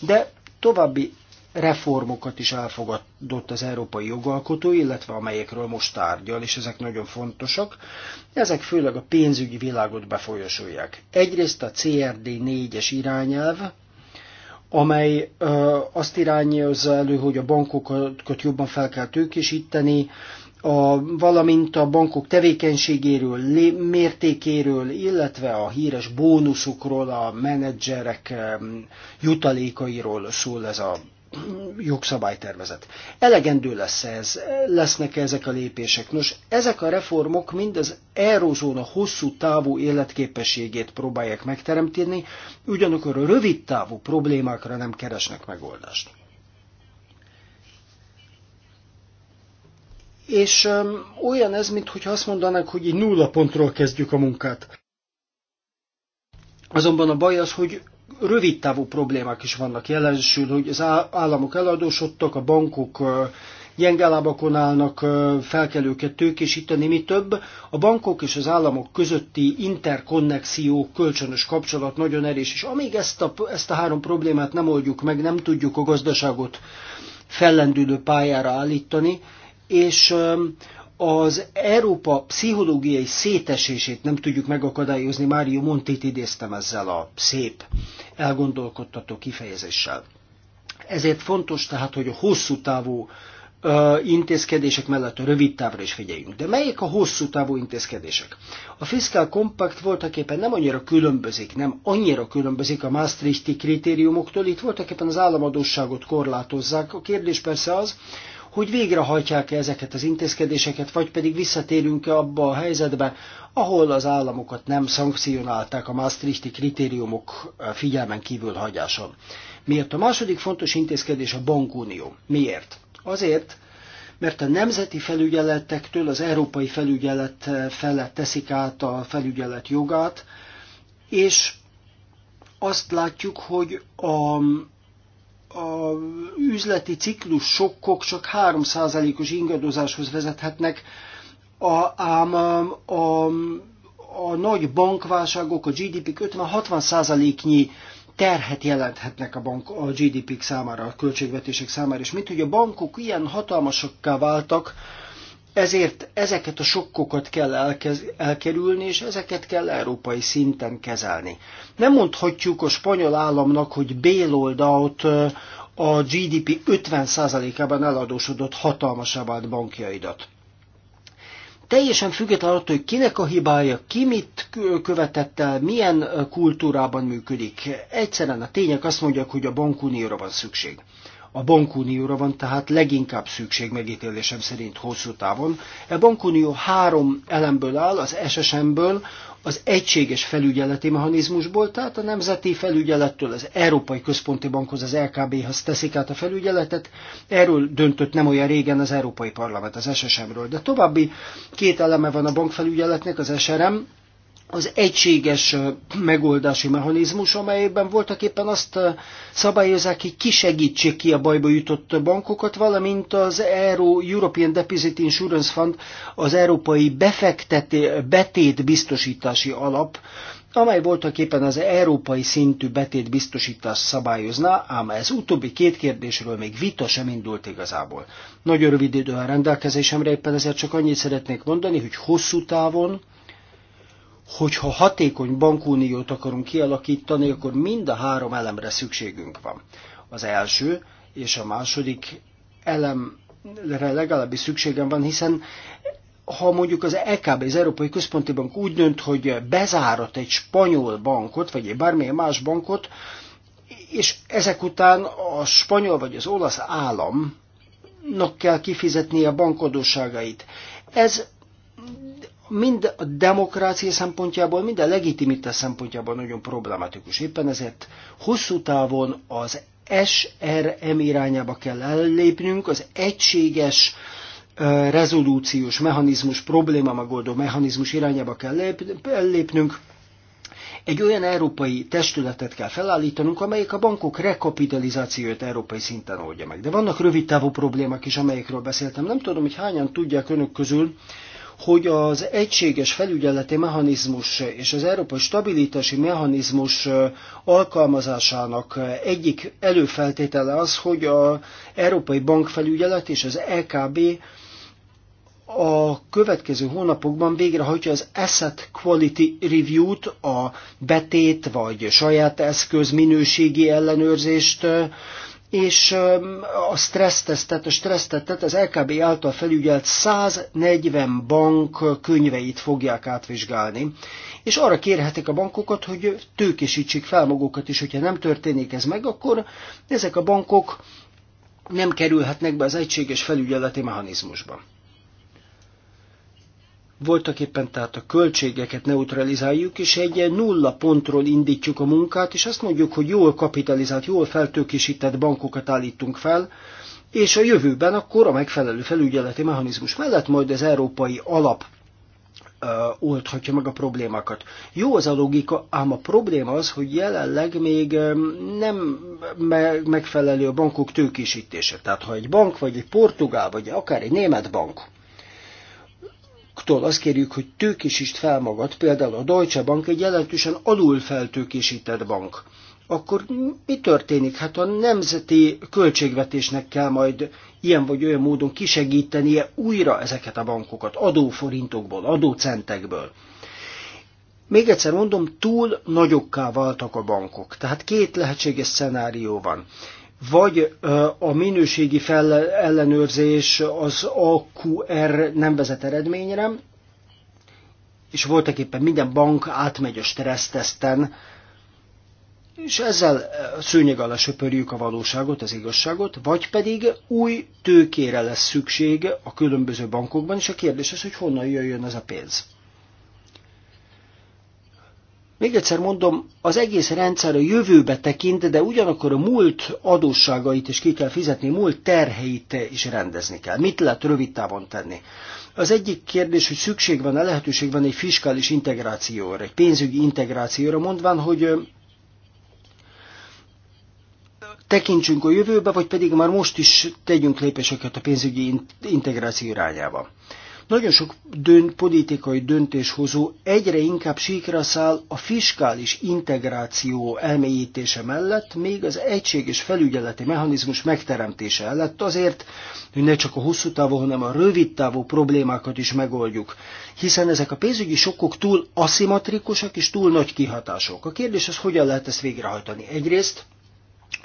De további reformokat is elfogadott az európai jogalkotó, illetve amelyekről most tárgyal, és ezek nagyon fontosak. Ezek főleg a pénzügyi világot befolyásolják. Egyrészt a CRD 4-es irányelv, amely ö, azt irányozza elő, hogy a bankokat jobban fel kell tőkésíteni, a, valamint a bankok tevékenységéről, lé, mértékéről, illetve a híres bónuszokról, a menedzserek jutalékairól szól ez a jogszabálytervezet. Elegendő lesz ez, lesznek -e ezek a lépések. Nos, ezek a reformok mind az eurozóna hosszú távú életképességét próbálják megteremteni, ugyanakkor a rövid távú problémákra nem keresnek megoldást. És öm, olyan ez, mintha azt mondanák, hogy így nulla pontról kezdjük a munkát. Azonban a baj az, hogy rövidtávú problémák is vannak jelensül, hogy az államok eladósodtak, a bankok gyenge lábakon állnak, fel kell őket tőkésíteni, mi több. A bankok és az államok közötti interkonnexió, kölcsönös kapcsolat nagyon erős, és amíg ezt a, ezt a három problémát nem oldjuk meg, nem tudjuk a gazdaságot fellendülő pályára állítani, és az Európa pszichológiai szétesését nem tudjuk megakadályozni, Mário Montit idéztem ezzel a szép, elgondolkodtató kifejezéssel. Ezért fontos tehát, hogy a hosszú távú intézkedések mellett a rövid távra is figyeljünk. De melyek a hosszú távú intézkedések? A Fiscal Compact voltaképpen nem annyira különbözik, nem annyira különbözik a Maastrichti kritériumoktól, itt voltaképpen az államadóságot korlátozzák. A kérdés persze az, hogy végrehajtják-e ezeket az intézkedéseket, vagy pedig visszatérünk-e abba a helyzetbe, ahol az államokat nem szankcionálták a Maastrichti kritériumok figyelmen kívül hagyása. Miért? A második fontos intézkedés a bankunió. Miért? Azért, mert a nemzeti felügyeletektől az európai felügyelet fele teszik át a felügyelet jogát, és azt látjuk, hogy a a üzleti ciklus sokkok csak 3%-os ingadozáshoz vezethetnek, a, ám a, a, a nagy bankválságok a GDP 50-60%-nyi terhet jelenthetnek a, bank, a gdp számára, a költségvetések számára, és mint hogy a bankok ilyen hatalmasokká váltak, ezért ezeket a sokkokat kell elkerülni, és ezeket kell európai szinten kezelni. Nem mondhatjuk a spanyol államnak, hogy bailout a GDP 50%-ában eladósodott hatalmasá bankjaidat. Teljesen független attól, hogy kinek a hibája, ki mit követett el, milyen kultúrában működik. Egyszerűen a tények azt mondják, hogy a bankunióra van szükség. A bankunióra van tehát leginkább szükség megítélésem szerint hosszú távon. A e bankunió három elemből áll, az SSM-ből, az egységes felügyeleti mechanizmusból, tehát a nemzeti felügyelettől az Európai Központi Bankhoz, az LKB-hez teszik át a felügyeletet. Erről döntött nem olyan régen az Európai Parlament, az SSM-ről. De további két eleme van a bankfelügyeletnek, az SRM, az egységes megoldási mechanizmus, amelyben voltak éppen azt szabályozzák, hogy ki segítsék ki a bajba jutott bankokat, valamint az Euro, European Deposit Insurance Fund, az Európai Befektet Betét Biztosítási Alap, amely voltak éppen az európai szintű betétbiztosítás szabályozná, ám ez utóbbi két kérdésről még vita sem indult igazából. Nagyon rövid idő a rendelkezésemre, éppen ezért csak annyit szeretnék mondani, hogy hosszú távon hogyha hatékony bankuniót akarunk kialakítani, akkor mind a három elemre szükségünk van. Az első és a második elemre legalábbis szükségem van, hiszen ha mondjuk az EKB, az Európai Központi Bank úgy dönt, hogy bezárat egy spanyol bankot, vagy egy bármilyen más bankot, és ezek után a spanyol vagy az olasz államnak kell kifizetni a bankodóságait. Ez mind a demokrácia szempontjából, mind a legitimitás szempontjából nagyon problematikus. Éppen ezért hosszú távon az SRM irányába kell ellépnünk, az egységes rezolúciós mechanizmus, probléma megoldó mechanizmus irányába kell ellépnünk. Egy olyan európai testületet kell felállítanunk, amelyik a bankok rekapitalizációját európai szinten oldja meg. De vannak rövid távú problémák is, amelyekről beszéltem. Nem tudom, hogy hányan tudják önök közül, hogy az egységes felügyeleti mechanizmus és az európai stabilitási mechanizmus alkalmazásának egyik előfeltétele az, hogy az Európai Bankfelügyelet és az EKB a következő hónapokban végrehajtja az Asset Quality Review-t, a betét vagy saját eszköz minőségi ellenőrzést, és a stressztesztet, a stressztettet az LKB által felügyelt 140 bank könyveit fogják átvizsgálni, és arra kérhetik a bankokat, hogy tőkésítsék fel magukat is, hogyha nem történik ez meg, akkor ezek a bankok nem kerülhetnek be az egységes felügyeleti mechanizmusba voltak éppen tehát a költségeket neutralizáljuk, és egy nulla pontról indítjuk a munkát, és azt mondjuk, hogy jól kapitalizált, jól feltőkésített bankokat állítunk fel, és a jövőben akkor a megfelelő felügyeleti mechanizmus mellett majd az európai alap ö, oldhatja meg a problémákat. Jó az a logika, ám a probléma az, hogy jelenleg még nem me- megfelelő a bankok tőkésítése. Tehát ha egy bank, vagy egy portugál, vagy akár egy német bank banktól azt kérjük, hogy tőkésítsd fel magad, például a Deutsche Bank egy jelentősen alulfeltőkésített bank, akkor mi történik? Hát a nemzeti költségvetésnek kell majd ilyen vagy olyan módon kisegítenie újra ezeket a bankokat, adóforintokból, adócentekből. Még egyszer mondom, túl nagyokká váltak a bankok. Tehát két lehetséges szenárió van vagy a minőségi ellenőrzés az AQR nem vezet eredményre, és voltak éppen minden bank átmegy a stressztesten, és ezzel szőnyeg alá söpörjük a valóságot, az igazságot, vagy pedig új tőkére lesz szükség a különböző bankokban, és a kérdés az, hogy honnan jöjjön ez a pénz. Még egyszer mondom, az egész rendszer a jövőbe tekint, de ugyanakkor a múlt adósságait is ki kell fizetni, múlt terheit is rendezni kell. Mit lehet rövid távon tenni? Az egyik kérdés, hogy szükség van-e, lehetőség van egy fiskális integrációra, egy pénzügyi integrációra, mondván, hogy tekintsünk a jövőbe, vagy pedig már most is tegyünk lépéseket a pénzügyi integráció irányába. Nagyon sok dönt, politikai döntéshozó egyre inkább síkra száll a fiskális integráció elmélyítése mellett, még az egységes felügyeleti mechanizmus megteremtése mellett azért, hogy ne csak a hosszú távú, hanem a rövid távú problémákat is megoldjuk. Hiszen ezek a pénzügyi sokok túl aszimmetrikusak és túl nagy kihatások. A kérdés az, hogyan lehet ezt végrehajtani. Egyrészt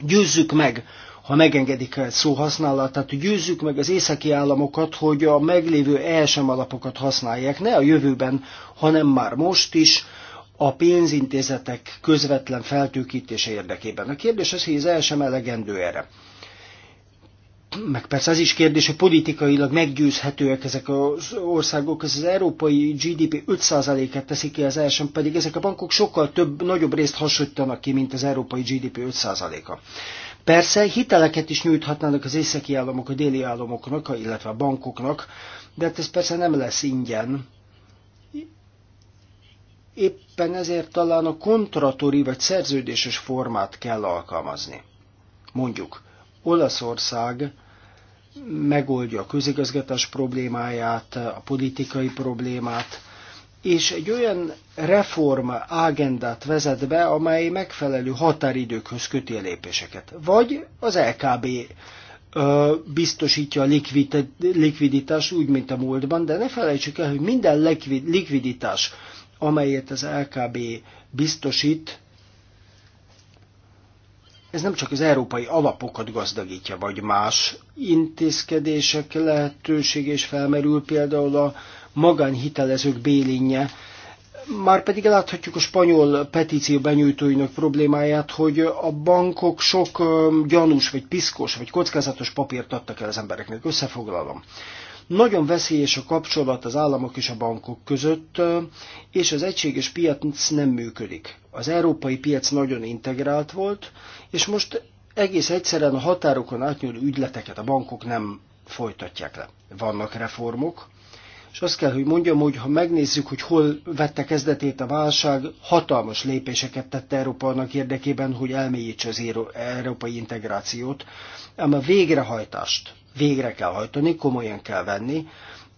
győzzük meg ha megengedik a szóhasználatát, győzzük meg az északi államokat, hogy a meglévő ESM alapokat használják, ne a jövőben, hanem már most is, a pénzintézetek közvetlen feltőkítése érdekében. A kérdés az, hogy ez ESM sem elegendő erre. Meg persze az is kérdés, hogy politikailag meggyőzhetőek ezek az országok, ez az európai GDP 5%-et teszik ki az elsőn, pedig ezek a bankok sokkal több, nagyobb részt hasonlítanak ki, mint az európai GDP 5%-a. Persze hiteleket is nyújthatnának az északi államok a déli államoknak, illetve a bankoknak, de hát ez persze nem lesz ingyen. Éppen ezért talán a kontratori vagy szerződéses formát kell alkalmazni. Mondjuk, Olaszország megoldja a közigazgatás problémáját, a politikai problémát, és egy olyan reform ágendát vezet be, amely megfelelő határidőkhöz köti a lépéseket. Vagy az LKB biztosítja a likviditást úgy, mint a múltban, de ne felejtsük el, hogy minden likviditás, amelyet az LKB biztosít, ez nem csak az európai alapokat gazdagítja, vagy más intézkedések lehetőség, és felmerül például a magánhitelezők bélénye. Már pedig láthatjuk a spanyol petíció benyújtóinak problémáját, hogy a bankok sok gyanús, vagy piszkos, vagy kockázatos papírt adtak el az embereknek. Összefoglalom. Nagyon veszélyes a kapcsolat az államok és a bankok között, és az egységes piac nem működik. Az európai piac nagyon integrált volt, és most egész egyszerűen a határokon átnyúló ügyleteket a bankok nem folytatják le. Vannak reformok, és azt kell, hogy mondjam, hogy ha megnézzük, hogy hol vette kezdetét a válság, hatalmas lépéseket tett Európa annak érdekében, hogy elmélyítse az európai integrációt, ám a végrehajtást végre kell hajtani, komolyan kell venni,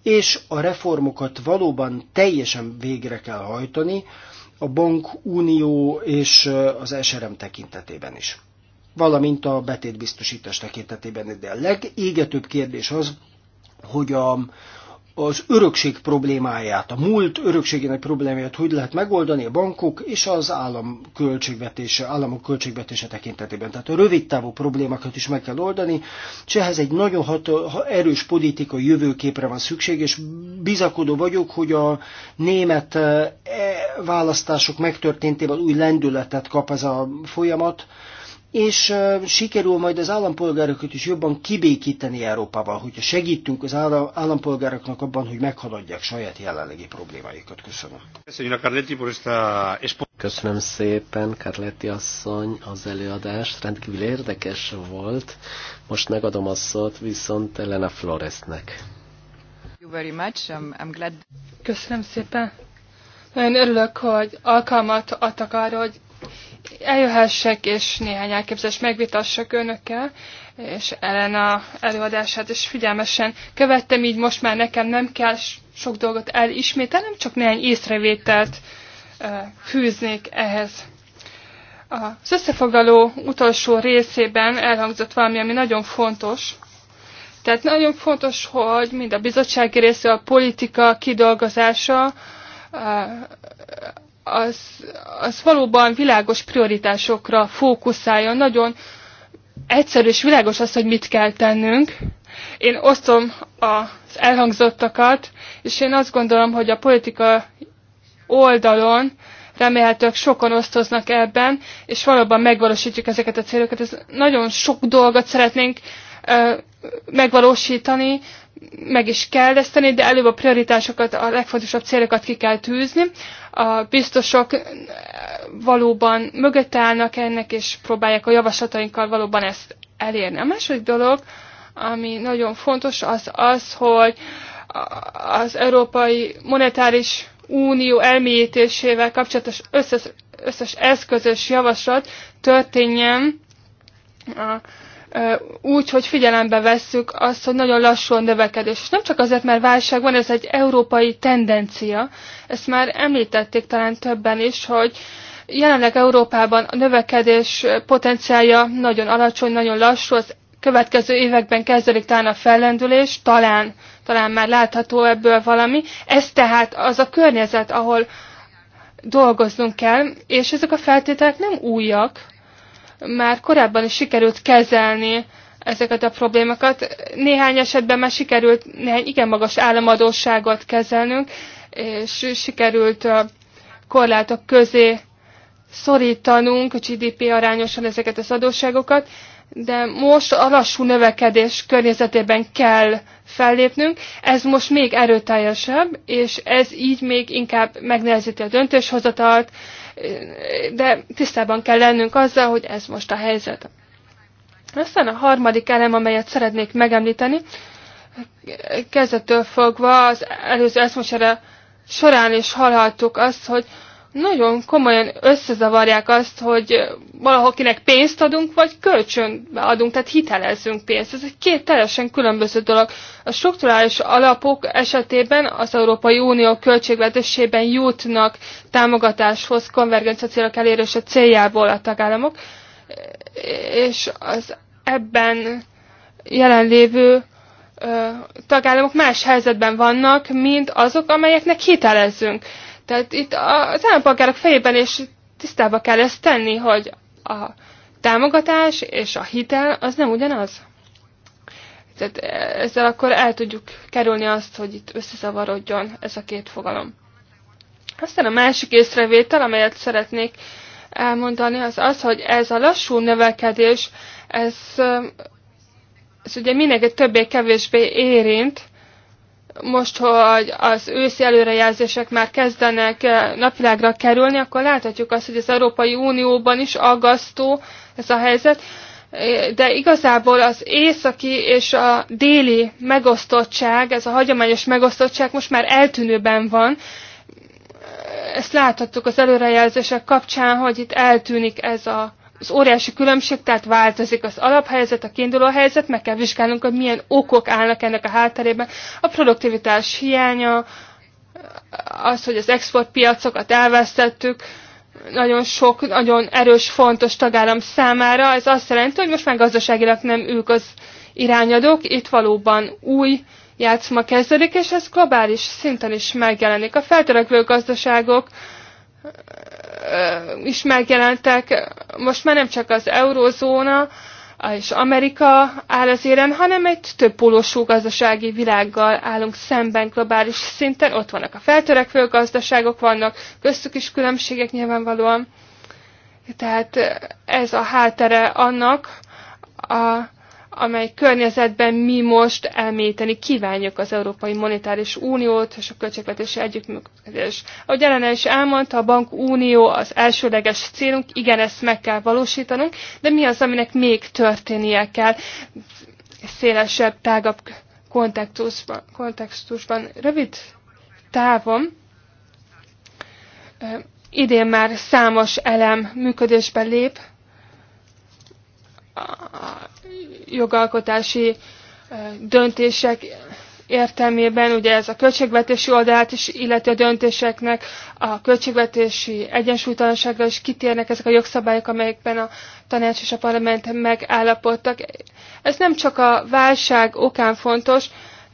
és a reformokat valóban teljesen végre kell hajtani, a bankunió és eh, az SRM tekintetében is valamint a betétbiztosítás tekintetében. De a legégetőbb kérdés az, hogy a, az örökség problémáját, a múlt örökségének problémáját hogy lehet megoldani a bankok és az állam költségvetése, államok költségvetése tekintetében. Tehát a rövid távú problémákat is meg kell oldani, és ehhez egy nagyon hat, erős politikai jövőképre van szükség, és bizakodó vagyok, hogy a német eh, választások megtörténtével új lendületet kap ez a folyamat, és sikerül majd az állampolgárokat is jobban kibékíteni Európával, hogyha segítünk az állampolgároknak abban, hogy meghaladják saját jelenlegi problémáikat. Köszönöm. Köszönöm szépen, Carletti asszony, az előadás rendkívül érdekes volt. Most megadom a szót viszont Elena Floresnek. Köszönöm szépen. Nagyon örülök, hogy alkalmat adtak arra, hogy eljöhessek, és néhány elképzelést megvitassak önökkel, és Elena előadását is figyelmesen követtem, így most már nekem nem kell sok dolgot elismételnem, csak néhány észrevételt fűznék ehhez. Az összefoglaló utolsó részében elhangzott valami, ami nagyon fontos. Tehát nagyon fontos, hogy mind a bizottsági része, a politika kidolgozása, az, az valóban világos prioritásokra fókuszáljon. Nagyon egyszerű és világos az, hogy mit kell tennünk. Én osztom az elhangzottakat, és én azt gondolom, hogy a politika oldalon remélhetőleg sokan osztoznak ebben, és valóban megvalósítjuk ezeket a célokat. Ez nagyon sok dolgot szeretnénk megvalósítani, meg is kell ezt tenni, de előbb a prioritásokat, a legfontosabb célokat ki kell tűzni a biztosok valóban mögött állnak ennek, és próbálják a javaslatainkkal valóban ezt elérni. A második dolog, ami nagyon fontos, az az, hogy az Európai Monetáris Unió elmélyítésével kapcsolatos összes, összes eszközös javaslat történjen a, úgy, hogy figyelembe vesszük azt, hogy nagyon lassú a növekedés. És nem csak azért, mert válság van, ez egy európai tendencia. Ezt már említették talán többen is, hogy jelenleg Európában a növekedés potenciálja nagyon alacsony, nagyon lassú, az következő években kezdődik talán a fellendülés, talán, talán már látható ebből valami. Ez tehát az a környezet, ahol dolgoznunk kell, és ezek a feltételek nem újak, már korábban is sikerült kezelni ezeket a problémákat. Néhány esetben már sikerült néhány igen magas államadóságot kezelnünk, és sikerült a korlátok közé szorítanunk a GDP arányosan ezeket az adósságokat, de most a lassú növekedés környezetében kell fellépnünk. Ez most még erőteljesebb, és ez így még inkább megnehezíti a döntéshozatalt, de tisztában kell lennünk azzal, hogy ez most a helyzet. Aztán a harmadik elem, amelyet szeretnék megemlíteni, kezdettől fogva az előző eszmosere során is hallhattuk azt, hogy nagyon komolyan összezavarják azt, hogy valahokinek pénzt adunk, vagy kölcsön adunk, tehát hitelezzünk pénzt. Ez egy két teljesen különböző dolog. A strukturális alapok esetében az Európai Unió költségvetésében jutnak támogatáshoz konvergencia célok elérése céljából a tagállamok, és az ebben jelenlévő tagállamok más helyzetben vannak, mint azok, amelyeknek hitelezzünk. Tehát itt az állampolgárok fejében is tisztába kell ezt tenni, hogy a támogatás és a hitel az nem ugyanaz. Tehát ezzel akkor el tudjuk kerülni azt, hogy itt összezavarodjon ez a két fogalom. Aztán a másik észrevétel, amelyet szeretnék elmondani, az az, hogy ez a lassú növekedés, ez, ez ugye mindenki többé-kevésbé érint, most, hogy az őszi előrejelzések már kezdenek eh, napvilágra kerülni, akkor láthatjuk azt, hogy az Európai Unióban is aggasztó ez a helyzet, eh, de igazából az északi és a déli megosztottság, ez a hagyományos megosztottság most már eltűnőben van. Ezt láthattuk az előrejelzések kapcsán, hogy itt eltűnik ez a az óriási különbség, tehát változik az alaphelyzet, a kiinduló helyzet, meg kell vizsgálnunk, hogy milyen okok állnak ennek a hátterében. A produktivitás hiánya, az, hogy az exportpiacokat elvesztettük, nagyon sok, nagyon erős, fontos tagállam számára, ez azt jelenti, hogy most már gazdaságilag nem ők az irányadók, itt valóban új játszma kezdődik, és ez globális szinten is megjelenik. A feltörekvő gazdaságok is megjelentek. Most már nem csak az eurozóna és Amerika áll az éren, hanem egy több pólósú gazdasági világgal állunk szemben globális szinten. Ott vannak a feltörekvő gazdaságok, vannak köztük is különbségek nyilvánvalóan. Tehát ez a háttere annak, a, amely környezetben mi most elmélyíteni kívánjuk az Európai Monetáris Uniót és a költségvetési együttműködés. Ahogy Elena is elmondta, a bankunió az elsőleges célunk, igen, ezt meg kell valósítanunk, de mi az, aminek még történnie kell szélesebb, tágabb kontextusban, kontextusban. rövid távon idén már számos elem működésbe lép, jogalkotási döntések értelmében, ugye ez a költségvetési oldalát is illeti a döntéseknek, a költségvetési egyensúlytalanságra is kitérnek ezek a jogszabályok, amelyekben a tanács és a parlament megállapodtak. Ez nem csak a válság okán fontos,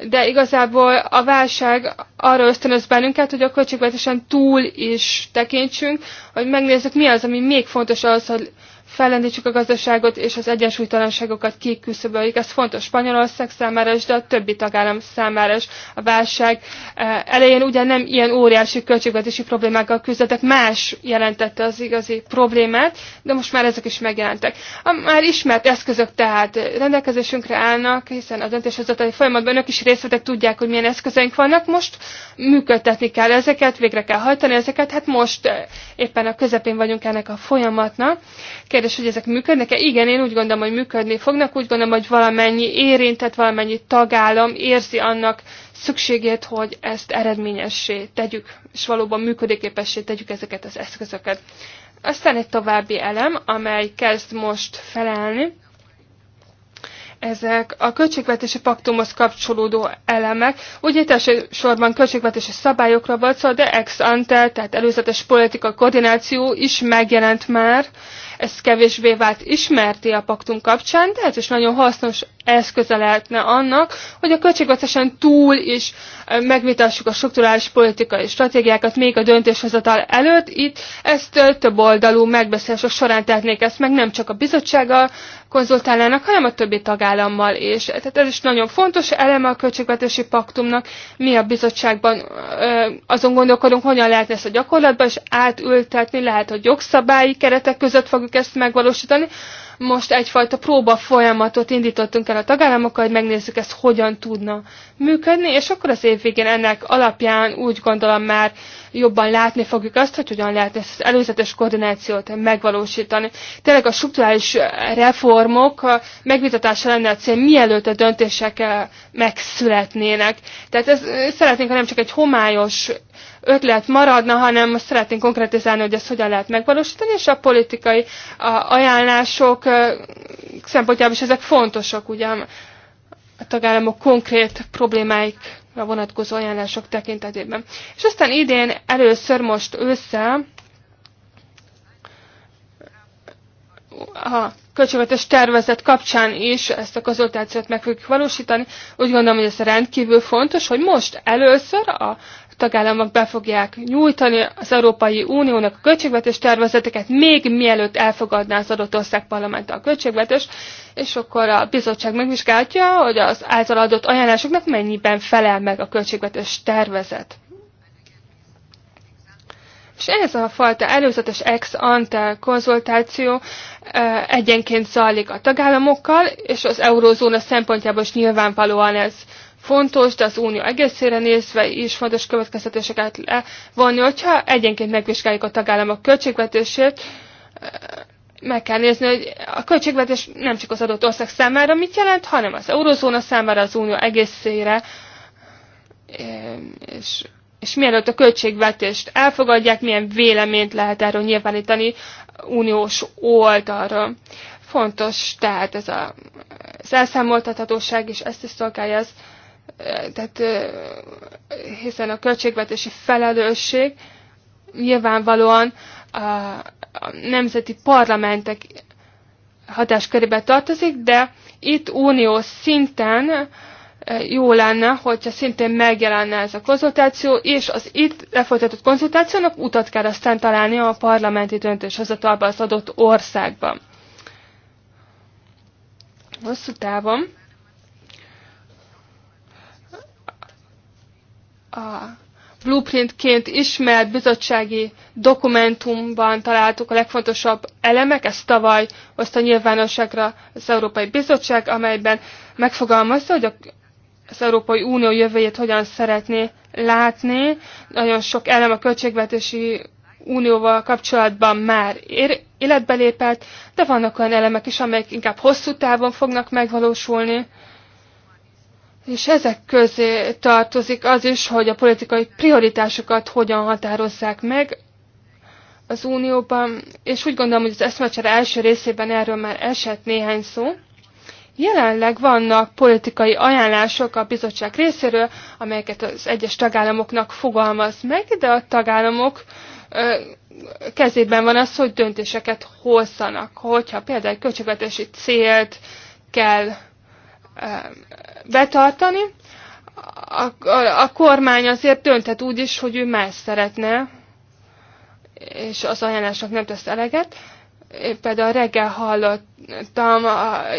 de igazából a válság arra ösztönöz bennünket, hogy a költségvetésen túl is tekintsünk, hogy megnézzük mi az, ami még fontos ahhoz, hogy fellendítsük a gazdaságot, és az egyensúlytalanságokat kiküszöböljük. Ez fontos Spanyolország számára is, de a többi tagállam számára is. A válság eh, elején ugye nem ilyen óriási költségvetési problémákkal küzdöttek, más jelentette az igazi problémát, de most már ezek is megjelentek. A már ismert eszközök tehát rendelkezésünkre állnak, hiszen a döntéshozatai folyamatban önök is részt vettek, tudják, hogy milyen eszközeink vannak. Most működtetni kell ezeket, végre kell hajtani ezeket, hát most eh, éppen a közepén vagyunk ennek a folyamatnak. Kérdés kérdés, hogy ezek működnek-e? Igen, én úgy gondolom, hogy működni fognak. Úgy gondolom, hogy valamennyi érintett, valamennyi tagállam érzi annak szükségét, hogy ezt eredményessé tegyük, és valóban működőképessé tegyük ezeket az eszközöket. Aztán egy további elem, amely kezd most felelni, ezek a költségvetési paktumhoz kapcsolódó elemek. Ugye elsősorban költségvetési szabályokra volt szó, de ex ante, tehát előzetes politika koordináció is megjelent már ez kevésbé vált ismerté a paktum kapcsán, de ez hát is nagyon hasznos eszköze lehetne annak, hogy a költségvetésen túl is megvitassuk a strukturális politikai stratégiákat még a döntéshozatal előtt. Itt ezt több oldalú megbeszélések során tehetnék ezt meg nem csak a bizottsággal konzultálnának, hanem a többi tagállammal is. Tehát ez is nagyon fontos eleme a költségvetési paktumnak. Mi a bizottságban azon gondolkodunk, hogyan lehetne ezt a gyakorlatban is átültetni, lehet, hogy jogszabályi keretek között fogjuk tudtuk ezt megvalósítani. Most egyfajta próba folyamatot indítottunk el a tagállamokkal, hogy megnézzük ezt hogyan tudna működni, és akkor az év végén ennek alapján úgy gondolom már jobban látni fogjuk azt, hogy hogyan lehet ezt az előzetes koordinációt megvalósítani. Tényleg a struktúrális reformok megvitatása lenne a cél, mielőtt a döntések eh, megszületnének. Tehát ez, eh, szeretnénk, ha nem csak egy homályos ötlet maradna, hanem szeretnénk konkrétizálni, hogy ezt hogyan lehet megvalósítani, és a politikai ajánlások eh, szempontjából is ezek fontosak, ugye a tagállamok konkrét problémáik vonatkozó ajánlások tekintetében. És aztán idén először most össze a költségvetés tervezet kapcsán is ezt a konzultációt meg fogjuk valósítani. Úgy gondolom, hogy ez rendkívül fontos, hogy most először a tagállamok be fogják nyújtani az Európai Uniónak a költségvetés tervezeteket, még mielőtt elfogadná az adott ország parlament a költségvetés, és akkor a bizottság megvizsgálja, hogy az által adott ajánlásoknak mennyiben felel meg a költségvetés tervezet. És ez a fajta előzetes ex ante konzultáció egyenként zajlik a tagállamokkal, és az eurózóna szempontjából is nyilvánvalóan ez fontos, de az unió egészére nézve is fontos következtetéseket levonni, hogyha egyenként megvizsgáljuk a tagállamok költségvetését, meg kell nézni, hogy a költségvetés nem csak az adott ország számára mit jelent, hanem az eurozóna számára, az unió egészére, és, és mielőtt a költségvetést elfogadják, milyen véleményt lehet erről nyilvánítani uniós oldalra. Fontos tehát ez a, az elszámoltathatóság, és ezt is szolgálja az tehát hiszen a költségvetési felelősség nyilvánvalóan a, a nemzeti parlamentek hatáskörébe tartozik, de itt unió szinten jó lenne, hogyha szintén megjelenne ez a konzultáció, és az itt lefolytatott konzultációnak utat kell aztán találni a parlamenti döntéshozatalba az adott országban. Hosszú távon a blueprintként ismert bizottsági dokumentumban találtuk a legfontosabb elemek, ezt tavaly hozta nyilvánosságra az Európai Bizottság, amelyben megfogalmazta, hogy az Európai Unió jövőjét hogyan szeretné látni. Nagyon sok elem a költségvetési unióval kapcsolatban már ér, életbe lépett, de vannak olyan elemek is, amelyek inkább hosszú távon fognak megvalósulni. És ezek közé tartozik az is, hogy a politikai prioritásokat hogyan határozzák meg az Unióban, és úgy gondolom, hogy az eszmecsere első részében erről már esett néhány szó. Jelenleg vannak politikai ajánlások a bizottság részéről, amelyeket az egyes tagállamoknak fogalmaz meg, de a tagállamok kezében van az, hogy döntéseket hozzanak. Hogyha például egy költségvetési célt kell betartani, a, a, a kormány azért dönthet úgy is, hogy ő más szeretne, és az ajánlásnak nem tesz eleget. Én például reggel hallottam,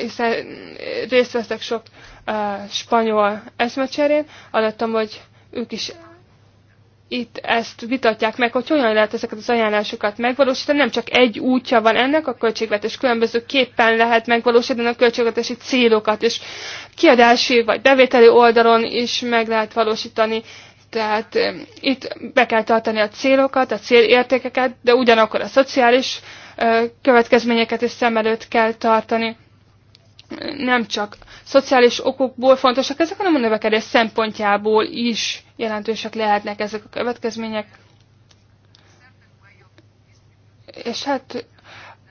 hiszen részt veszek sok uh, spanyol eszmecserén, hallottam, hogy ők is itt ezt vitatják meg, hogy hogyan lehet ezeket az ajánlásokat megvalósítani. Nem csak egy útja van ennek, a költségvetés különböző képpen lehet megvalósítani a költségvetési célokat, és kiadási vagy bevételi oldalon is meg lehet valósítani. Tehát itt be kell tartani a célokat, a célértékeket, de ugyanakkor a szociális következményeket is szem előtt kell tartani nem csak szociális okokból fontosak ezek, hanem a növekedés szempontjából is jelentősek lehetnek ezek a következmények. És hát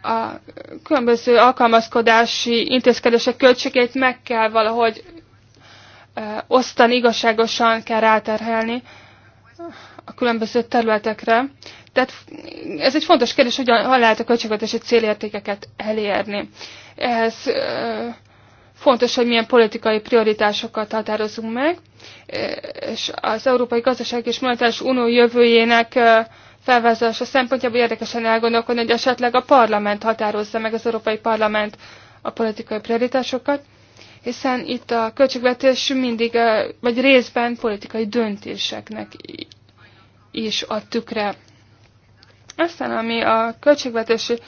a különböző alkalmazkodási intézkedések költségeit meg kell valahogy osztani, igazságosan kell ráterhelni a különböző területekre. Tehát ez egy fontos kérdés, hogy hol lehet a költségvetési célértékeket elérni ehhez fontos, hogy milyen politikai prioritásokat határozunk meg, és az Európai Gazdaság és Monetáris Unió jövőjének felvázolása szempontjából érdekesen elgondolkodni, hogy esetleg a parlament határozza meg az Európai Parlament a politikai prioritásokat, hiszen itt a költségvetés mindig, vagy részben politikai döntéseknek is a tükre. Aztán, ami a költségvetési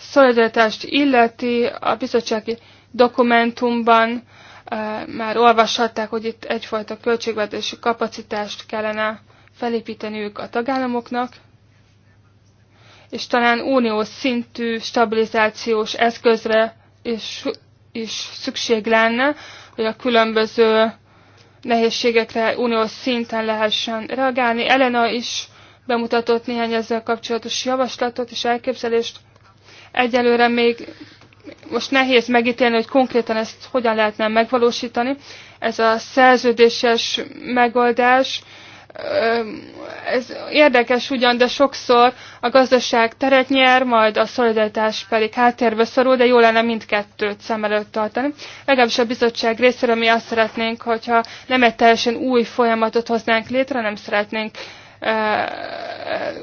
szolidaritást illeti, a bizottsági dokumentumban eh, már olvashatták, hogy itt egyfajta költségvetési kapacitást kellene felépíteniük a tagállamoknak, és talán uniós szintű stabilizációs eszközre is, is szükség lenne, hogy a különböző nehézségekre uniós szinten lehessen reagálni. Elena is bemutatott néhány ezzel kapcsolatos javaslatot és elképzelést, Egyelőre még most nehéz megítélni, hogy konkrétan ezt hogyan lehetne megvalósítani. Ez a szerződéses megoldás, ez érdekes ugyan, de sokszor a gazdaság teret nyer, majd a szolidaritás pedig háttérbe szorul, de jó lenne mindkettőt szem előtt tartani. Legalábbis a bizottság részéről mi azt szeretnénk, hogyha nem egy teljesen új folyamatot hoznánk létre, nem szeretnénk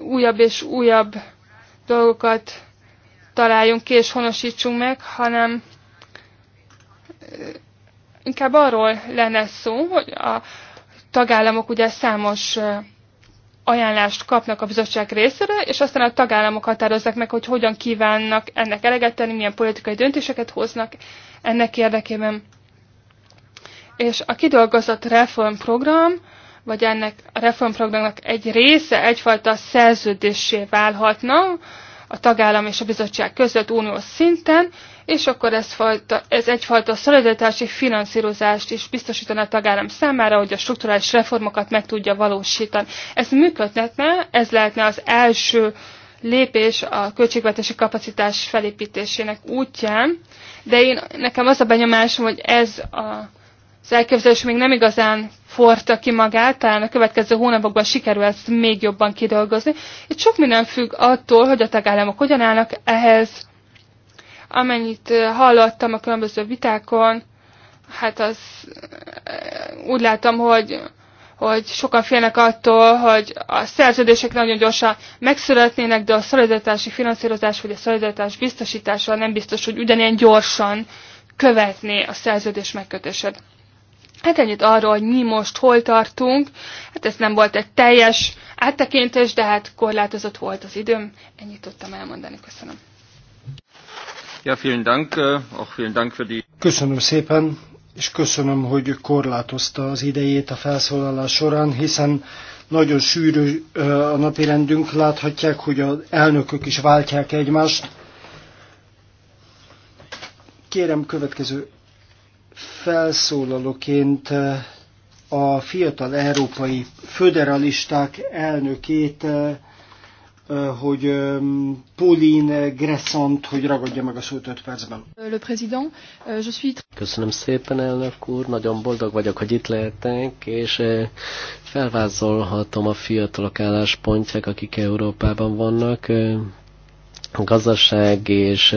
újabb és újabb dolgokat találjunk ki és honosítsunk meg, hanem inkább arról lenne szó, hogy a tagállamok ugye számos ajánlást kapnak a bizottság részére, és aztán a tagállamok határozzák meg, hogy hogyan kívánnak ennek eleget tenni, milyen politikai döntéseket hoznak ennek érdekében. És a kidolgozott reformprogram, vagy ennek a reformprogramnak egy része egyfajta szerződésé válhatna, a tagállam és a bizottság között uniós szinten, és akkor ez, fajta, ez egyfajta szolidaritási finanszírozást is biztosítana a tagállam számára, hogy a strukturális reformokat meg tudja valósítani. Ez működhetne, ez lehetne az első lépés a költségvetési kapacitás felépítésének útján, de én, nekem az a benyomásom, hogy ez a az elképzelés még nem igazán forta ki magát, talán a következő hónapokban sikerül ezt még jobban kidolgozni. Itt sok minden függ attól, hogy a tagállamok hogyan állnak ehhez. Amennyit eh, hallottam a különböző vitákon, hát az eh, úgy látom, hogy hogy sokan félnek attól, hogy a szerződések nagyon gyorsan megszületnének, de a szolidaritási finanszírozás vagy a szolidaritás biztosítása nem biztos, hogy ugyanilyen gyorsan követné a szerződés megkötésed. Hát ennyit arról, hogy mi most hol tartunk. Hát ez nem volt egy teljes áttekintés, de hát korlátozott volt az időm. Ennyit tudtam elmondani. Köszönöm. Ja, vielen Dank. Äh, auch vielen Dank für die... Köszönöm szépen, és köszönöm, hogy korlátozta az idejét a felszólalás során, hiszen nagyon sűrű a napirendünk. Láthatják, hogy az elnökök is váltják egymást. Kérem, következő felszólalóként eh, a fiatal európai föderalisták elnökét, eh, eh, hogy Pauline Gressant, hogy ragadja meg a szót öt percben. Euh, le président, euh, je suis... Köszönöm szépen, elnök úr, nagyon boldog vagyok, hogy itt lehetek, és felvázolhatom a fiatalok álláspontját, akik Európában vannak gazdaság és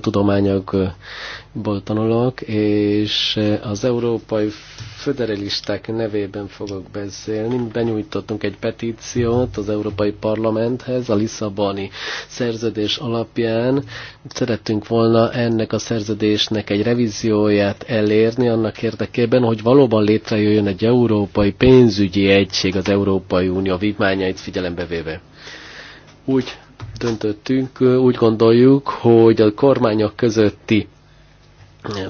tudományokból tanulok, és az európai föderalisták nevében fogok beszélni. Benyújtottunk egy petíciót az Európai Parlamenthez a Lisszaboni szerződés alapján. Szerettünk volna ennek a szerződésnek egy revízióját elérni annak érdekében, hogy valóban létrejöjjön egy európai pénzügyi egység az Európai Unió vívmányait figyelembe véve. Úgy döntöttünk, úgy gondoljuk, hogy a kormányok közötti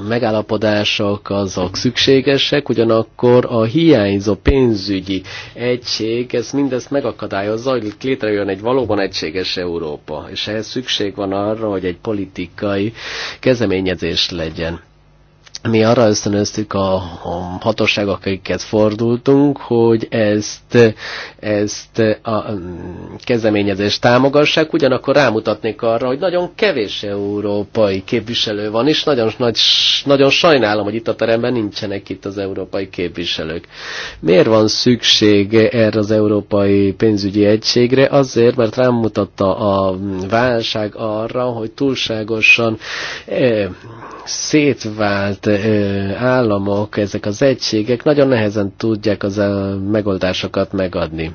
megállapodások azok szükségesek, ugyanakkor a hiányzó pénzügyi egység, ez mindezt megakadályozza, hogy létrejön egy valóban egységes Európa, és ehhez szükség van arra, hogy egy politikai kezeményezés legyen mi arra ösztönöztük a, a hatóságokat, fordultunk, hogy ezt, ezt a kezdeményezést támogassák, ugyanakkor rámutatnék arra, hogy nagyon kevés európai képviselő van, és nagyon, nagy, nagyon sajnálom, hogy itt a teremben nincsenek itt az európai képviselők. Miért van szükség erre az európai pénzügyi egységre? Azért, mert rámutatta a válság arra, hogy túlságosan e, szétvált államok, ezek az egységek nagyon nehezen tudják az megoldásokat megadni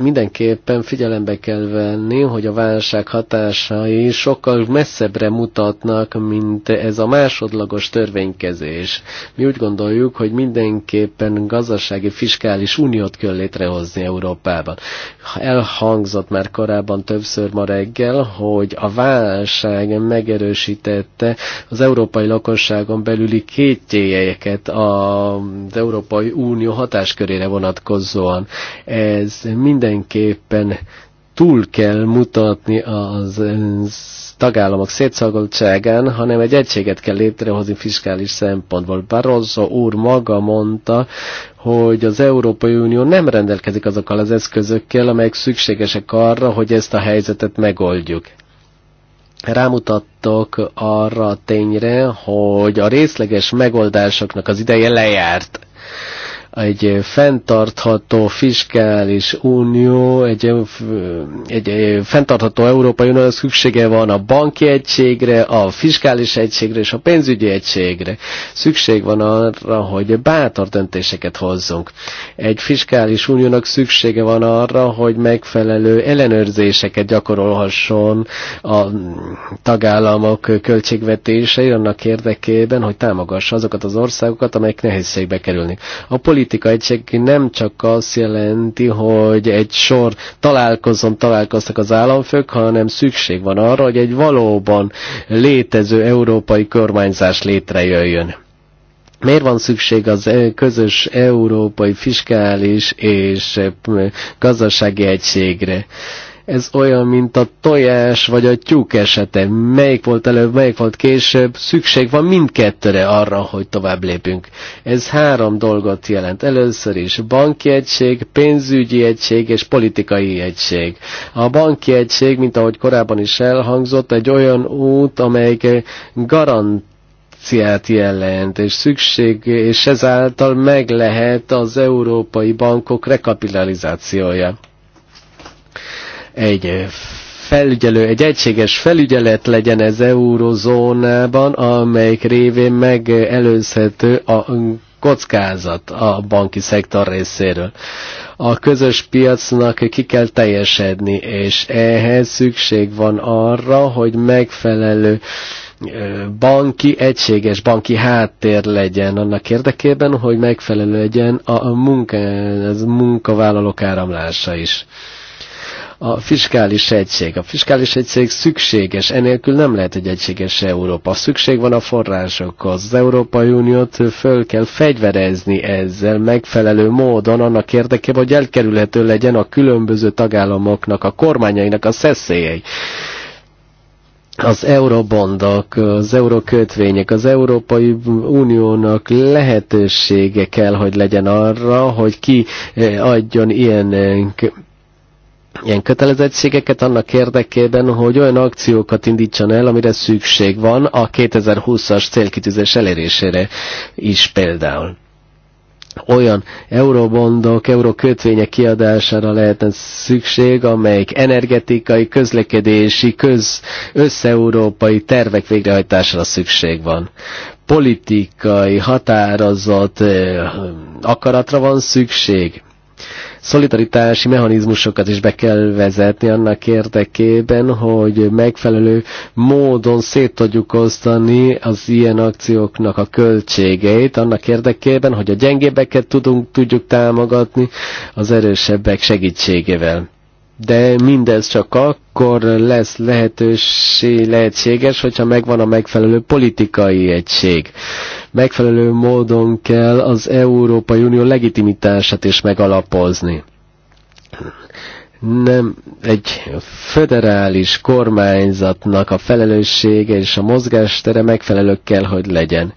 mindenképpen figyelembe kell venni, hogy a válság hatásai sokkal messzebbre mutatnak, mint ez a másodlagos törvénykezés. Mi úgy gondoljuk, hogy mindenképpen gazdasági fiskális uniót kell létrehozni Európában. Elhangzott már korábban többször ma reggel, hogy a válság megerősítette az európai lakosságon belüli kétjéjeket az Európai Unió hatáskörére vonatkozóan. Ez minden mindenképpen túl kell mutatni az tagállamok szétszagoltságán, hanem egy egységet kell létrehozni fiskális szempontból. Barroso úr maga mondta, hogy az Európai Unió nem rendelkezik azokkal az eszközökkel, amelyek szükségesek arra, hogy ezt a helyzetet megoldjuk rámutattok arra a tényre, hogy a részleges megoldásoknak az ideje lejárt egy fenntartható fiskális unió, egy, egy, egy fenntartható Európai Unió szüksége van a banki egységre, a fiskális egységre és a pénzügyi egységre. Szükség van arra, hogy bátor döntéseket hozzunk. Egy fiskális uniónak szüksége van arra, hogy megfelelő ellenőrzéseket gyakorolhasson a tagállamok költségvetései annak érdekében, hogy támogassa azokat az országokat, amelyek nehézségbe kerülnek. A politi- politika egység nem csak azt jelenti, hogy egy sor találkozom találkoztak az államfők, hanem szükség van arra, hogy egy valóban létező európai kormányzás létrejöjjön. Miért van szükség az eh, közös európai fiskális és eh, gazdasági egységre? Ez olyan, mint a tojás vagy a tyúk esete. Melyik volt előbb, melyik volt később. Szükség van mindkettőre arra, hogy tovább lépünk. Ez három dolgot jelent. Először is banki egység, pénzügyi egység és politikai egység. A banki egység, mint ahogy korábban is elhangzott, egy olyan út, amelyik garant garanciát jelent, és szükség, és ezáltal meg lehet az európai bankok rekapitalizációja egy felügyelő, egy egységes felügyelet legyen ez eurozónában, amelyik révén megelőzhető a kockázat a banki szektor részéről. A közös piacnak ki kell teljesedni, és ehhez szükség van arra, hogy megfelelő banki, egységes banki háttér legyen annak érdekében, hogy megfelelő legyen a, munka, az munkavállalók áramlása is a fiskális egység. A fiskális egység szükséges, enélkül nem lehet egy egységes Európa. Szükség van a forrásokhoz. Az Európai Uniót föl kell fegyverezni ezzel megfelelő módon annak érdekében, hogy elkerülhető legyen a különböző tagállamoknak, a kormányainak a szeszélyei az eurobondok, az eurokötvények, az Európai Uniónak lehetősége kell, hogy legyen arra, hogy ki eh, adjon ilyen ilyen kötelezettségeket annak érdekében, hogy olyan akciókat indítson el, amire szükség van a 2020-as célkitűzés elérésére is például olyan eurobondok, eurokötvények kiadására lehetne szükség, amelyik energetikai, közlekedési, köz, összeurópai tervek végrehajtására szükség van. Politikai, határozott eh, akaratra van szükség, szolidaritási mechanizmusokat is be kell vezetni annak érdekében, hogy megfelelő módon szét tudjuk osztani az ilyen akcióknak a költségeit, annak érdekében, hogy a gyengébbeket tudunk, tudjuk támogatni az erősebbek segítségével de mindez csak akkor lesz lehetőség, lehetséges, hogyha megvan a megfelelő politikai egység. Megfelelő módon kell az Európai Unió legitimitását is megalapozni nem egy föderális kormányzatnak a felelőssége és a mozgástere megfelelő kell, hogy legyen.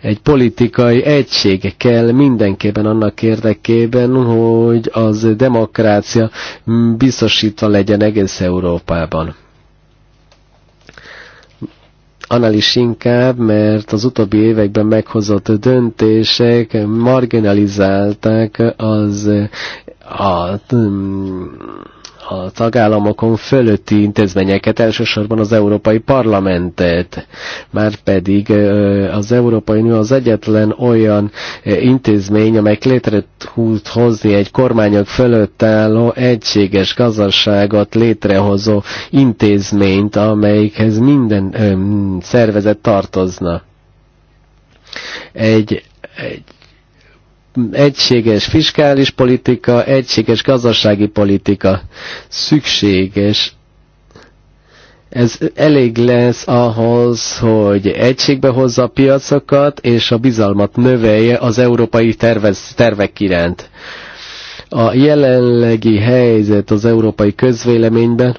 Egy politikai egység kell mindenképpen annak érdekében, hogy az demokrácia biztosítva legyen egész Európában. Annál is inkább, mert az utóbbi években meghozott döntések marginalizálták az a mm, a tagállamokon fölötti intézményeket, elsősorban az Európai Parlamentet, már pedig az Európai Unió az egyetlen olyan intézmény, amely létre tud hozni egy kormányok fölött álló egységes gazdaságot létrehozó intézményt, amelyikhez minden mm, szervezet tartozna. Egy, egy egységes fiskális politika, egységes gazdasági politika szükséges. Ez elég lesz ahhoz, hogy egységbe hozza a piacokat, és a bizalmat növelje az európai tervez, tervek iránt. A jelenlegi helyzet az európai közvéleményben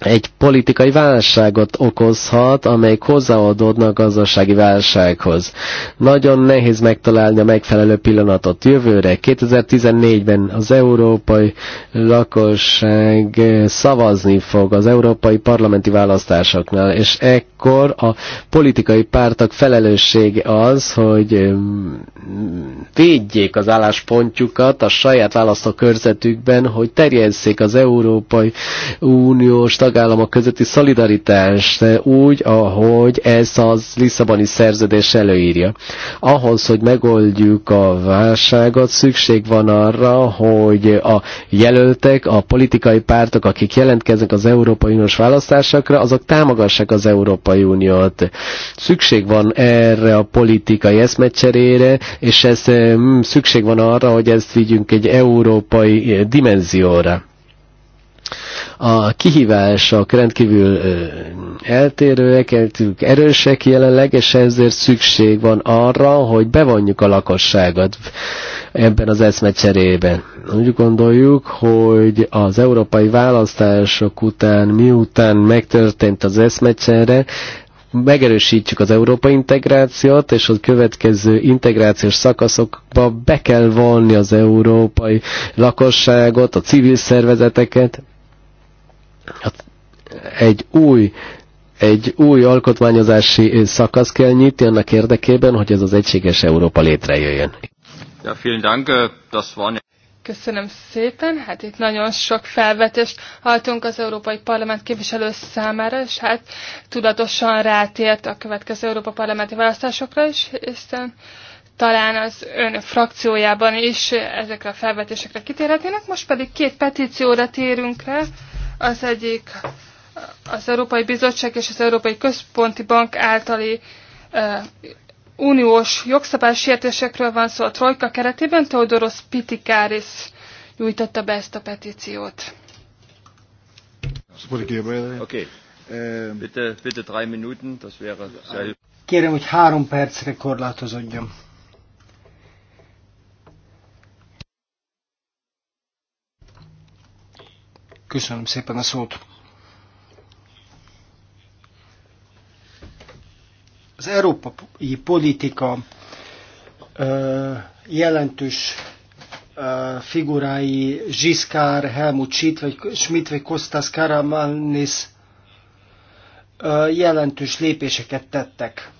egy politikai válságot okozhat, amelyik hozzáadódna a gazdasági válsághoz. Nagyon nehéz megtalálni a megfelelő pillanatot jövőre. 2014-ben az európai lakosság szavazni fog az európai parlamenti választásoknál, és ekkor a politikai pártok felelőssége az, hogy védjék az álláspontjukat a saját választókörzetükben, hogy terjesszék az Európai Uniós tagállamok közötti szolidaritás eh, úgy, ahogy ez a Lisszaboni szerződés előírja. Ahhoz, hogy megoldjuk a válságot, szükség van arra, hogy a jelöltek, a politikai pártok, akik jelentkeznek az Európai Uniós választásokra, azok támogassák az Európai Uniót. Szükség van erre a politikai eszmecserére, és ez eh, szükség van arra, hogy ezt vigyünk egy európai eh, dimenzióra. A kihívások rendkívül eltérőek, erősek jelenleg, és ezért szükség van arra, hogy bevonjuk a lakosságot ebben az eszmecserében. Úgy gondoljuk, hogy az európai választások után, miután megtörtént az eszmecsere, megerősítjük az európai integrációt, és a következő integrációs szakaszokba be kell vonni az európai lakosságot, a civil szervezeteket, Hát egy új egy új alkotmányozási szakasz kell nyitni annak érdekében, hogy ez az egységes Európa létrejöjjön. Ja, vielen Dank, äh, das war Köszönöm szépen. Hát itt nagyon sok felvetést halltunk az Európai Parlament képviselő számára, és hát tudatosan rátért a következő Európa Parlamenti választásokra is, hiszen talán az ön frakciójában is ezekre a felvetésekre kitérhetnének. Most pedig két petícióra térünk rá. Az egyik az Európai Bizottság és az Európai Központi Bank általi e, uniós sértésekről van szó a Trojka keretében. Teodoros Pitikáris nyújtotta be ezt a petíciót. Kérem, hogy három percre korlátozódjam. Köszönöm szépen a szót. Az európai politika jelentős figurái Zsiszkár, Helmut Schmidt vagy, Schmidt vagy Kostas Karamanis jelentős lépéseket tettek.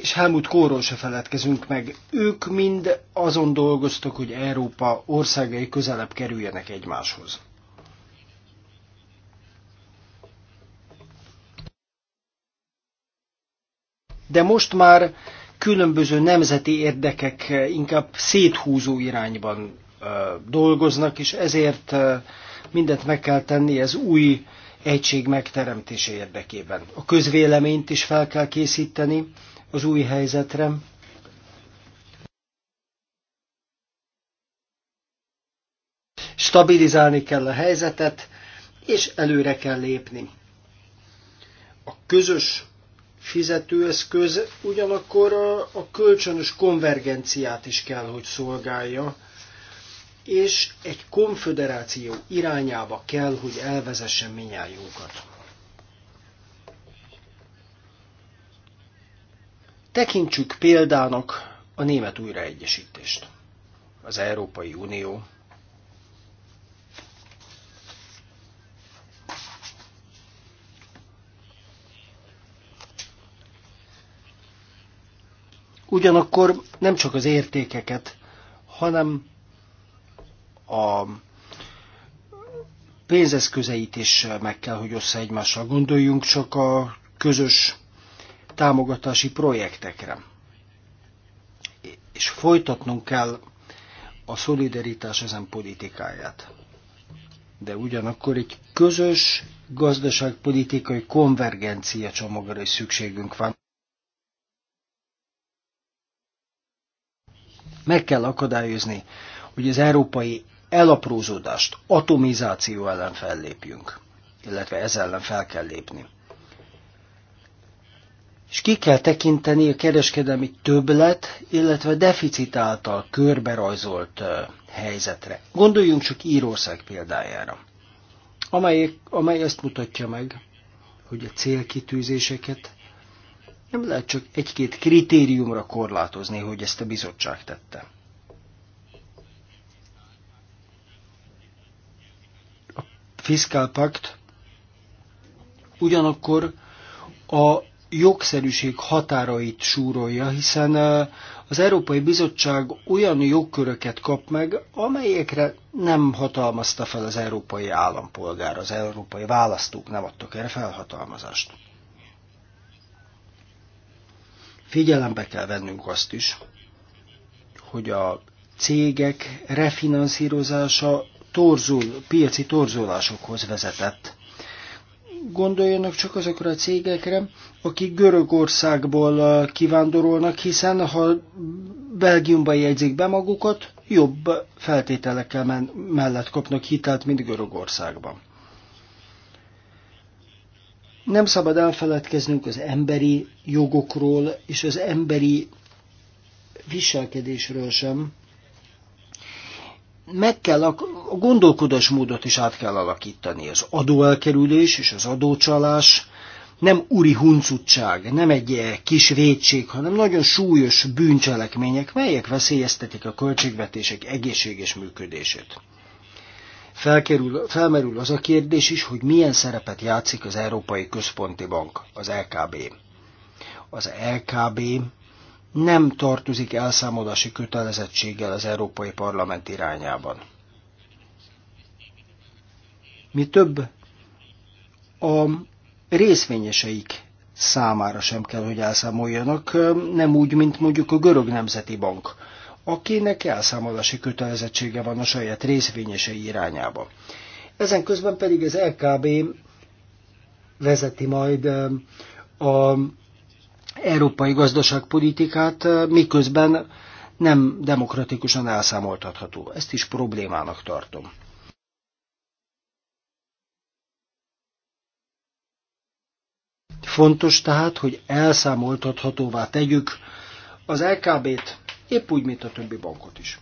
És Helmut Kóról se feledkezünk meg. Ők mind azon dolgoztak, hogy Európa országai közelebb kerüljenek egymáshoz. de most már különböző nemzeti érdekek inkább széthúzó irányban dolgoznak, és ezért mindent meg kell tenni ez új egység megteremtése érdekében. A közvéleményt is fel kell készíteni az új helyzetre. Stabilizálni kell a helyzetet, és előre kell lépni. A közös fizetőeszköz, ugyanakkor a, a kölcsönös konvergenciát is kell, hogy szolgálja, és egy konfederáció irányába kell, hogy elvezessen minnyájunkat. Tekintsük példának a német újraegyesítést. Az Európai Unió Ugyanakkor nem csak az értékeket, hanem a pénzeszközeit is meg kell, hogy össze egymással gondoljunk, csak a közös támogatási projektekre. És folytatnunk kell a szolidaritás ezen politikáját. De ugyanakkor egy közös gazdaságpolitikai konvergencia csomagra is szükségünk van. Meg kell akadályozni, hogy az európai elaprózódást, atomizáció ellen fellépjünk, illetve ez ellen fel kell lépni. És ki kell tekinteni a kereskedelmi többlet, illetve deficit által körberajzolt helyzetre. Gondoljunk csak Írország példájára, amely, amely ezt mutatja meg, hogy a célkitűzéseket nem lehet csak egy-két kritériumra korlátozni, hogy ezt a bizottság tette. A fiskálpakt ugyanakkor a jogszerűség határait súrolja, hiszen az Európai Bizottság olyan jogköröket kap meg, amelyekre nem hatalmazta fel az európai állampolgár, az európai választók nem adtak erre felhatalmazást. Figyelembe kell vennünk azt is, hogy a cégek refinanszírozása torzul, piaci torzulásokhoz vezetett. Gondoljanak csak azokra a cégekre, akik Görögországból uh, kivándorolnak, hiszen ha Belgiumban jegyzik be magukat, jobb feltételekkel mellett kapnak hitelt, mint Görögországban. Nem szabad elfeledkeznünk az emberi jogokról és az emberi viselkedésről sem. Meg kell a, gondolkodásmódot is át kell alakítani. Az adóelkerülés és az adócsalás nem uri huncutság, nem egy kis védség, hanem nagyon súlyos bűncselekmények, melyek veszélyeztetik a költségvetések egészséges működését. Felkerül, felmerül az a kérdés is, hogy milyen szerepet játszik az Európai Központi Bank, az LKB. Az LKB nem tartozik elszámolási kötelezettséggel az Európai Parlament irányában. Mi több, a részvényeseik számára sem kell, hogy elszámoljanak, nem úgy, mint mondjuk a Görög Nemzeti Bank, akinek elszámolási kötelezettsége van a saját részvényesei irányába. Ezen közben pedig az LKB vezeti majd a európai gazdaságpolitikát, miközben nem demokratikusan elszámoltatható. Ezt is problémának tartom. Fontos tehát, hogy elszámoltathatóvá tegyük az LKB-t, épp úgy, mint a többi bankot is.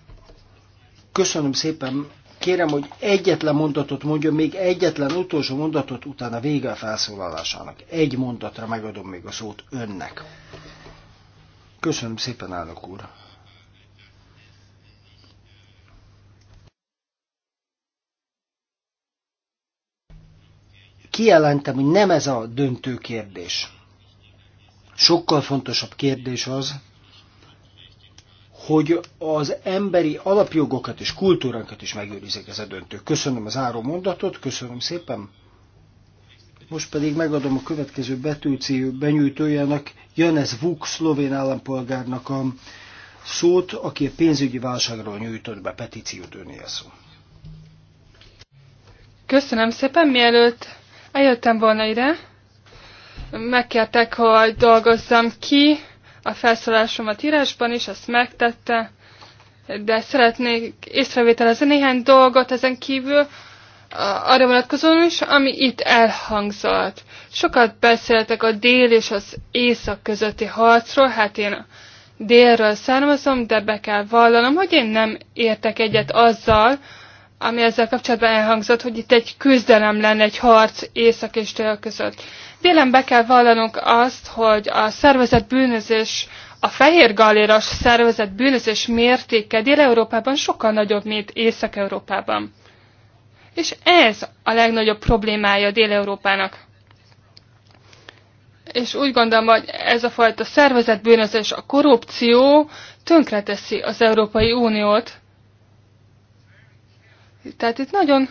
Köszönöm szépen, kérem, hogy egyetlen mondatot mondjon, még egyetlen utolsó mondatot utána vége a felszólalásának. Egy mondatra megadom még a szót önnek. Köszönöm szépen, állok úr. Kijelentem, hogy nem ez a döntő kérdés. Sokkal fontosabb kérdés az, hogy az emberi alapjogokat és kultúránkat is megőrizik ez a döntő. Köszönöm az áró mondatot, köszönöm szépen. Most pedig megadom a következő betűci benyújtójának, Janez Vuk, szlovén állampolgárnak a szót, aki a pénzügyi válságról nyújtott be petíciót önél szó. Köszönöm szépen, mielőtt eljöttem volna ide, megkértek, hogy dolgozzam ki a felszólásomat írásban is, ezt megtette, de szeretnék észrevételezni néhány dolgot ezen kívül, arra vonatkozóan is, ami itt elhangzott. Sokat beszéltek a dél és az észak közötti harcról, hát én a délről származom, de be kell vallanom, hogy én nem értek egyet azzal, ami ezzel kapcsolatban elhangzott, hogy itt egy küzdelem lenne, egy harc észak és dél között be kell vallanunk azt, hogy a szervezett bűnözés a fehér galéros szervezett bűnözés mértéke Dél-Európában sokkal nagyobb, mint Észak-Európában. És ez a legnagyobb problémája Dél-Európának. És úgy gondolom, hogy ez a fajta szervezett bűnözés, a korrupció tönkreteszi az Európai Uniót. Tehát itt nagyon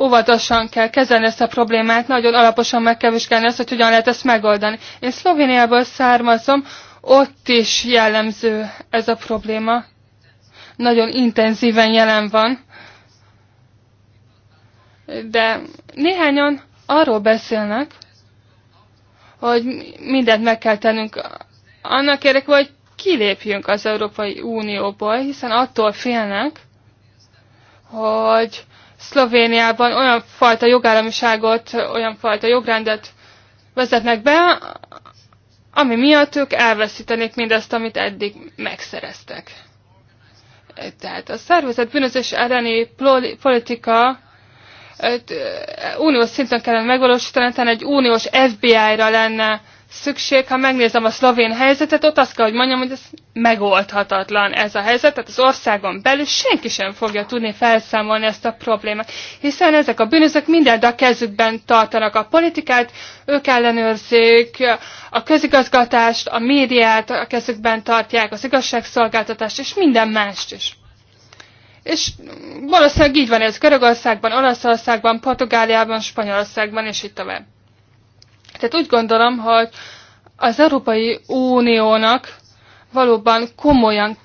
óvatosan kell kezelni ezt a problémát, nagyon alaposan meg kell vizsgálni azt, hogy hogyan lehet ezt megoldani. Én Szlovéniából származom, ott is jellemző ez a probléma. Nagyon intenzíven jelen van. De néhányan arról beszélnek, hogy mindent meg kell tennünk annak érdekében, hogy kilépjünk az Európai Unióból, hiszen attól félnek, hogy Szlovéniában olyan fajta jogállamiságot, olyan fajta jogrendet vezetnek be, ami miatt ők elveszítenék mindazt, amit eddig megszereztek. Tehát a szervezet bűnözés elleni politika uniós szinten kellene megvalósítani, tehát egy uniós FBI-ra lenne szükség, ha megnézem a szlovén helyzetet, ott azt kell, hogy mondjam, hogy ez megoldhatatlan ez a helyzet, tehát az országon belül senki sem fogja tudni felszámolni ezt a problémát, hiszen ezek a bűnözők mindent a kezükben tartanak a politikát, ők ellenőrzik, a közigazgatást, a médiát a kezükben tartják, az igazságszolgáltatást és minden mást is. És valószínűleg így van ez Görögországban, Olaszországban, Portugáliában, Spanyolországban és itt tovább. Tehát úgy gondolom, hogy az Európai Uniónak valóban komolyan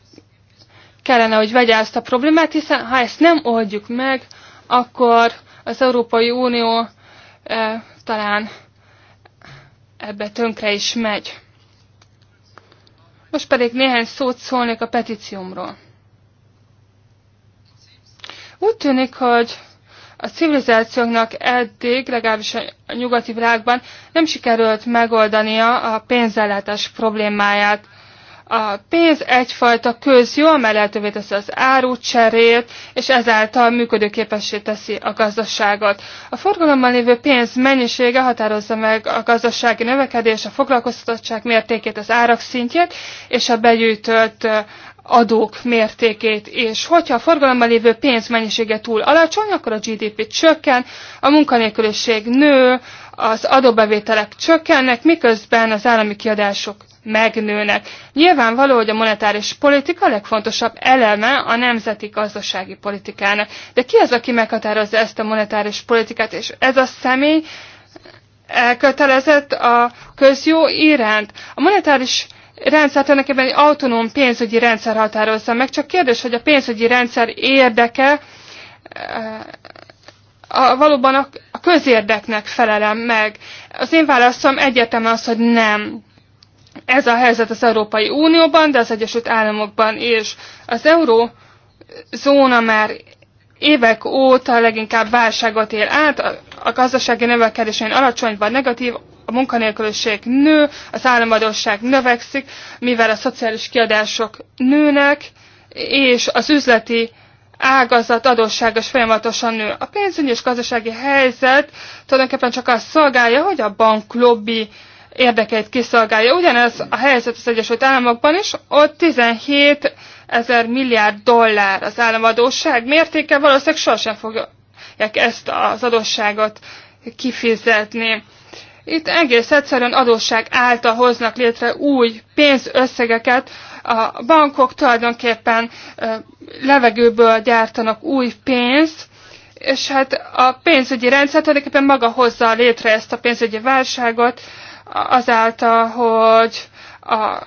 kellene, hogy vegye ezt a problémát, hiszen ha ezt nem oldjuk meg, akkor az Európai Unió e, talán ebbe tönkre is megy. Most pedig néhány szót szólnék a petíciómról. Úgy tűnik, hogy a civilizációknak eddig, legalábbis a nyugati világban nem sikerült megoldania a pénzellátás problémáját. A pénz egyfajta közjó, amely lehetővé teszi az árucserét, és ezáltal működőképessé teszi a gazdaságot. A forgalomban lévő pénz mennyisége határozza meg a gazdasági növekedés, a foglalkoztatottság mértékét, az árak szintjét, és a begyűjtött adók mértékét, és hogyha a forgalomban lévő mennyisége túl alacsony, akkor a GDP csökken, a munkanélküliség nő, az adóbevételek csökkennek, miközben az állami kiadások megnőnek. Nyilvánvaló, hogy a monetáris politika a legfontosabb eleme a nemzeti gazdasági politikának. De ki az, aki meghatározza ezt a monetáris politikát, és ez a személy elkötelezett a közjó iránt. A monetáris rendszert ennek egy autonóm pénzügyi rendszer határozza meg. Csak kérdés, hogy a pénzügyi rendszer érdeke eh, a, valóban a, a közérdeknek felelem meg. Az én válaszom egyetemen az, hogy nem. Ez a helyzet az Európai Unióban, de az Egyesült Államokban is. Az eurózóna már évek óta leginkább válságot él át, a gazdasági növekedésén alacsonyban negatív a munkanélküliség nő, az államadóság növekszik, mivel a szociális kiadások nőnek, és az üzleti ágazat adósságos folyamatosan nő. A pénzügyi és gazdasági helyzet tulajdonképpen csak azt szolgálja, hogy a lobby érdekeit kiszolgálja. Ugyanez a helyzet az Egyesült Államokban is, ott 17 ezer milliárd dollár az államadóság mértéke, valószínűleg sosem fogják ezt az adósságot kifizetni. Itt egész egyszerűen adósság által hoznak létre új pénzösszegeket, a bankok tulajdonképpen levegőből gyártanak új pénzt, és hát a pénzügyi rendszer tulajdonképpen maga hozza létre ezt a pénzügyi válságot, azáltal, hogy a, a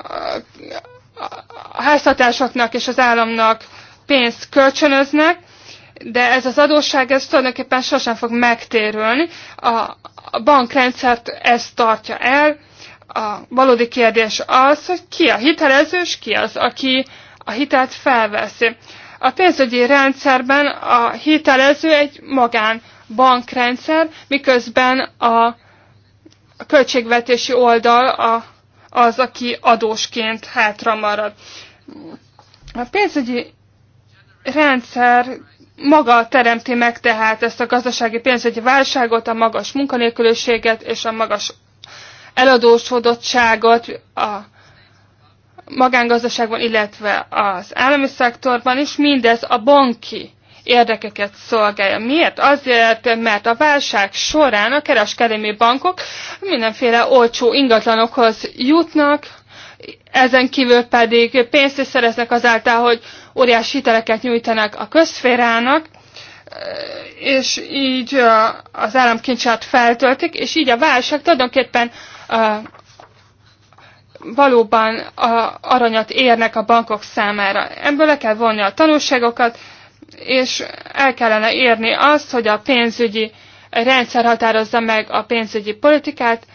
háztartásoknak és az államnak pénzt kölcsönöznek, de ez az adósság, ez tulajdonképpen sosem fog megtérülni. A, a bankrendszert ezt tartja el. A valódi kérdés az, hogy ki a hitelező, és ki az, aki a hitelt felveszi. A pénzügyi rendszerben a hitelező egy magán bankrendszer, miközben a költségvetési oldal a, az, aki adósként hátra marad. A pénzügyi rendszer maga teremti meg tehát ezt a gazdasági pénzügyi válságot, a magas munkanélkülösséget és a magas eladósodottságot a magángazdaságban, illetve az állami szektorban, és mindez a banki érdekeket szolgálja. Miért? Azért, mert a válság során a kereskedelmi bankok mindenféle olcsó ingatlanokhoz jutnak, ezen kívül pedig pénzt is szereznek azáltal, hogy óriási hiteleket nyújtanak a közférának, és így az államkincsát feltöltik, és így a válság tulajdonképpen valóban a aranyat érnek a bankok számára. Ebből le kell vonni a tanulságokat, és el kellene érni azt, hogy a pénzügyi rendszer határozza meg a pénzügyi politikát,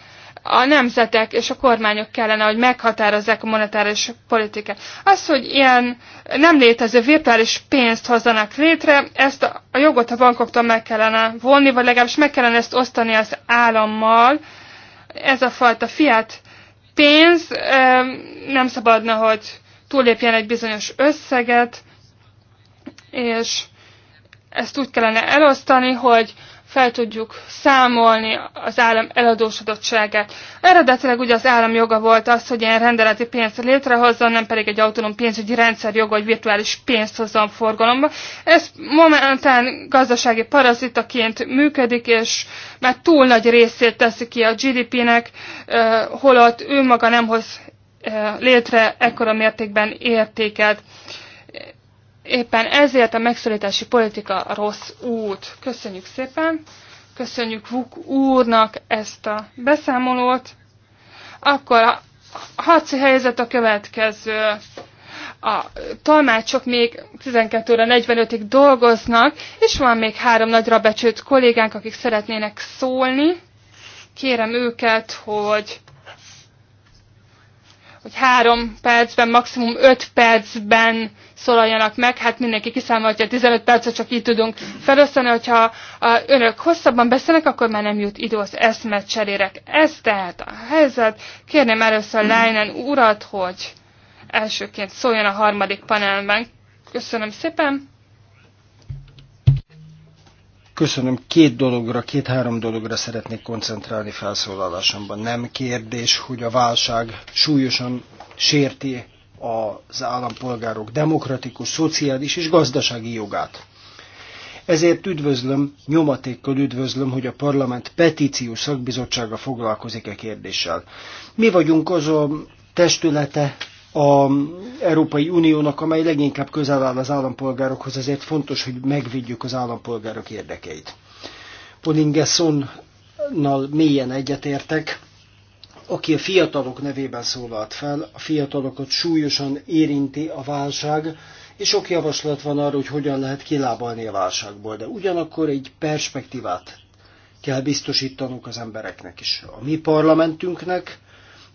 a nemzetek és a kormányok kellene, hogy meghatározzák a monetáris politikát. Az, hogy ilyen nem létező virtuális pénzt hozzanak létre, ezt a jogot a bankoktól meg kellene vonni, vagy legalábbis meg kellene ezt osztani az állammal. Ez a fajta fiat pénz nem szabadna, hogy túllépjen egy bizonyos összeget, és ezt úgy kellene elosztani, hogy fel tudjuk számolni az állam eladósodottságát. Eredetileg ugye az állam joga volt az, hogy ilyen rendeleti pénzt létrehozzon, nem pedig egy autonóm pénzügyi rendszer joga, hogy virtuális pénzt hozzon forgalomba. Ez momentán gazdasági parazitaként működik, és már túl nagy részét teszi ki a GDP-nek, holott ő maga nem hoz létre ekkora mértékben értéket. Éppen ezért a megszólítási politika a rossz út. Köszönjük szépen! Köszönjük Vuk úrnak ezt a beszámolót. Akkor a harci helyzet a következő a tolmácsok még 12-re 45-ig dolgoznak, és van még három nagyra becsült kollégánk, akik szeretnének szólni. Kérem őket, hogy hogy három percben, maximum öt percben szólaljanak meg, hát mindenki kiszámolja, hogy 15 percet csak így tudunk felosztani, hogyha a önök hosszabban beszélnek, akkor már nem jut idő az eszmet cserérek. Ez tehát a helyzet. Kérném először Leinen urat, hogy elsőként szóljon a harmadik panelben. Köszönöm szépen. Köszönöm, két dologra, két-három dologra szeretnék koncentrálni felszólalásomban. Nem kérdés, hogy a válság súlyosan sérti az állampolgárok demokratikus, szociális és gazdasági jogát. Ezért üdvözlöm, nyomatékkal üdvözlöm, hogy a parlament petíció szakbizottsága foglalkozik e kérdéssel. Mi vagyunk az a testülete a Európai Uniónak, amely leginkább közel áll az állampolgárokhoz, ezért fontos, hogy megvédjük az állampolgárok érdekeit. Polingessonnal mélyen egyetértek, aki a fiatalok nevében szólalt fel, a fiatalokat súlyosan érinti a válság, és sok javaslat van arra, hogy hogyan lehet kilábalni a válságból, de ugyanakkor egy perspektívát kell biztosítanunk az embereknek is. A mi parlamentünknek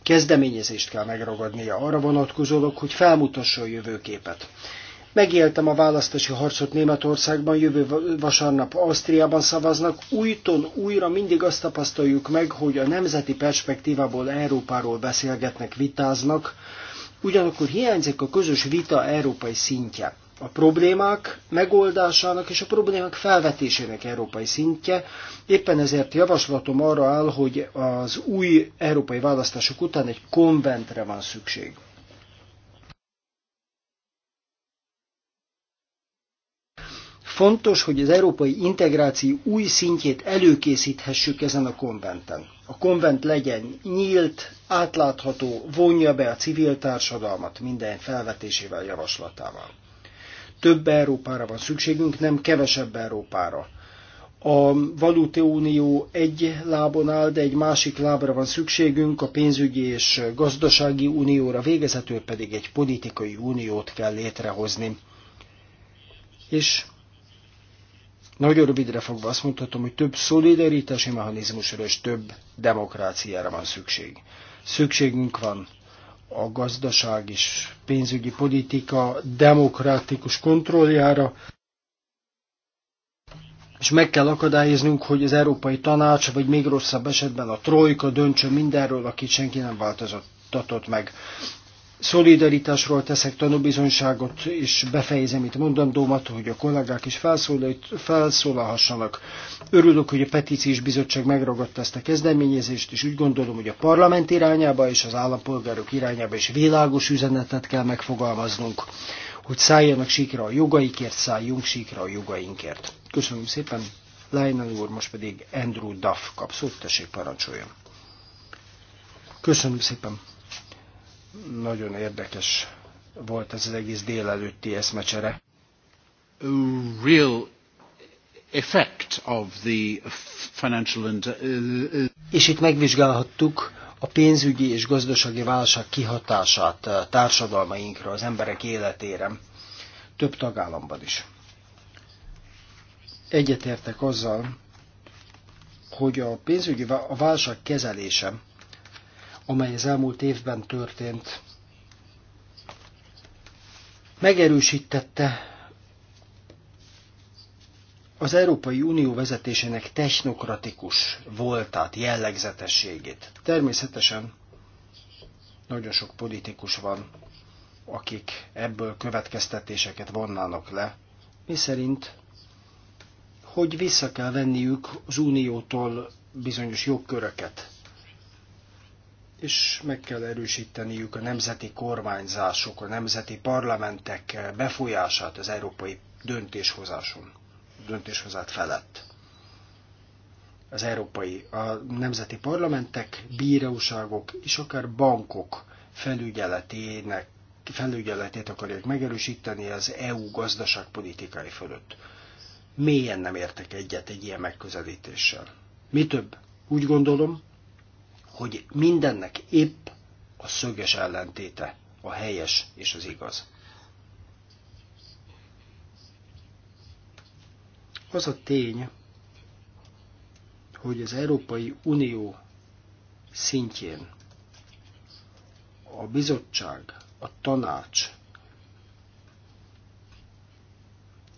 kezdeményezést kell megragadnia arra vonatkozólag, hogy felmutassa a jövőképet. Megéltem a választási harcot Németországban, jövő vasárnap Ausztriában szavaznak. Újton újra mindig azt tapasztaljuk meg, hogy a nemzeti perspektívából Európáról beszélgetnek, vitáznak, ugyanakkor hiányzik a közös vita európai szintje a problémák megoldásának és a problémák felvetésének európai szintje. Éppen ezért javaslatom arra áll, hogy az új európai választások után egy konventre van szükség. Fontos, hogy az európai integráció új szintjét előkészíthessük ezen a konventen. A konvent legyen nyílt, átlátható, vonja be a civil társadalmat minden felvetésével, javaslatával több Európára van szükségünk, nem kevesebb Európára. A valutaunió egy lábon áll, de egy másik lábra van szükségünk, a pénzügyi és gazdasági unióra, végezetül pedig egy politikai uniót kell létrehozni. És nagyon rövidre fogva azt mondhatom, hogy több szolidaritási mechanizmusra és több demokráciára van szükség. Szükségünk van a gazdaság és pénzügyi politika demokratikus kontrolljára, és meg kell akadályoznunk, hogy az Európai Tanács, vagy még rosszabb esetben a Trojka döntsön mindenről, akit senki nem változtatott meg. Szolidaritásról teszek tanúbizonyságot, és befejezem itt mondandómat, hogy a kollégák is felszólalhassanak. Örülök, hogy a Petíciós Bizottság megragadta ezt a kezdeményezést, és úgy gondolom, hogy a parlament irányába és az állampolgárok irányába is világos üzenetet kell megfogalmaznunk, hogy szálljanak sikra a jogaikért, szálljunk sikra a jogainkért. Köszönöm szépen, Leinen úr, most pedig Andrew Duff kap szót, tessék parancsoljon. Köszönöm szépen. Nagyon érdekes volt ez az egész délelőtti eszmecsere. A real effect of the financial and... Uh, és itt megvizsgálhattuk a pénzügyi és gazdasági válság kihatását uh, társadalmainkra, az emberek életére, több tagállamban is. Egyetértek azzal, hogy a pénzügyi a válság kezelése amely az elmúlt évben történt, megerősítette az Európai Unió vezetésének technokratikus voltát, jellegzetességét. Természetesen nagyon sok politikus van, akik ebből következtetéseket vonnának le, mi szerint, hogy vissza kell venniük az Uniótól bizonyos jogköröket és meg kell erősíteniük a nemzeti kormányzások, a nemzeti parlamentek befolyását az európai döntéshozáson, döntéshozát felett. Az európai, a nemzeti parlamentek, bíróságok és akár bankok felügyeletének felügyeletét akarják megerősíteni az EU gazdaságpolitikai fölött. Mélyen nem értek egyet egy ilyen megközelítéssel. Mi több, úgy gondolom, hogy mindennek épp a szöges ellentéte, a helyes és az igaz. Az a tény, hogy az Európai Unió szintjén a bizottság, a tanács,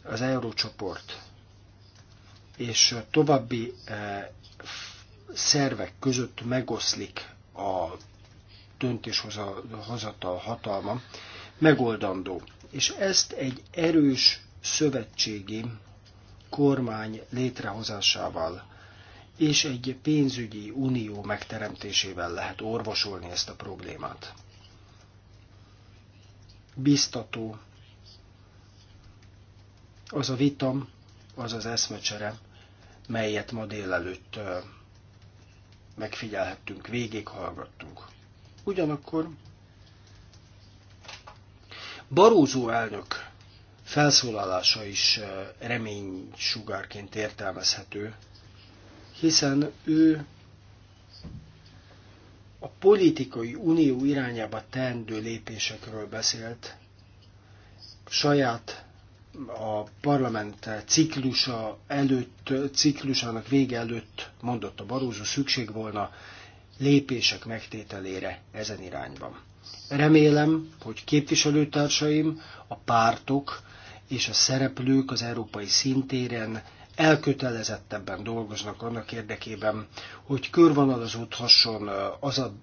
az eurócsoport és további eh, szervek között megoszlik a döntéshozatal hatalma, megoldandó. És ezt egy erős szövetségi kormány létrehozásával és egy pénzügyi unió megteremtésével lehet orvosolni ezt a problémát. Biztató az a vitam, az az eszmecsere, melyet ma délelőtt megfigyelhettünk, végighallgattunk. Ugyanakkor Barózó elnök felszólalása is eh, remény sugárként értelmezhető, hiszen ő a politikai unió irányába teendő lépésekről beszélt, saját a parlament ciklusa előtt, ciklusának vége előtt mondott a Barózó szükség volna lépések megtételére ezen irányban. Remélem, hogy képviselőtársaim, a pártok és a szereplők az európai szintéren elkötelezettebben dolgoznak annak érdekében, hogy körvonalazódhasson az a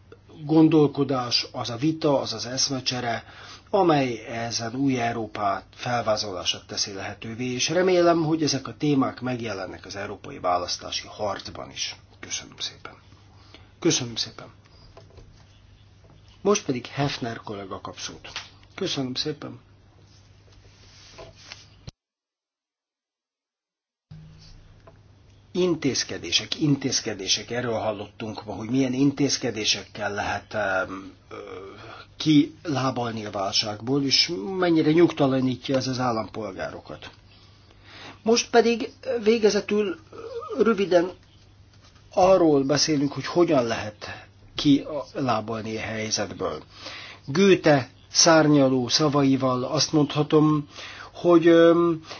gondolkodás, az a vita, az az eszmecsere, amely ezen új Európát felvázolását teszi lehetővé, és remélem, hogy ezek a témák megjelennek az európai választási harcban is. Köszönöm szépen. Köszönöm szépen. Most pedig Hefner kollega kapszót. Köszönöm szépen. intézkedések, intézkedések, erről hallottunk ma, hogy milyen intézkedésekkel lehet um, kilábalni a válságból, és mennyire nyugtalanítja ez az állampolgárokat. Most pedig végezetül röviden arról beszélünk, hogy hogyan lehet kilábalni a helyzetből. Gőte szárnyaló szavaival azt mondhatom, hogy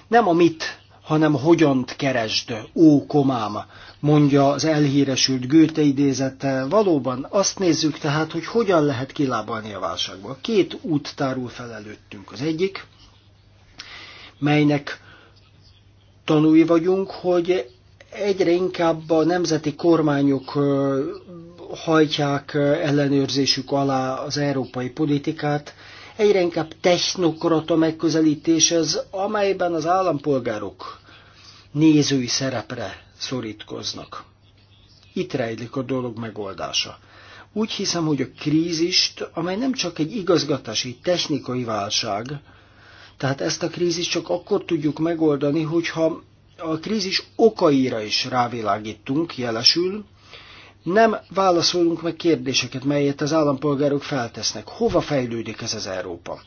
nem a mit hanem hogyan keresd, ó komám, mondja az elhíresült Gőte idézete. Valóban azt nézzük tehát, hogy hogyan lehet kilábalni a válságból. Két út tárul fel előttünk. Az egyik, melynek tanúi vagyunk, hogy egyre inkább a nemzeti kormányok hajtják ellenőrzésük alá az európai politikát, egyre inkább technokrata megközelítés ez, amelyben az állampolgárok nézői szerepre szorítkoznak. Itt rejlik a dolog megoldása. Úgy hiszem, hogy a krízist, amely nem csak egy igazgatási, technikai válság, tehát ezt a krízist csak akkor tudjuk megoldani, hogyha a krízis okaira is rávilágítunk, jelesül, nem válaszolunk meg kérdéseket, melyet az állampolgárok feltesznek. Hova fejlődik ez az Európa?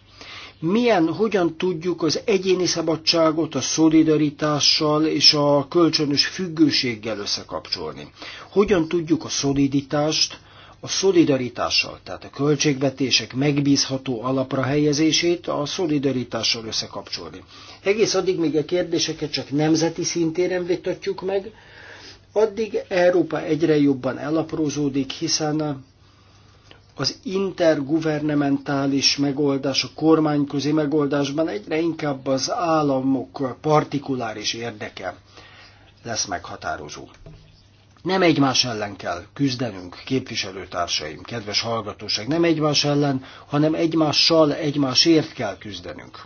milyen, hogyan tudjuk az egyéni szabadságot a szolidaritással és a kölcsönös függőséggel összekapcsolni. Hogyan tudjuk a szoliditást a szolidaritással, tehát a költségvetések megbízható alapra helyezését a szolidaritással összekapcsolni. Egész addig még a kérdéseket csak nemzeti szintéren vitatjuk meg, addig Európa egyre jobban elaprózódik, hiszen az intergovernamentális megoldás, a kormányközi megoldásban egyre inkább az államok partikuláris érdeke lesz meghatározó. Nem egymás ellen kell küzdenünk, képviselőtársaim, kedves hallgatóság, nem egymás ellen, hanem egymással, egymásért kell küzdenünk.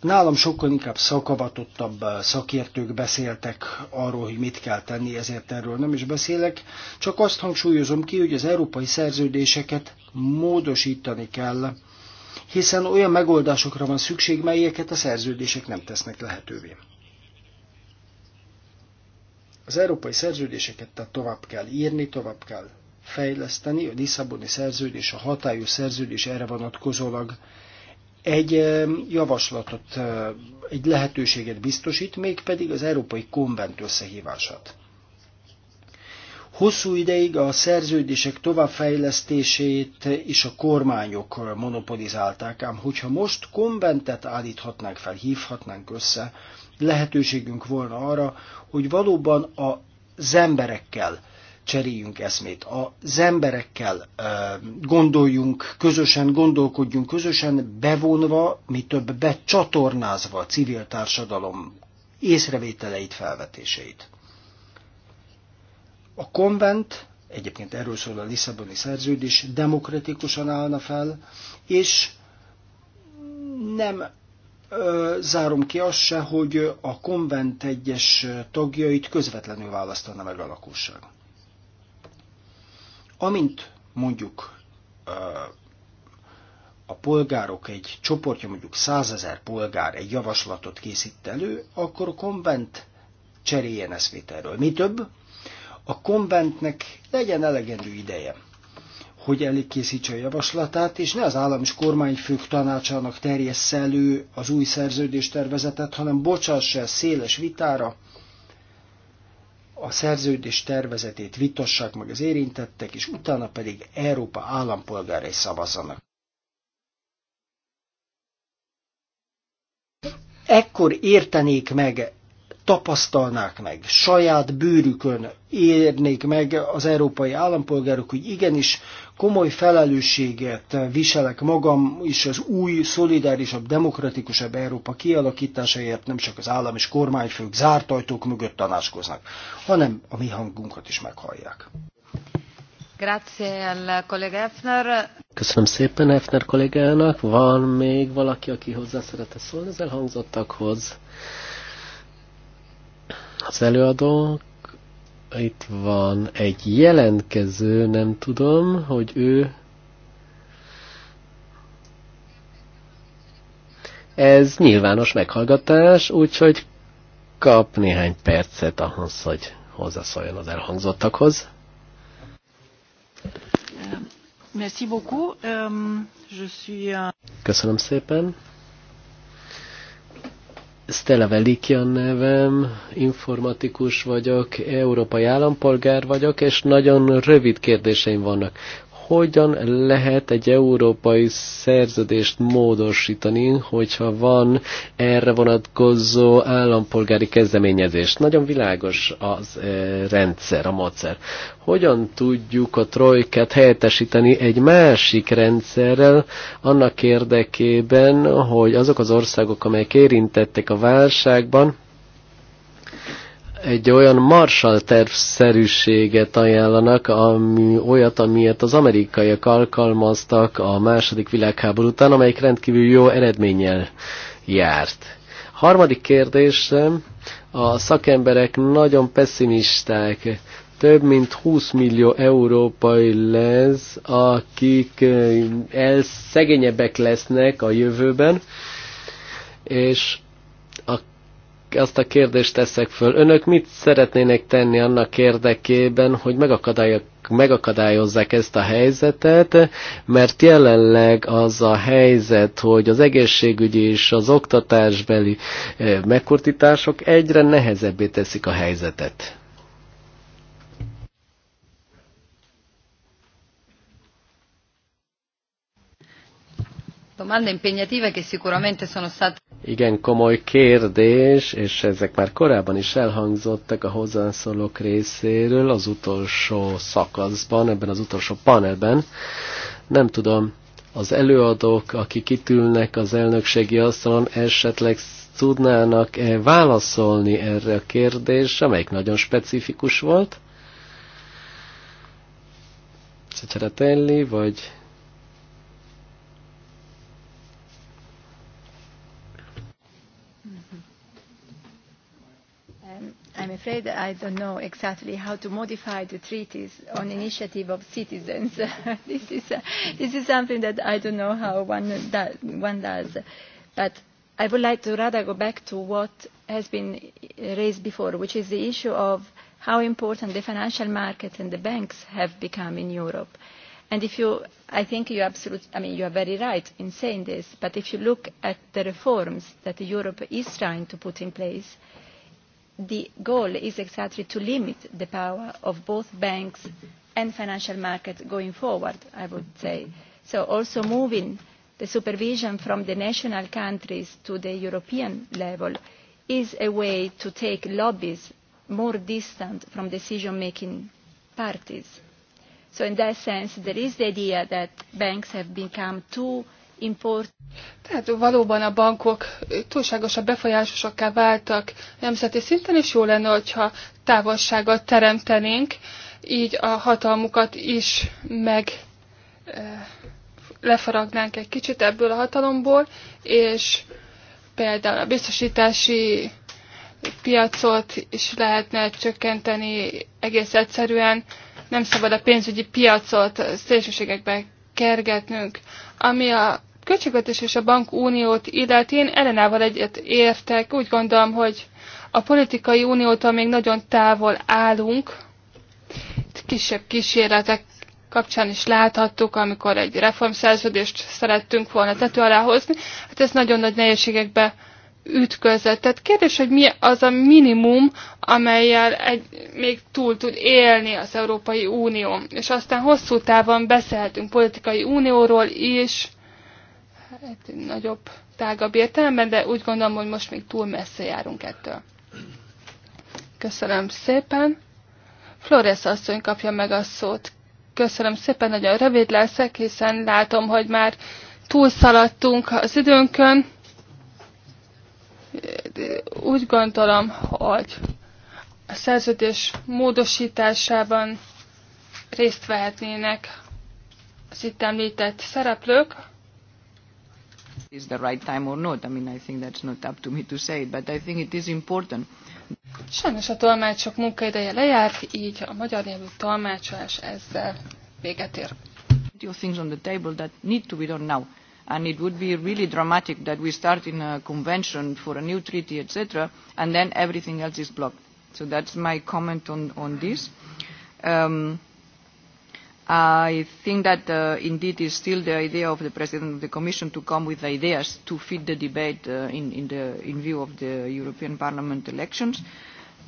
Nálam sokkal inkább szakavatottabb eh, szakértők beszéltek arról, hogy mit kell tenni, ezért erről nem is beszélek. Csak azt hangsúlyozom ki, hogy az európai szerződéseket módosítani kell, hiszen olyan megoldásokra van szükség, melyeket a szerződések nem tesznek lehetővé. Az európai szerződéseket tehát tovább kell írni, tovább kell fejleszteni, a Lisszaboni szerződés, a hatályos szerződés erre vonatkozólag egy javaslatot, egy lehetőséget biztosít, mégpedig az Európai Konvent összehívását. Hosszú ideig a szerződések továbbfejlesztését és a kormányok monopolizálták, ám hogyha most konventet állíthatnánk fel, hívhatnánk össze, lehetőségünk volna arra, hogy valóban az emberekkel, cseréljünk eszmét. Az emberekkel gondoljunk, közösen gondolkodjunk, közösen bevonva, mi több becsatornázva a civil társadalom észrevételeit, felvetéseit. A konvent, egyébként erről szól a Lisszaboni szerződés, demokratikusan állna fel, és nem zárom ki azt se, hogy a konvent egyes tagjait közvetlenül választana meg a lakosság. Amint mondjuk a polgárok egy csoportja, mondjuk százezer polgár egy javaslatot készít elő, akkor a konvent cseréljen eszvételről. Mi több, a konventnek legyen elegendő ideje, hogy készítse a javaslatát, és ne az állam és kormányfők tanácsának terjessze elő az új tervezetet, hanem bocsássa széles vitára, a szerződés tervezetét vitassák meg az érintettek, és utána pedig Európa állampolgárai szavazzanak. Ekkor értenék meg tapasztalnák meg, saját bőrükön érnék meg az európai állampolgárok, hogy igenis komoly felelősséget viselek magam is az új, szolidárisabb, demokratikusabb Európa kialakításáért nem csak az állam és kormányfők zárt ajtók mögött tanácskoznak, hanem a mi hangunkat is meghallják. Köszönöm szépen Efner kollégának. Van még valaki, aki hozzá szeretne szólni az elhangzottakhoz? az előadók Itt van egy jelentkező, nem tudom, hogy ő... Ez nyilvános meghallgatás, úgyhogy kap néhány percet ahhoz, hogy hozzászóljon az elhangzottakhoz. Merci beaucoup. Euh, Köszönöm szépen. Stella Veliki a nevem, informatikus vagyok, európai állampolgár vagyok, és nagyon rövid kérdéseim vannak hogyan lehet egy európai szerződést módosítani, hogyha van erre vonatkozó állampolgári kezdeményezés. Nagyon világos az e, rendszer, a módszer. Hogyan tudjuk a trojkát helyettesíteni egy másik rendszerrel annak érdekében, hogy azok az országok, amelyek érintettek a válságban, egy olyan Marshall tervszerűséget ajánlanak, ami, olyat, amilyet az amerikaiak alkalmaztak a második világháború után, amelyik rendkívül jó eredménnyel járt. Harmadik kérdésem, a szakemberek nagyon pessimisták. Több mint 20 millió európai lesz, akik eh, elszegényebbek lesznek a jövőben, és azt a kérdést teszek föl. Önök mit szeretnének tenni annak érdekében, hogy megakadályozzák ezt a helyzetet, mert jelenleg az a helyzet, hogy az egészségügyi és az oktatásbeli eh, megkurtítások egyre nehezebbé teszik a helyzetet. che sicuramente sono state... Igen, komoly kérdés, és ezek már korábban is elhangzottak a hozzászólók részéről az utolsó szakaszban, ebben az utolsó panelben. Nem tudom, az előadók, akik itt ülnek az elnökségi asztalon, esetleg tudnának-e válaszolni erre a kérdésre, amelyik nagyon specifikus volt? Cseretelli, vagy afraid I don't know exactly how to modify the treaties on initiative of citizens. this, is, uh, this is something that I don't know how one, that one does. But I would like to rather go back to what has been raised before, which is the issue of how important the financial markets and the banks have become in Europe. And if you, I think you absolutely, I mean, you are very right in saying this, but if you look at the reforms that Europe is trying to put in place, the goal is exactly to limit the power of both banks and financial markets going forward, I would say. So also moving the supervision from the national countries to the European level is a way to take lobbies more distant from decision-making parties. So in that sense, there is the idea that banks have become too import. Tehát valóban a bankok túlságosan befolyásosakká váltak nemzeti szinten, és jó lenne, hogyha távolságot teremtenénk, így a hatalmukat is meg eh, lefaragnánk egy kicsit ebből a hatalomból, és például a biztosítási piacot is lehetne csökkenteni egész egyszerűen. Nem szabad a pénzügyi piacot szélsőségekbe kergetnünk. Ami a költségvetés és a bankuniót illetén Elenával egyet értek. Úgy gondolom, hogy a politikai uniótól még nagyon távol állunk. Itt kisebb kísérletek kapcsán is láthattuk, amikor egy reformszerződést szerettünk volna tető alá hozni. Hát ez nagyon nagy nehézségekbe ütközött. Tehát kérdés, hogy mi az a minimum, amelyel egy, még túl tud élni az Európai Unió. És aztán hosszú távon beszélhetünk politikai unióról is, hát nagyobb, tágabb értelemben, de úgy gondolom, hogy most még túl messze járunk ettől. Köszönöm szépen. Flores asszony kapja meg a szót. Köszönöm szépen, nagyon rövid leszek, hiszen látom, hogy már túlszaladtunk az időnkön. Úgy gondolom, hogy a szerződés módosításában részt vehetnének az itt említett szereplők, is the right time or not. I mean, I think that's not up to me to say it, but I think it is important. Sajnos a tolmácsok munkaideje lejárt, így a magyar nyelvű tolmácsolás ezzel véget ér. Few things on the table that need to be done now. And it would be really dramatic that we start in a convention for a new treaty, etc., and then everything else is blocked. So that's my comment on, on this. Um, I think that uh, indeed is still the idea of the President of the Commission to come with ideas to feed the debate uh, in, in, the, in view of the European Parliament elections.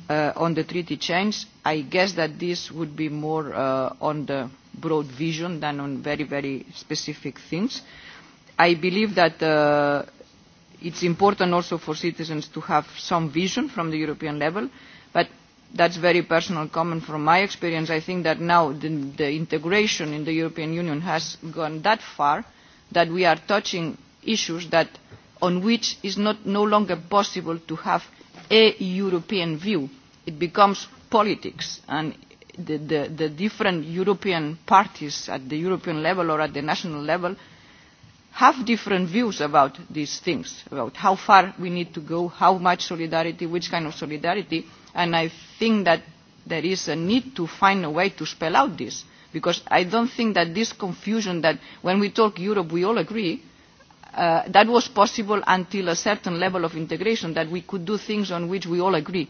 Uh, on the treaty change, I guess that this would be more uh, on the broad vision than on very, very specific things. I believe that uh, it's important also for citizens to have some vision from the European level, but that's very personal comment from my experience. I think that now the, the integration in the European Union has gone that far that we are touching issues that on which is not no longer possible to have a European view. It becomes politics and the, the, the different European parties at the European level or at the national level have different views about these things, about how far we need to go, how much solidarity, which kind of solidarity And I think that there is a need to find a way to spell out this, because I don't think that this confusion that when we talk Europe we all agree, uh, that was possible until a certain level of integration, that we could do things on which we all agree.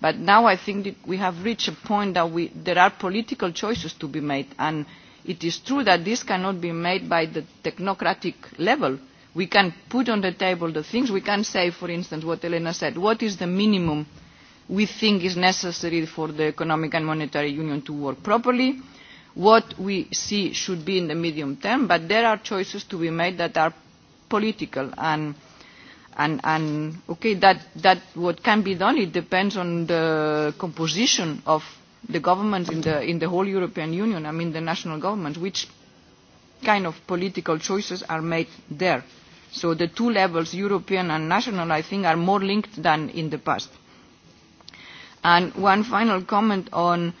But now I think that we have reached a point that we, there are political choices to be made, and it is true that this cannot be made by the technocratic level. We can put on the table the things. We can say, for instance, what Elena said, what is the minimum uh, we think is necessary for the economic and monetary union to work properly, what we see should be in the medium term, but there are choices to be made that are political and and, and okay, that, that what can be done, it depends on the composition of the governments in the, in the whole European Union, I mean the national governments, which kind of political choices are made there. So the two levels, European and national, I think are more linked than in the past. And one final comment on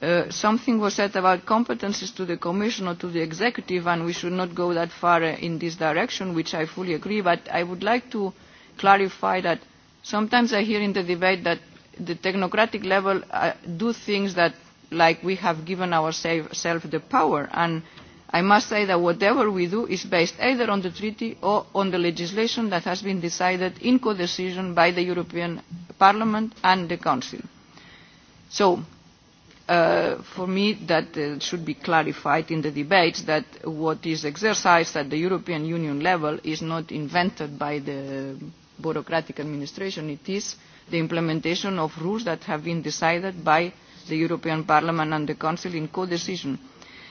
uh, something was said about competences to the Commission or to the Executive, and we should not go that far uh, in this direction, which I fully agree. But I would like to clarify that sometimes I hear in the debate that the technocratic level uh, do things that, like we have given ourselves the power. And i must say that whatever we do is based either on the treaty or on the legislation that has been decided in codecision by the european parliament and the council. so uh, for me that uh, should be clarified in the debates that what is exercised at the european union level is not invented by the bureaucratic administration it is the implementation of rules that have been decided by the european parliament and the council in codecision.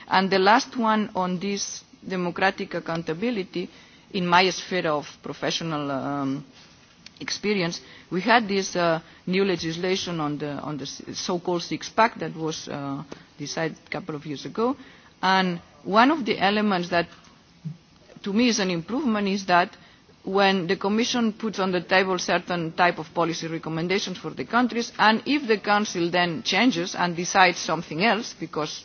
And the last one on this democratic accountability, in my sphere of professional um, experience, we had this uh, new legislation on the, on the so-called six-pack that was uh, decided a couple of years ago. And one of the elements that to me is an improvement is that when the Commission puts on the table certain type of policy recommendations for the countries, and if the Council then changes and decides something else, because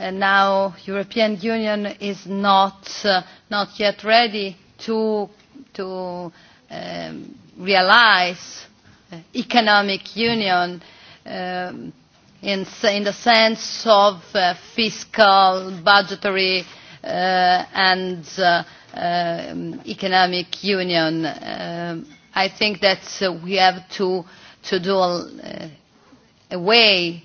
Uh, now European Union is not, uh, not yet ready to, to um, realize uh, economic union um, in, in the sense of uh, fiscal, budgetary uh, and uh, uh, economic union. Uh, I think that uh, we have to, to do uh, away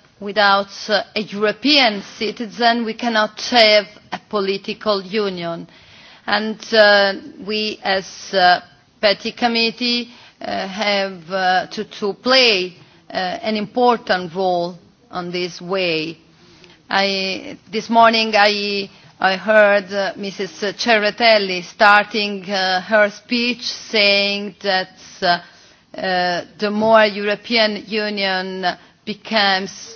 without a European citizen, we cannot have a political union. And uh, we, as the uh, PETI Committee, uh, have uh, to, to play uh, an important role on this way. I, this morning I, I heard uh, Mrs. Cerretelli starting uh, her speech saying that uh, uh, the more European Union becomes